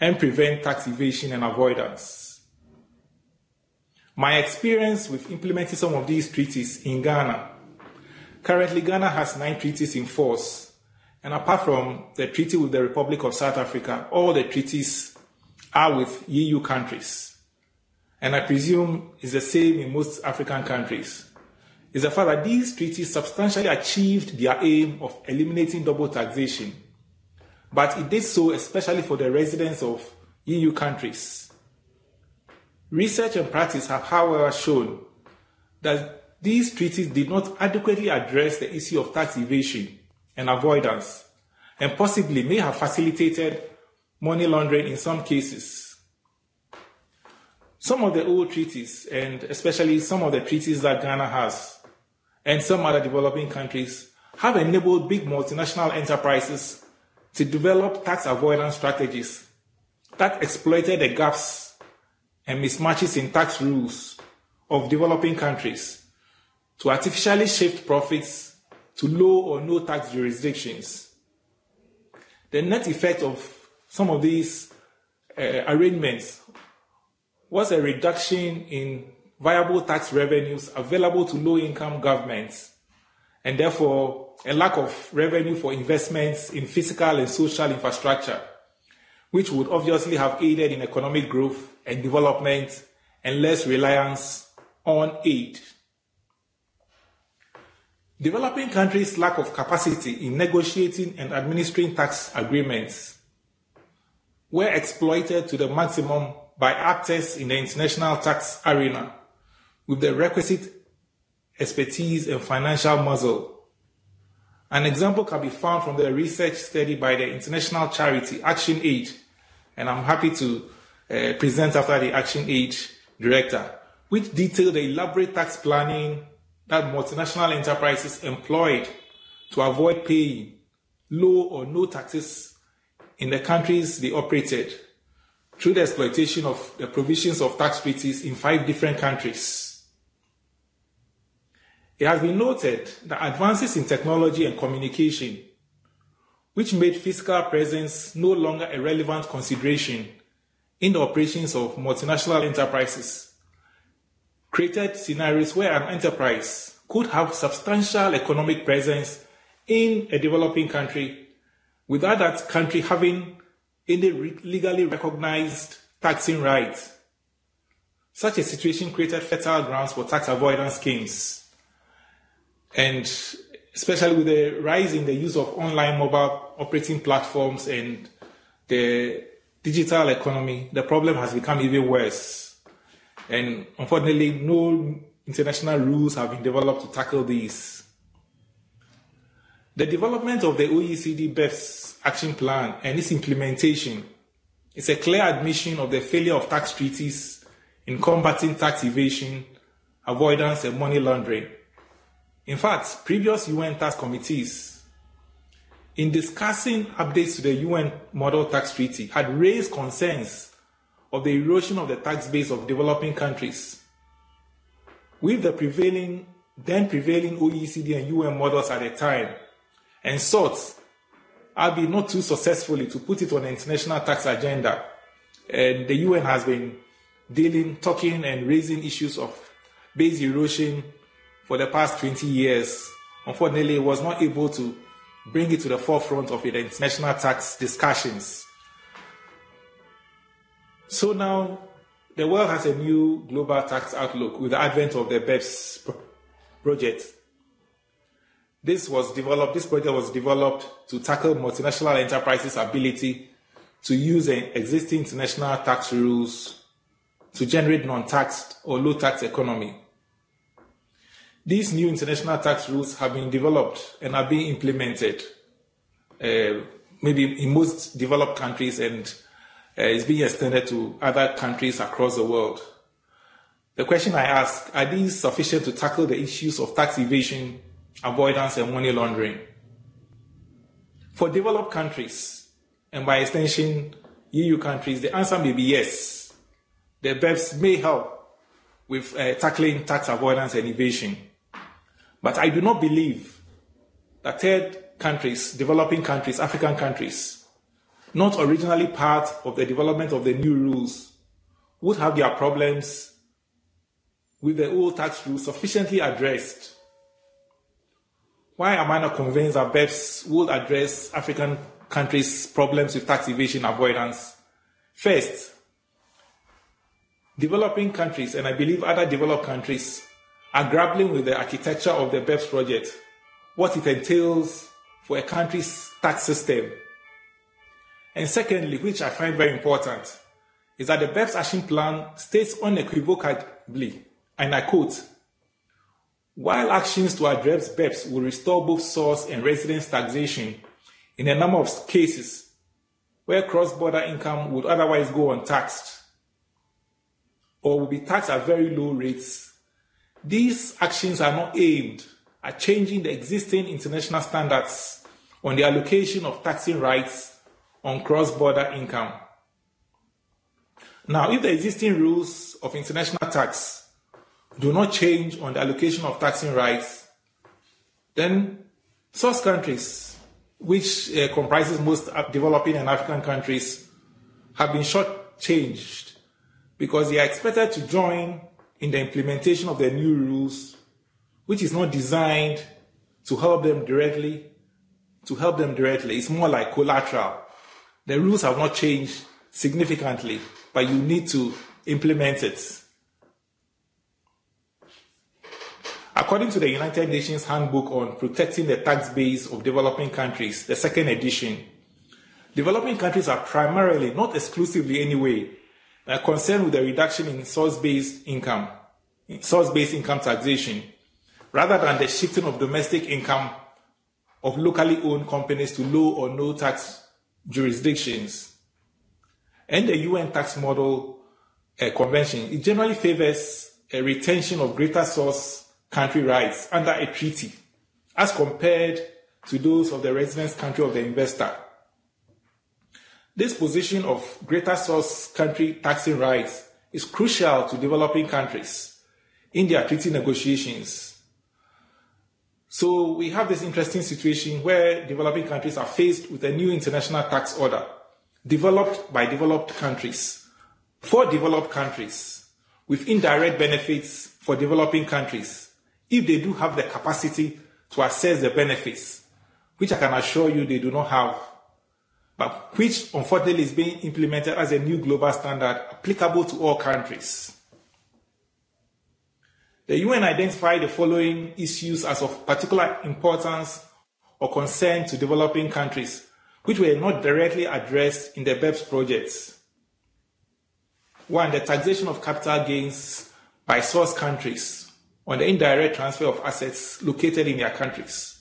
Speaker 5: and prevent tax evasion and avoidance. My experience with implementing some of these treaties in Ghana. Currently, Ghana has nine treaties in force, and apart from the treaty with the Republic of South Africa, all the treaties are with EU countries and I presume is the same in most African countries, is the fact that these treaties substantially achieved their aim of eliminating double taxation, but it did so especially for the residents of EU countries. Research and practice have, however, shown that these treaties did not adequately address the issue of tax evasion and avoidance, and possibly may have facilitated money laundering in some cases some of the old treaties, and especially some of the treaties that Ghana has, and some other developing countries, have enabled big multinational enterprises to develop tax avoidance strategies that exploited the gaps and mismatches in tax rules of developing countries to artificially shift profits to low or no tax jurisdictions. The net effect of some of these uh, arrangements was a reduction in viable tax revenues available to low income governments, and therefore a lack of revenue for investments in physical and social infrastructure, which would obviously have aided in economic growth and development and less reliance on aid. Developing countries' lack of capacity in negotiating and administering tax agreements were exploited to the maximum by actors in the international tax arena with the requisite expertise and financial muscle. An example can be found from the research study by the international charity Action Aid, and I'm happy to uh, present after the Action Aid director, which detailed the elaborate tax planning that multinational enterprises employed to avoid paying low or no taxes in the countries they operated through the exploitation of the provisions of tax treaties in five different countries. It has been noted that advances in technology and communication, which made fiscal presence no longer a relevant consideration in the operations of multinational enterprises, created scenarios where an enterprise could have substantial economic presence in a developing country without that country having in the re- legally recognized taxing rights. Such a situation created fertile grounds for tax avoidance schemes. And especially with the rise in the use of online mobile operating platforms and the digital economy, the problem has become even worse. And unfortunately, no international rules have been developed to tackle these. The development of the OECD BEPS action plan and its implementation is a clear admission of the failure of tax treaties in combating tax evasion, avoidance, and money laundering. In fact, previous UN tax committees, in discussing updates to the UN Model Tax Treaty, had raised concerns of the erosion of the tax base of developing countries. With the prevailing, then prevailing OECD and UN models at the time, and sought Abiy not too successfully to put it on the international tax agenda. And the UN has been dealing, talking, and raising issues of base erosion for the past 20 years. Unfortunately, it was not able to bring it to the forefront of the international tax discussions. So now the world has a new global tax outlook with the advent of the BEPS project. This was developed, this project was developed to tackle multinational enterprises' ability to use existing international tax rules to generate non-taxed or low-tax economy. These new international tax rules have been developed and are being implemented, uh, maybe in most developed countries, and uh, is being extended to other countries across the world. The question I ask, are these sufficient to tackle the issues of tax evasion avoidance and money laundering. For developed countries, and by extension, EU countries, the answer may be yes. The BEPS may help with uh, tackling tax avoidance and evasion. But I do not believe that third countries, developing countries, African countries, not originally part of the development of the new rules, would have their problems with the old tax rules sufficiently addressed Why am I not convinced that BEPS will address African countries' problems with tax evasion avoidance? First, developing countries, and I believe other developed countries, are grappling with the architecture of the BEPS project, what it entails for a country's tax system. And secondly, which I find very important, is that the BEPS Action Plan states unequivocally, and I quote, While actions to address BEPS will restore both source and residence taxation in a number of cases where cross-border income would otherwise go untaxed or will be taxed at very low rates, these actions are not aimed at changing the existing international standards on the allocation of taxing rights on cross-border income. Now, if the existing rules of international tax do not change on the allocation of taxing rights, then source countries, which uh, comprises most developing and African countries, have been shortchanged because they are expected to join in the implementation of the new rules, which is not designed to help them directly. To help them directly, it's more like collateral. The rules have not changed significantly, but you need to implement it. According to the United Nations Handbook on Protecting the Tax Base of Developing Countries, the second edition, developing countries are primarily, not exclusively anyway, uh, concerned with the reduction in source-based income, source-based income taxation, rather than the shifting of domestic income of locally owned companies to low or no tax jurisdictions. And the UN tax model uh, convention, it generally favors a retention of greater source country rights under a treaty as compared to those of the residence country of the investor. This position of greater source country taxing rights is crucial to developing countries in their treaty negotiations. So we have this interesting situation where developing countries are faced with a new international tax order developed by developed countries for developed countries with indirect benefits for developing countries if they do have the capacity to assess the benefits, which I can assure you they do not have, but which unfortunately is being implemented as a new global standard applicable to all countries. The UN identified the following issues as of particular importance or concern to developing countries, which were not directly addressed in the BEPS projects. One, the taxation of capital gains by source countries on the indirect transfer of assets located in their countries.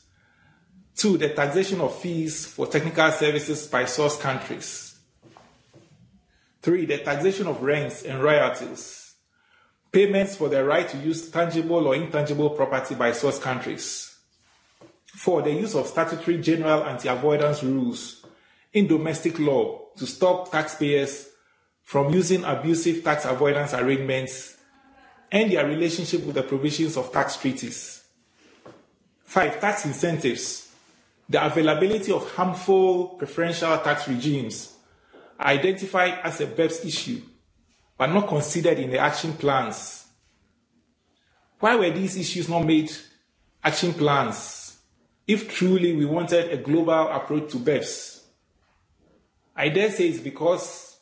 Speaker 5: Two, the taxation of fees for technical services by source countries. Three, the taxation of rents and royalties. Payments for the right to use tangible or intangible property by source countries. Four, the use of statutory general anti-avoidance rules in domestic law to stop taxpayers from using abusive tax avoidance arrangements and their relationship with the provisions of tax treaties. Five, tax incentives. The availability of harmful preferential tax regimes identified as a BEPS issue, but not considered in the action plans. Why were these issues not made action plans if truly we wanted a global approach to BEPS? I dare say it's because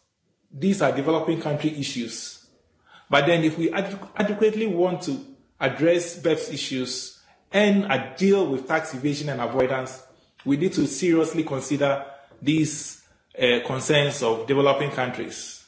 Speaker 5: these are developing country issues But then if we ad- adequately want to address BEPS issues and uh, deal with tax evasion and avoidance, we need to seriously consider these uh, concerns of developing countries.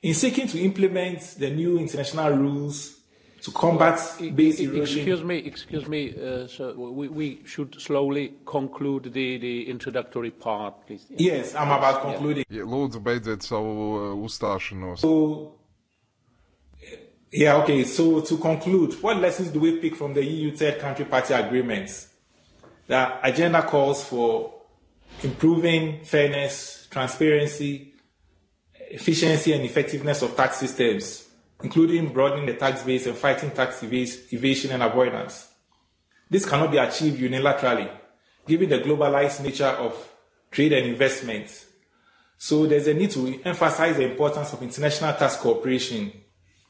Speaker 5: In seeking to implement the new international rules to combat well, e-, base erosion. Excuse
Speaker 1: me, excuse me, uh, sir. We, we should slowly conclude the, the introductory part, please. Yes, I'm about concluding.
Speaker 5: Yeah. Lūdzu, beidziet savu uh, uzstāšanos. So, Yeah, okay. So to conclude, what lessons do we pick from the EU third country party agreements? The agenda calls for improving fairness, transparency, efficiency and effectiveness of tax systems, including broadening the tax base and fighting tax evas- evasion and avoidance. This cannot be achieved unilaterally, given the globalized nature of trade and investment. So there's a need to emphasize the importance of international tax cooperation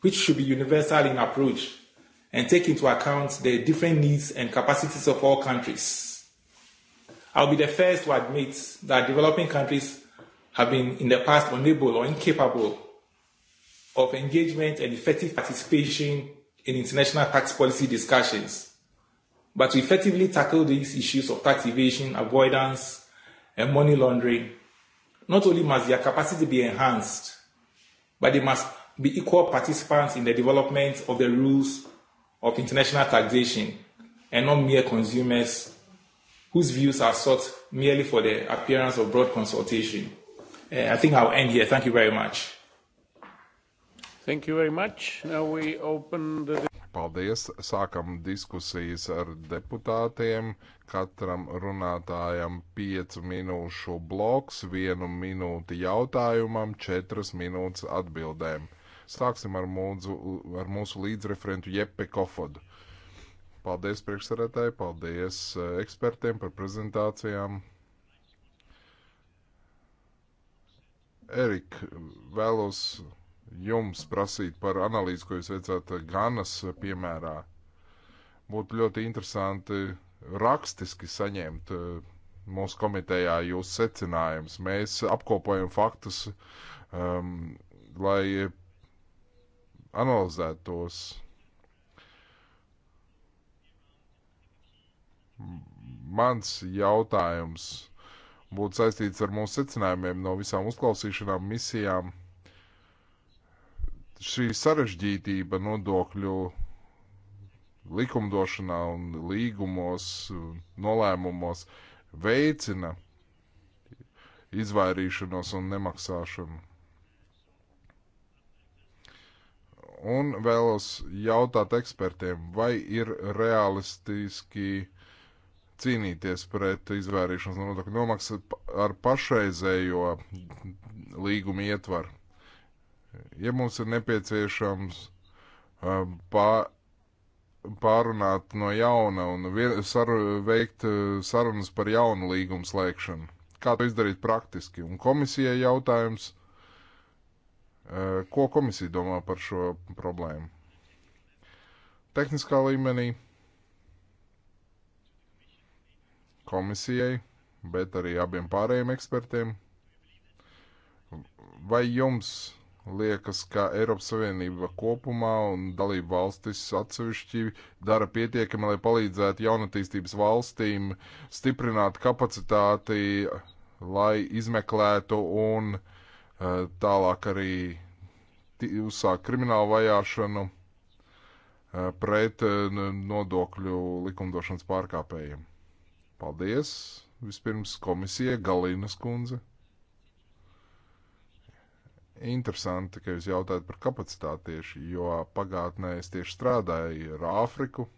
Speaker 5: which should be universal in approach and take into account the different needs and capacities of all countries. I'll be the first to admit that developing countries have been in the past unable or incapable of engagement and effective participation in international tax policy discussions. But to effectively tackle these issues of tax evasion, avoidance, and money laundering, not only must their capacity be enhanced, but they must be equal participants in the development of the rules of international taxation and not mere consumers whose views are sought merely for the appearance of broad consultation. Uh, I think I'll end here. Thank you very much.
Speaker 4: Thank you very much. Now we open the. Paldies. Sākam diskusijas ar deputātiem. Katram runātājam piecu minūšu bloks, vienu minūti jautājumam, četras minūtes atbildēm. Sāksim ar, mūdzu, ar mūsu līdzreferentu Jeppe Kofodu. Paldies priekšsarētāji, paldies eh, ekspertiem par prezentācijām. Erika, vēlos jums prasīt par analīzi, ko jūs veicāt Ganas piemērā. Būtu ļoti interesanti rakstiski saņemt eh, mūsu komitejā jūs secinājums. Mēs apkopojam faktus, um, lai analizēt tos. Mans jautājums būtu saistīts ar mūsu secinājumiem no visām uzklausīšanām, misijām. Šī sarežģītība nodokļu likumdošanā un līgumos, nolēmumos veicina izvairīšanos un nemaksāšanu. Un vēlos jautāt ekspertiem, vai ir realistiski cīnīties pret izvairīšanos no nodokļu nomaksas ar pašreizējo līgumu ietvaru. Ja mums ir nepieciešams um, pār, pārunāt no jauna un sar, veikt uh, sarunas par jaunu līgumu slēgšanu, kā to izdarīt praktiski? Un komisijai jautājums Eh, ko komisija domā par šo problēmu? Tehniskā līmenī komisijai, bet arī abiem pārējiem ekspertiem. Vai jums liekas, ka Eiropas Savienība kopumā un dalību valstis atsevišķi dara pietiekami, lai palīdzētu jaunatīstības valstīm stiprināt kapacitāti, lai izmeklētu un uh, Eh, tālāk arī uzsāk kriminālu vajāšanu eh, pret eh, nodokļu likumdošanas pārkāpējiem. Paldies! Vispirms komisija Galīnas kundze. Interesanti, ka jūs jautājat par kapacitāti tieši, jo pagātnē es tieši strādāju ar Āfriku.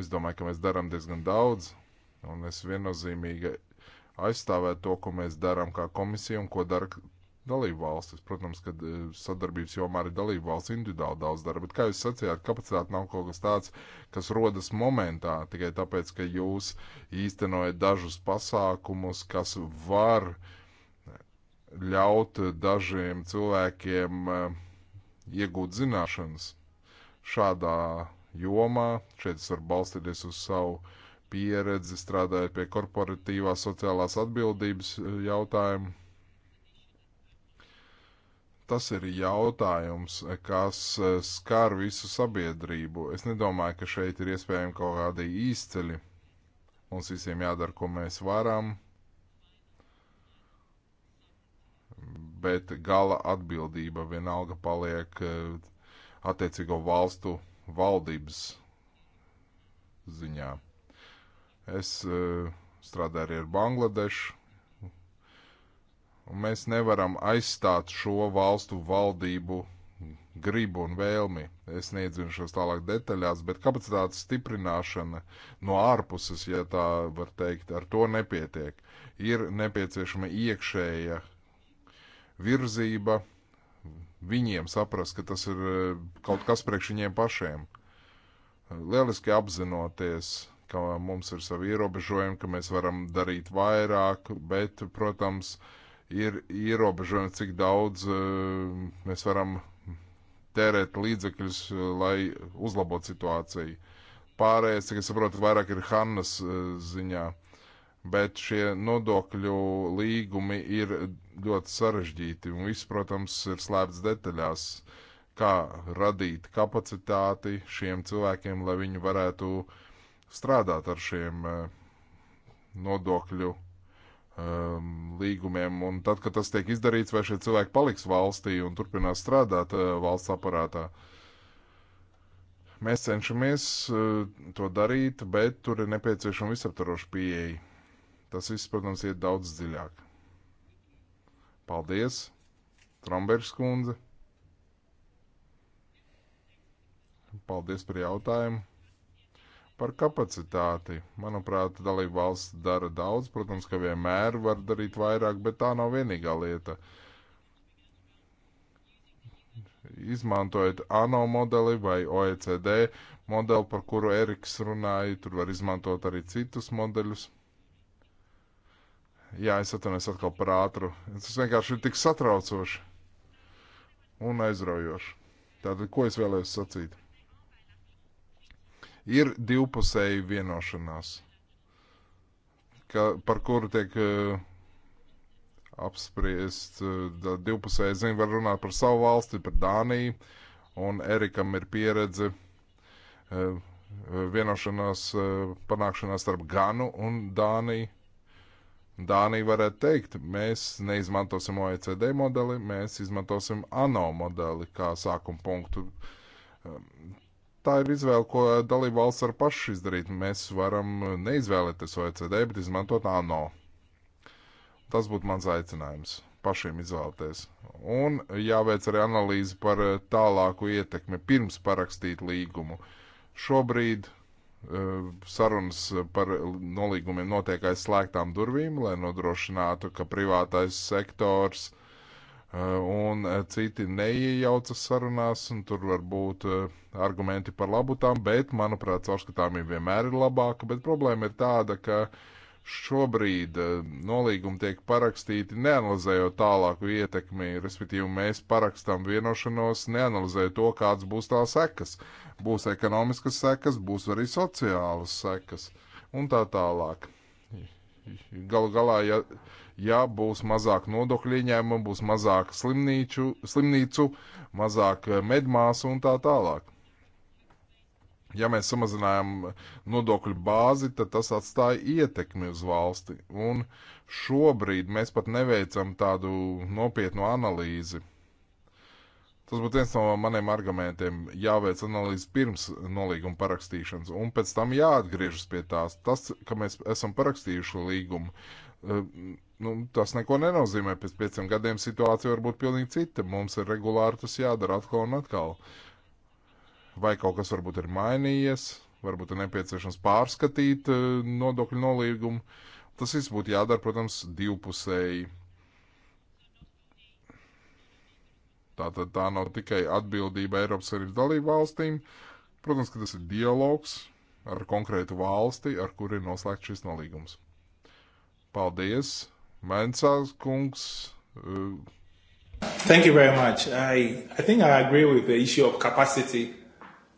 Speaker 4: Es domāju, ka mēs darām diezgan daudz, un es viennozīmīgi aizstāvēt to, ko mēs darām kā komisija un ko dara dalību valstis. Protams, ka e, sadarbības jomā arī dalību valsts individuāli daudz dara, bet kā jūs sacījāt, kapacitāte nav kaut kas tāds, kas rodas momentā, tikai tāpēc, ka jūs īstenojat dažus pasākumus, kas var ļaut dažiem cilvēkiem e, iegūt zināšanas šādā jomā. Šeit es varu balstīties uz savu uh, pieredzi, strādājot pie korporatīvās sociālās atbildības e, jautājumu. Tas ir jautājums, e, kas e, skar visu sabiedrību. Es nedomāju, ka šeit ir iespējami kaut kādi īsceļi. Mums visiem jādara, ko mēs varam, bet gala atbildība vienalga paliek attiecīgo valstu valdības ziņā. Es eh, strādāju arī ar Bangladešu. Un mēs nevaram aizstāt šo valstu valdību gribu un vēlmi. Es neiedzinušos tālāk detaļās, bet kapacitātes stiprināšana no ārpuses, ja tā var teikt, ar to nepietiek. Ir nepieciešama iekšēja virzība, viņiem saprast, ka tas ir eh, kaut kas priekš viņiem pašiem. Lieliski apzinoties ka mums ir savi ierobežojumi, ka mēs varam darīt vairāk, bet, protams, ir ierobežojumi, cik daudz e, mēs varam tērēt līdzekļus, e, lai uzlabotu situāciju. Pārējais, cik es saprotu, vairāk ir Hannas e, ziņā, bet šie nodokļu līgumi ir ļoti sarežģīti, un viss, protams, ir slēpts detaļās, kā radīt kapacitāti šiem cilvēkiem, lai viņi varētu uh, strādāt ar šiem eh, nodokļu um, līgumiem. Un tad, kad tas tiek izdarīts, vai šie cilvēki paliks valstī un turpinās strādāt uh, valsts aparātā. Mēs cenšamies uh, to darīt, bet tur ir nepieciešama visaptvaroša pieeja. Tas viss, protams, iet daudz dziļāk. Paldies, Trambergs kundze! Paldies par jautājumu! Par kapacitāti. Manuprāt, dalība valsts dara daudz, protams, ka vienmēr var darīt vairāk, bet tā nav vienīgā lieta. Izmantojot ANO modeli vai OECD modeli, par kuru Eriks runāja, tur var izmantot arī citus modeļus. Jā, es atvainojos atkal par ātru. Tas vienkārši ir tik satraucoši un aizraujoši. Tātad, ko es vēlējos sacīt? ir divpusēja vienošanās, ka, par kuru tiek uh, apspriest uh, e, divpusēji. Es zinu, var runāt par savu valsti, par Dāniju, un Erikam ir pieredze uh, vienošanās uh, panākšanā starp Ganu un Dāniju. Dānija varētu teikt, mēs neizmantosim OECD modeli, mēs izmantosim ANO modeli kā sākuma punktu tā ir izvēle, ko dalību valsts var pašas izdarīt. Mēs varam neizvēlēties OECD, bet izmantot ANO. Tas būtu mans aicinājums pašiem izvēlēties. Un jāveic arī analīze par eh, tālāku ietekmi pirms parakstīt līgumu. Šobrīd eh, sarunas par nolīgumiem notiek aiz slēgtām durvīm, lai nodrošinātu, ka privātais sektors uh, Eh, un eh, citi neiejaucas sarunās, un tur var būt eh, argumenti par labu tām, bet, manuprāt, caurskatāmība vienmēr ir labāka, bet problēma ir tāda, ka šobrīd nolīgumi tiek parakstīti neanalizējot tālāku ietekmi, respektīvi mēs parakstam vienošanos, neanalizējot to, kāds būs tās sekas. Būs ekonomiskas sekas, būs arī sociālas sekas un tā tālāk. Galu galā, ja ja būs mazāk nodokļu ieņēmumu, būs mazāk slimnīču, slimnīcu, mazāk eh, medmāsu un tā tālāk. Ja mēs samazinājām nodokļu bāzi, tad tas atstāja ietekmi uz valsti, un šobrīd mēs pat neveicam tādu nopietnu analīzi. Tas būtu viens no maniem argumentiem. Jāveic analīze pirms nolīguma parakstīšanas, un pēc tam jāatgriežas pie tās. Tas, ka mēs esam parakstījuši līgumu, Eh, nu, tas neko nenozīmē. Pēc pieciem gadiem situācija var būt pilnīgi cita. Mums ir regulāri tas jādara atkal un atkal. Vai kaut kas varbūt ir mainījies, varbūt ir nepieciešams pārskatīt eh, nodokļu nolīgumu. Tas viss būtu jādara, protams, divpusēji. Tātad tā nav tikai atbildība Eiropas Savienības dalību valstīm. Protams, ka tas ir dialogs ar konkrētu valsti, ar kuru ir noslēgts šis nolīgums. Paldies, Mansāls kungs.
Speaker 5: Thank you very much. I, I think I agree with the issue of capacity.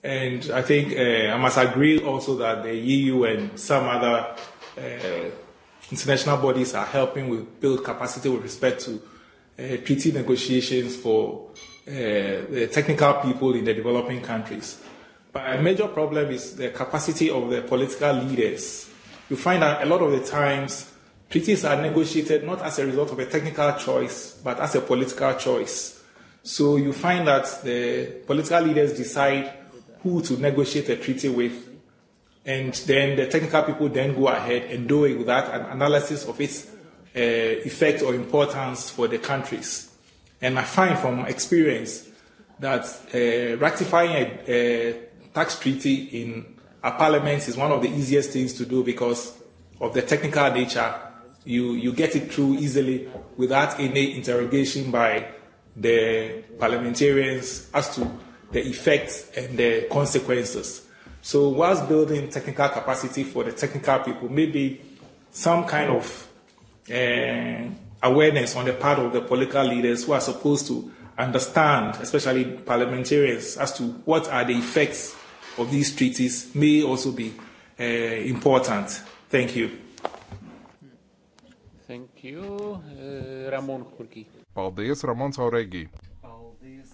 Speaker 5: And I think uh, I must agree also that the EU and some other uh, international bodies are helping with build capacity with respect to uh, treaty negotiations for uh, the technical people in the developing countries. But a major problem is the capacity of the political leaders. You find that a lot of the times Treaties are negotiated not as a result of a technical choice, but as a political choice. So you find that the political leaders decide who to negotiate a treaty with, and then the technical people then go ahead and do it without an analysis of its uh, effect or importance for the countries. And I find from experience that uh, ratifying a, a tax treaty in our parliaments is one of the easiest things to do because of the technical nature you, you get it through easily without any interrogation by the parliamentarians as to the effects and the consequences. So, whilst building technical capacity for the technical people, maybe some kind of uh, awareness on the part of the political leaders who are supposed to understand, especially parliamentarians, as to what are the effects of these treaties may also be uh, important. Thank you.
Speaker 1: Thank you. Uh, Ramon Kurki.
Speaker 4: Paldies, Ramons Auregi. Paldies.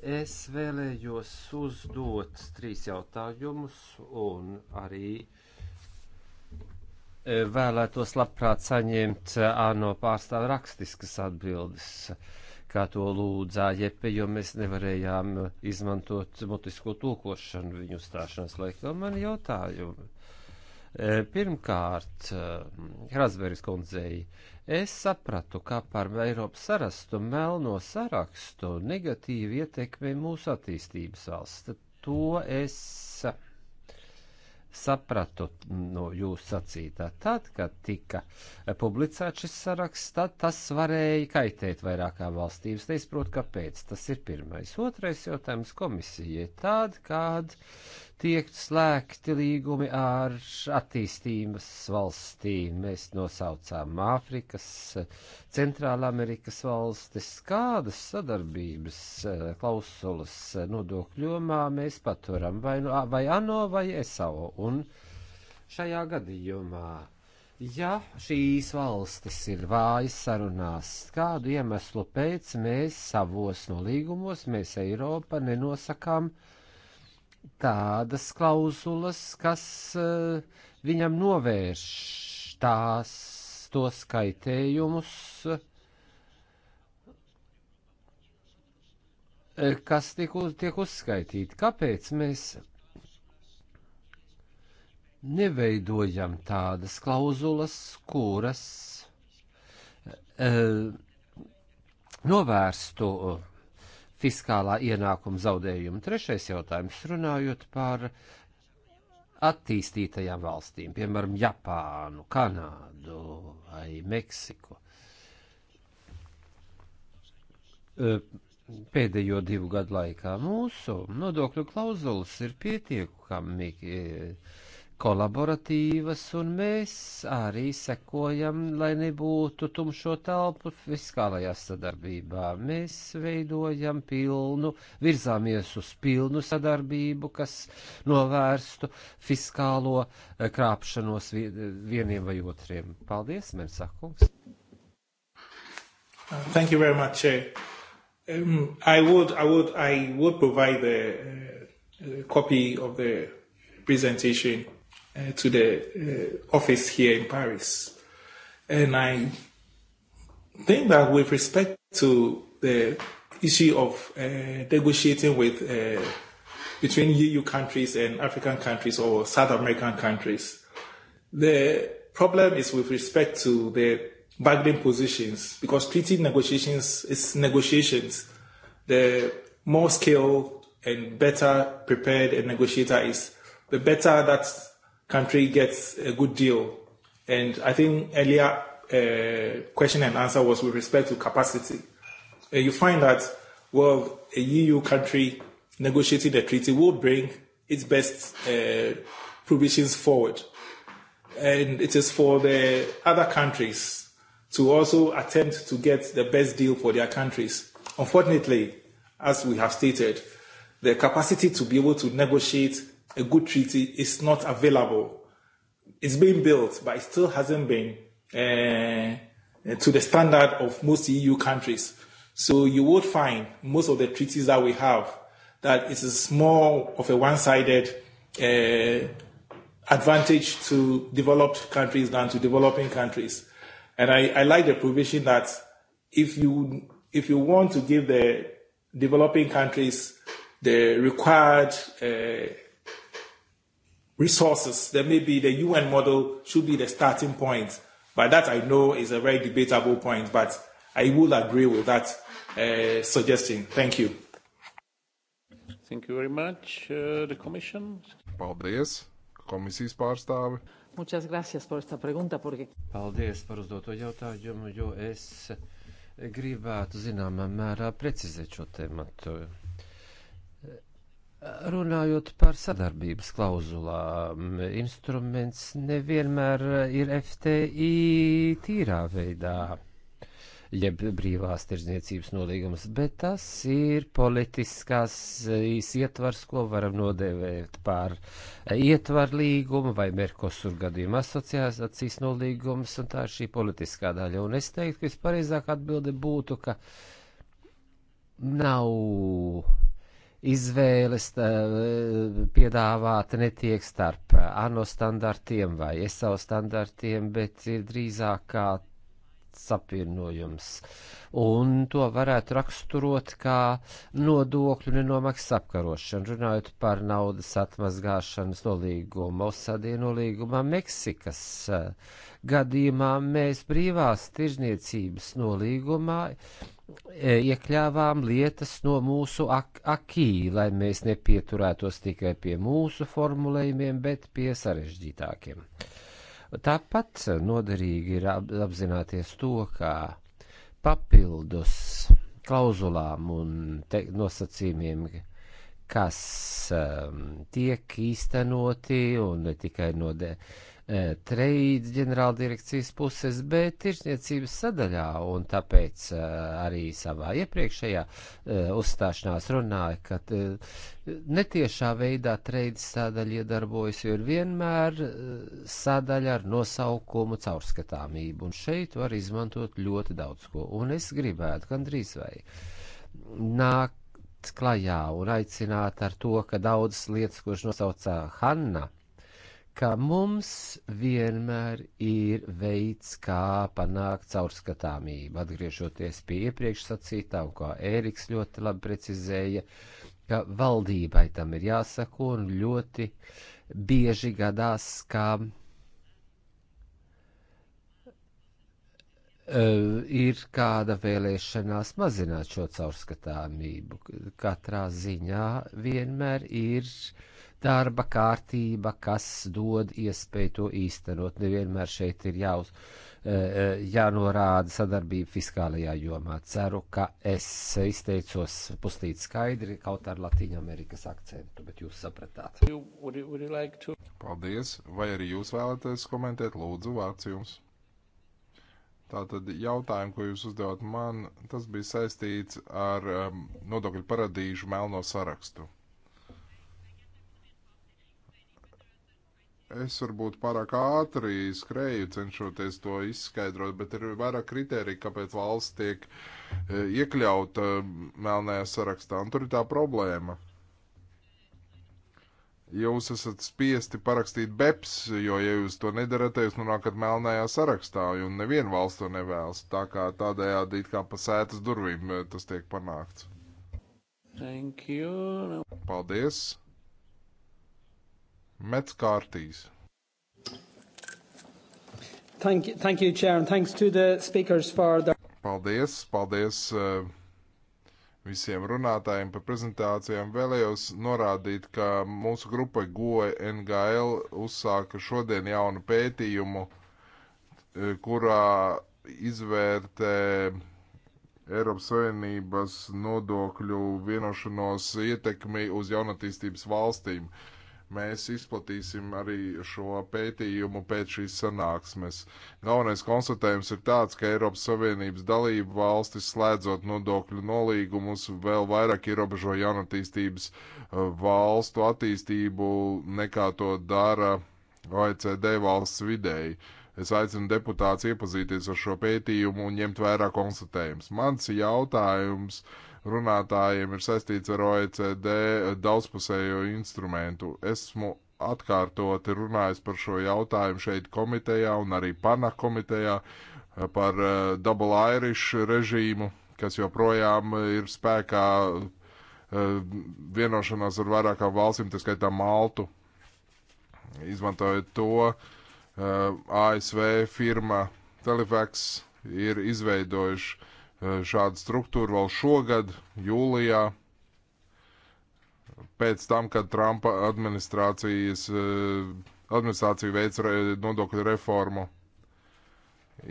Speaker 2: Es vēlējos uzdot trīs jautājumus un arī e, vēlētos labprāt saņemt e, ANO pārstāvu rakstiskas atbildes, kā to lūdzā Jepe, jo mēs nevarējām izmantot mutisko tulkošanu viņu stāšanas laikā. Man jautājumi E, pirmkārt, Hrasberis e, kundzei, es sapratu, ka par Eiropas sarastu melno sarakstu negatīvi ietekmē mūsu attīstības valsts. To es sapratu no jūsu sacītā. Tad, kad tika publicēts šis saraksts, tad tas varēja kaitēt vairākām valstīm. Es nesaprotu, kāpēc. Tas ir pirmais. Otrais jautājums komisijai. Tad, kad tiek slēgti līgumi ar attīstības valstīm. Mēs nosaucām Āfrikas, Centrāla Amerikas valstis, kādas sadarbības eh, klausulas nodokļomā mēs paturam vai, nu, vai ANO vai ESAO. Un šajā gadījumā, ja šīs valstis ir vājas sarunās, kādu iemeslu pēc mēs savos nolīgumos, mēs Eiropa nenosakām, uh, tādas klauzulas, kas uh, viņam novērš tās to skaitējumus, uh, kas tiek, uz, tiek uzskaitīti. Kāpēc mēs neveidojam tādas klauzulas, kuras uh, novērstu uh, fiskālā ienākuma zaudējumu. Trešais jautājums runājot par attīstītajām valstīm, piemēram, Japānu, Kanādu vai Meksiku. Pēdējo divu gadu laikā mūsu nodokļu klauzulas ir pietiekami kolaboratīvas, un mēs arī sekojam, lai nebūtu tumšo telpu fiskālajā sadarbībā. Mēs veidojam pilnu, virzāmies uz pilnu sadarbību, kas novērstu fiskālo eh, krāpšanos vieniem vai otriem. Paldies, Mensakungs!
Speaker 5: Thank you very much. Um, I would, I would, I would provide the uh, copy of the presentation uh, to the uh, office here in Paris. And I think that with respect to the issue of uh, negotiating with uh, between EU countries and African countries or South American countries, the problem is with respect to the bargaining positions because treaty negotiations is negotiations. The more skilled and better prepared a negotiator is, the better that country gets a good deal. And I think earlier uh, question and answer was with respect to capacity. Uh, you find that, well, a EU country negotiating the treaty will bring its best uh, provisions forward. And it is for the other countries to also attempt to get the best deal for their countries. Unfortunately, as we have stated, the capacity to be able to negotiate a good treaty is not available. It's being built, but it still hasn't been uh, to the standard of most EU countries. So you would find most of the treaties that we have that it is more of a one-sided uh, advantage to developed countries than to developing countries. And I, I like the provision that if you if you want to give the developing countries the required uh, resources, then maybe the UN model should be the starting point. But that I know is a very debatable point, but I will agree with that uh, suggestion. Thank you.
Speaker 1: Thank you very much. Uh, the Commission?
Speaker 5: Paldies, komisijas
Speaker 1: pārstāve. Muchas gracias por esta pregunta. Porque... Paldies par uzdoto jautājumu,
Speaker 2: jo es gribētu zināmā mērā precizēt šo tematu. Runājot par sadarbības klauzulām, instruments nevienmēr ir FTI tīrā veidā, jeb brīvās tirdzniecības nolīgums, bet tas ir politiskās ietvars, ko varam nodēvēt par ietvaru līgumu vai Merkosur gadījuma asociācijas nolīgums, un tā ir šī politiskā daļa. Un es teiktu, ka vispareizāk atbilde būtu, ka nav izvēles e, piedāvāt netiek starp ANO standartiem vai ESO standartiem, bet ir drīzāk kā sapienojums. Un to varētu raksturot kā nodokļu nenomaksas apkarošanu, runājot par naudas atmazgāšanas nolīgumu, osadie nolīgumā Meksikas e, gadījumā mēs brīvās tirzniecības nolīgumā E, iekļāvām lietas no mūsu ak akī, lai mēs nepieturētos tikai pie mūsu formulējumiem, bet pie sarežģītākiem. Tāpat noderīgi ir ap apzināties to, ka papildus klauzulām un nosacījumiem, kas um, tiek īstenoti un ne tikai no de, uh, E, treids ģenerāldirekcijas puses, bet tirsniecības sadaļā, un tāpēc e, arī savā iepriekšējā e, uzstāšanās runāja, ka netiešā veidā treids sadaļa iedarbojas, jo ir vienmēr sadaļa ar nosaukumu caurskatāmību, un šeit var izmantot ļoti daudz ko, un es gribētu gandrīz vai nāk klajā un aicināt ar to, ka daudzas lietas, kuras nosaucā Hanna, ka mums vienmēr ir veids, kā panākt caurskatāmību. Atgriežoties pie iepriekš sacītā, un kā Ēriks ļoti labi precizēja, ka valdībai tam ir jāsako, un ļoti bieži gadās, ka Uh, ir kāda vēlēšanās mazināt šo caurskatāmību. Katrā ziņā vienmēr ir uh, darba kārtība, kas dod iespēju to īstenot. Nevienmēr šeit ir jāuz, eh, eh, jānorāda sadarbība fiskālajā jomā. Ceru, ka es izteicos puslīdz skaidri, kaut
Speaker 4: ar Latīņu Amerikas akcentu, bet jūs sapratāt. Paldies! Vai arī jūs vēlaties komentēt? Lūdzu, vārds jums! Tātad jautājumu, ko jūs uzdevāt man, tas bija saistīts ar um, nodokļu paradīžu melno sarakstu. Es varbūt pārāk ātri skrēju, cenšoties to izskaidrot, bet ir vairāk kritērija, kāpēc valsts tiek e, iekļauta melnējā sarakstā, un tur ir tā problēma. Jūs esat spiesti parakstīt BEPS, jo, ja jūs to nedarat, jūs nonākat melnējā sarakstā, un neviena valsts to nevēlas. Tā kā tādējādi it kā pa sētas durvīm e, tas tiek panākts. Thank you. Paldies! Mets kārtīs. Thank you, thank you, Chair, and thanks to the speakers for the... Paldies, paldies uh, visiem runātājiem par prezentācijām. Vēlējos norādīt, ka mūsu grupa GOE NGL uzsāka šodien jaunu pētījumu, eh, kurā izvērtē Eiropas Savienības nodokļu vienošanos ietekmi uz jaunatīstības valstīm. Uh, Mēs izplatīsim arī šo pētījumu pēc šīs sanāksmes. Galvenais konstatējums ir tāds, ka Eiropas Savienības dalību valstis slēdzot nodokļu nolīgumus vēl vairāk ierobežo jaunatīstības uh, valstu attīstību nekā to dara OECD valsts vidēji. Es aicinu deputātus iepazīties ar šo pētījumu un ņemt vērā konstatējumus. Mans jautājums ir runātājiem ir saistīts ar OECD daudzpusējo instrumentu. Esmu atkārtoti runājis par šo jautājumu šeit komitejā un arī PANA komitejā eh, par uh, Double Irish režīmu, kas joprojām ir spēkā uh, vienošanās ar vairākām valstīm, tā skaitā Maltu. Izmantojot to, uh, ASV firma Telefax ir izveidojuši uh, Eh, šādu struktūru vēl šogad, jūlijā, pēc tam, kad Trumpa administrācijas, eh, administrācija veica re, nodokļu reformu,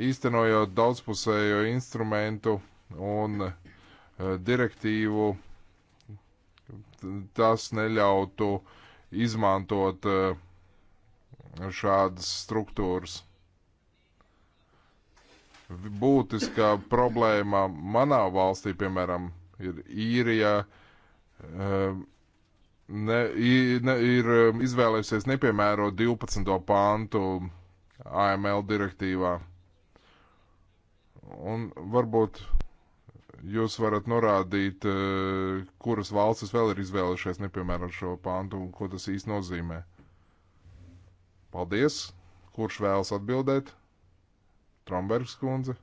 Speaker 4: īstenojot daudzpusējo instrumentu un eh, direktīvu, tas neļautu izmantot šādas struktūras būtiskā problēma manā valstī, piemēram, ir īrija. Ehm, ne, ne, ir ehm, izvēlējusies nepiemērot 12. pāntu AML direktīvā. Un varbūt jūs varat norādīt, ehm, kuras valstis vēl ir izvēlušies nepiemērot šo pāntu un ko tas īsti nozīmē. Paldies! Kurš vēlas atbildēt? Trombergs kundze.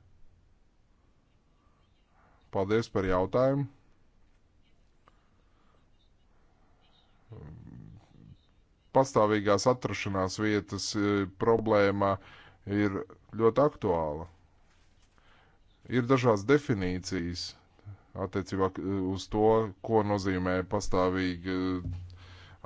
Speaker 4: Paldies par jautājumu. Pastāvīgās atrašanās vietas e, problēma ir ļoti aktuāla. Ir dažās definīcijas attiecībā e, uz to, ko nozīmē pastāvīga e,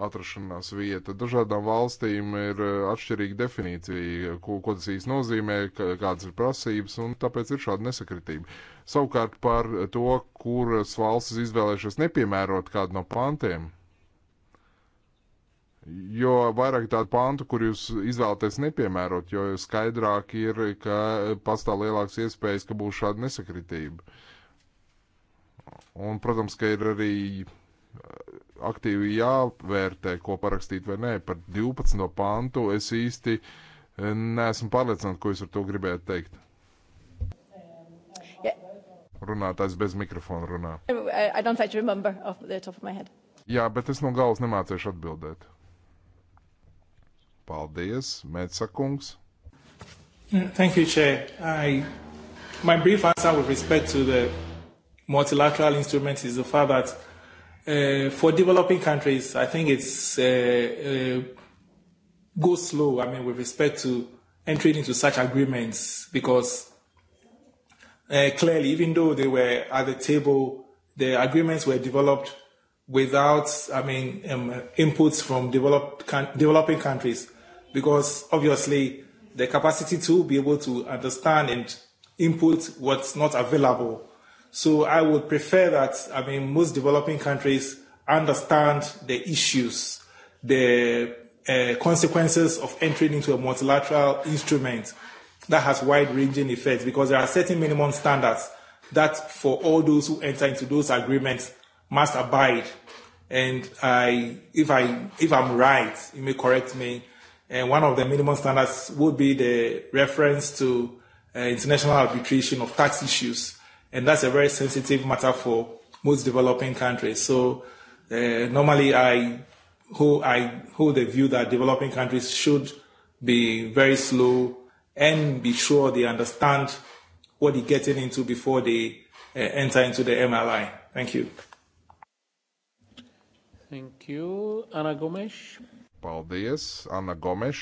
Speaker 4: atrašanās vieta. Dažādām valstīm ir eh, atšķirīga definīcija, ko, ko tas īsti nozīmē, kādas ir prasības, un tāpēc ir šāda nesakritība. Savukārt par to, kuras valstis izvēlējušās nepiemērot kādu no pantiem. Jo vairāk tādu pantu, kur jūs izvēlaties nepiemērot, jo skaidrāk ir, ka pastāv lielāks iespējas, ka būs šāda nesakritība. Un, protams, ka ir arī aktīvi jāvērtē, ko parakstīt vai nē. Par 12. pantu es īsti eh, neesmu pārliecināts, ko jūs ar to gribējāt teikt. Yeah. Runātājs bez mikrofona runā.
Speaker 1: I don't actually remember off the top of my
Speaker 4: head. Jā, bet es no galvas nemācīšu atbildēt. Paldies, Mētsakungs.
Speaker 5: Thank you, Chair. I, my brief answer with respect to the multilateral instruments is the fact that Uh, for developing countries, I think it's uh, uh, go slow. I mean, with respect to entering into such agreements, because uh, clearly, even though they were at the table, the agreements were developed without, I mean, um, inputs from developed can- developing countries, because obviously the capacity to be able to understand and input what's not available So I would prefer that, I mean, most developing countries understand the issues, the uh, consequences of entering into a multilateral instrument that has wide ranging effects because there are certain minimum standards that for all those who enter into those agreements must abide. And I, if I, if I'm right, you may correct me. And one of the minimum standards would be the reference to uh, international arbitration of tax issues and that's a very sensitive matter for most developing countries. So uh, normally, I who I hold the view that developing countries should be very slow and be sure they understand what they're getting into before they uh, enter into the MLI. Thank you.
Speaker 1: Thank you, Anna Gomes.
Speaker 5: Paldies, Anna Gomes.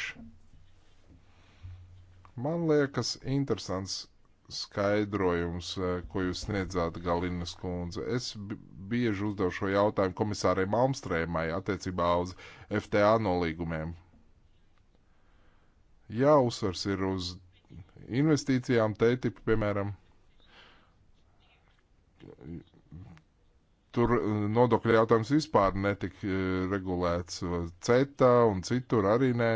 Speaker 4: Man liekas, interesants skaidrojums, eh, ko jūs sniedzāt, Galinas kundze. Es bieži uzdevu šo jautājumu komisārai Malmstrēmai attiecībā uz FTA nolīgumiem. Jā, uzsvers ir uz investīcijām, tētipu, piemēram. Tur eh, nodokļu jautājums vispār netika eh, regulēts. CETA un citur arī nē. Ne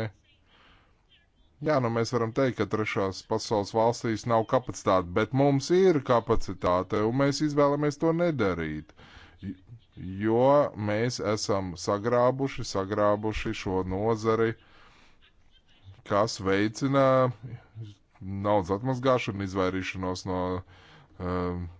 Speaker 4: Jā, nu mēs varam teikt, ka trešās pasaules valstīs nav kapacitāte, bet mums ir kapacitāte, un mēs izvēlamies to nedarīt. Jo mēs esam sagrābuši, sagrābuši šo nozari, kas veicina naudas atmazgāšanu, izvairīšanos no uh,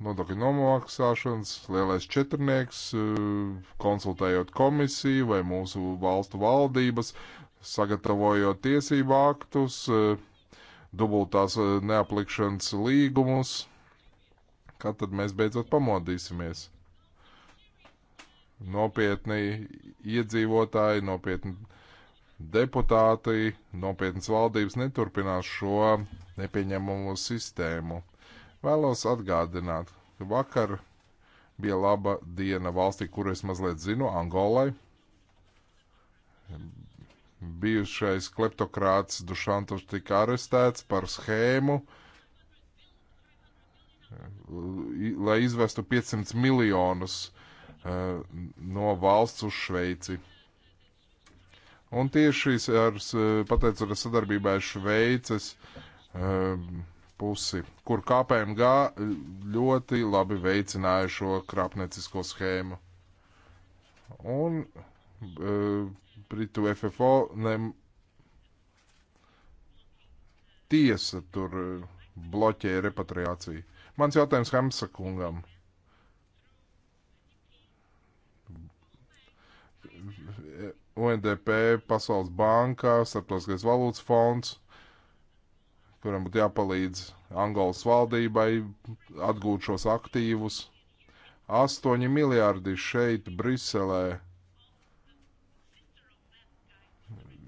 Speaker 4: nodokļu nomaksāšanas, lielais četrnieks, uh, konsultējot komisiju vai mūsu valstu valdības, uh, sagatavojot tiesību aktus, eh, dubultās eh, neaplikšanas līgumus. Kad tad mēs beidzot pamodīsimies? Nopietni iedzīvotāji, nopietni deputāti, nopietnas valdības neturpinās šo nepieņemamo sistēmu. Vēlos atgādināt, ka vakar bija laba diena valstī, kur es mazliet zinu, Angolai bijušais kleptokrāts Dušantovs tika arestēts par schēmu, lai izvestu 500 miljonus uh, no valsts uz Šveici. Un tieši ar, pateicoties sadarbībai Šveices uh, pusi, kur KPMG ļoti labi veicināja šo krāpniecisko schēmu. Un uh, Britu FFO, ne tiesa tur eh, bloķēja repatriāciju. Mans jautājums Hamsa kungam. UNDP, Pasaules bankā, Starptautiskais valūtas fonds, kuram būtu jāpalīdz Angolas valdībai atgūt šos aktīvus. 8 miljardi šeit, Briselē,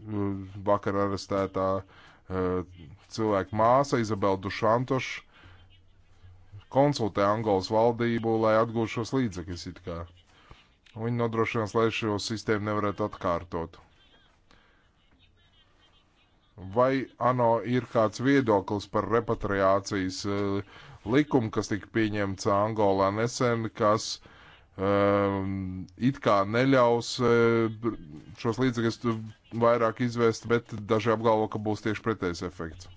Speaker 4: vakar arestētā eh, cilvēka māsa Izabela Dušantoša konsultē Angolas valdību, lai atgūtu šos līdzekļus. Viņi nodrošinās, lai šo sistēmu nevarētu atkārtot. Vai ANO ir kāds viedoklis par repatriācijas eh, likumu, kas tika pieņemts Angolā nesen, kas uh, Ehm, it kā neļaus e, šos līdzekļus vairāk izvest, bet daži apgalvo, ka būs tieši pretējs efekts.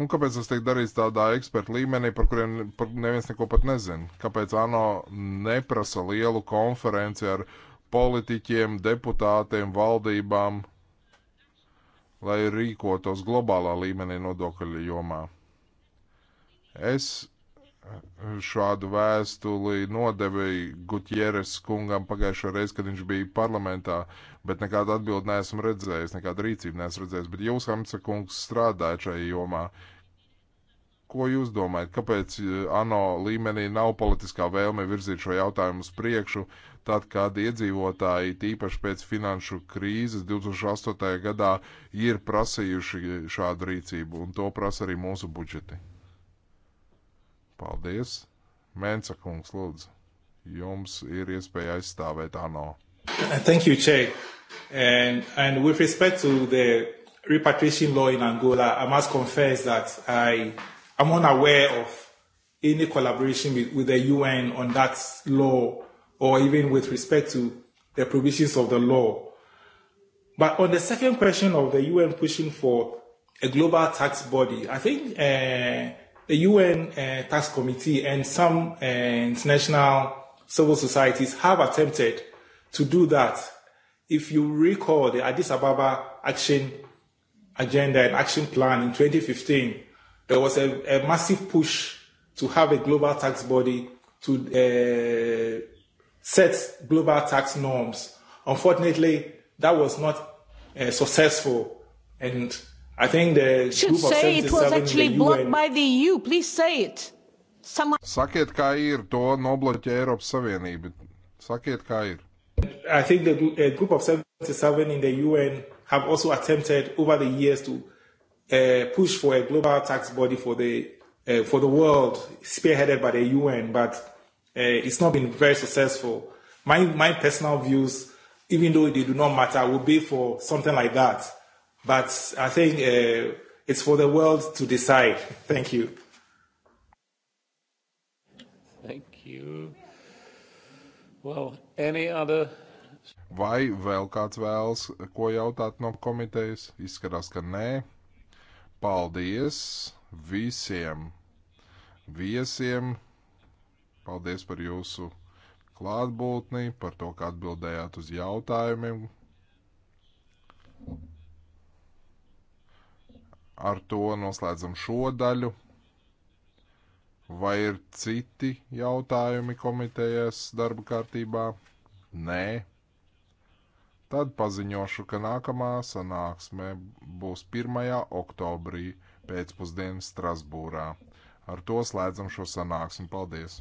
Speaker 4: Un kāpēc tas tiek darīts tādā eksperta līmenī, par kuriem par neviens neko pat nezina? Kāpēc ANO neprasa lielu konferenci ar politiķiem, deputātiem, valdībām, lai rīkotos globālā līmenī nodokļu jomā? Es šādu vēstuli nodevi Gutjeres kungam pagājušo reizi, kad viņš bija parlamentā, bet nekādu atbildi neesam redzējis, nekādu rīcību neesam redzējis, bet jūs, Hamca kungs, strādājat šajā jomā. Ko jūs domājat, kāpēc eh, ANO līmenī nav politiskā vēlme virzīt šo jautājumu uz priekšu, tad, kad iedzīvotāji tīpaši pēc finanšu krīzes 2008. gadā ir prasījuši šādu rīcību, un to prasa arī mūsu budžeti? Paldies! Mēnca kungs, lūdzu, jums ir iespēja aizstāvēt ANO.
Speaker 5: Thank you, Chair. And, and with respect to the repatriation law in Angola, I must confess that I am unaware of any collaboration with, with the UN on that law or even with respect to the provisions of the law. But on the second question of the UN pushing for a global tax body, I think uh, the UN uh, Tax Committee and some uh, international civil societies have attempted to do that. If you recall the Addis Ababa Action Agenda and Action Plan in 2015, there was a, a massive push to have a global tax body to uh, set global tax norms. Unfortunately, that was not uh, successful, and I think the should say it was actually blocked UN...
Speaker 4: by
Speaker 3: the EU. Please
Speaker 4: say it. Some... Sakiet, kā ir, to nobloķē Eiropas Savienība.
Speaker 5: Sakiet, kā ir. I think the uh, group of 77 in the UN have also attempted over the years to uh, push for a global tax body for the uh, for the world, spearheaded by the UN, but uh, it's not been very successful. My my personal views, even though they do not matter, would be for something like that But I think uh, it's for the world to decide. Thank you. Thank you. Well,
Speaker 4: any other Vai vēl kāds vēlas uh, ko jautāt no komitejas? Izskatās, ka nē. Paldies visiem viesiem. Paldies par jūsu klātbūtni, par to, ka atbildējāt uz jautājumiem, Ar to noslēdzam šo daļu. Vai ir citi jautājumi komitejas darba kārtībā? Nē. Tad paziņošu, ka nākamā sanāksme būs 1. oktobrī pēcpusdienā Strasbūrā. Ar to slēdzam šo sanāksmi. Paldies!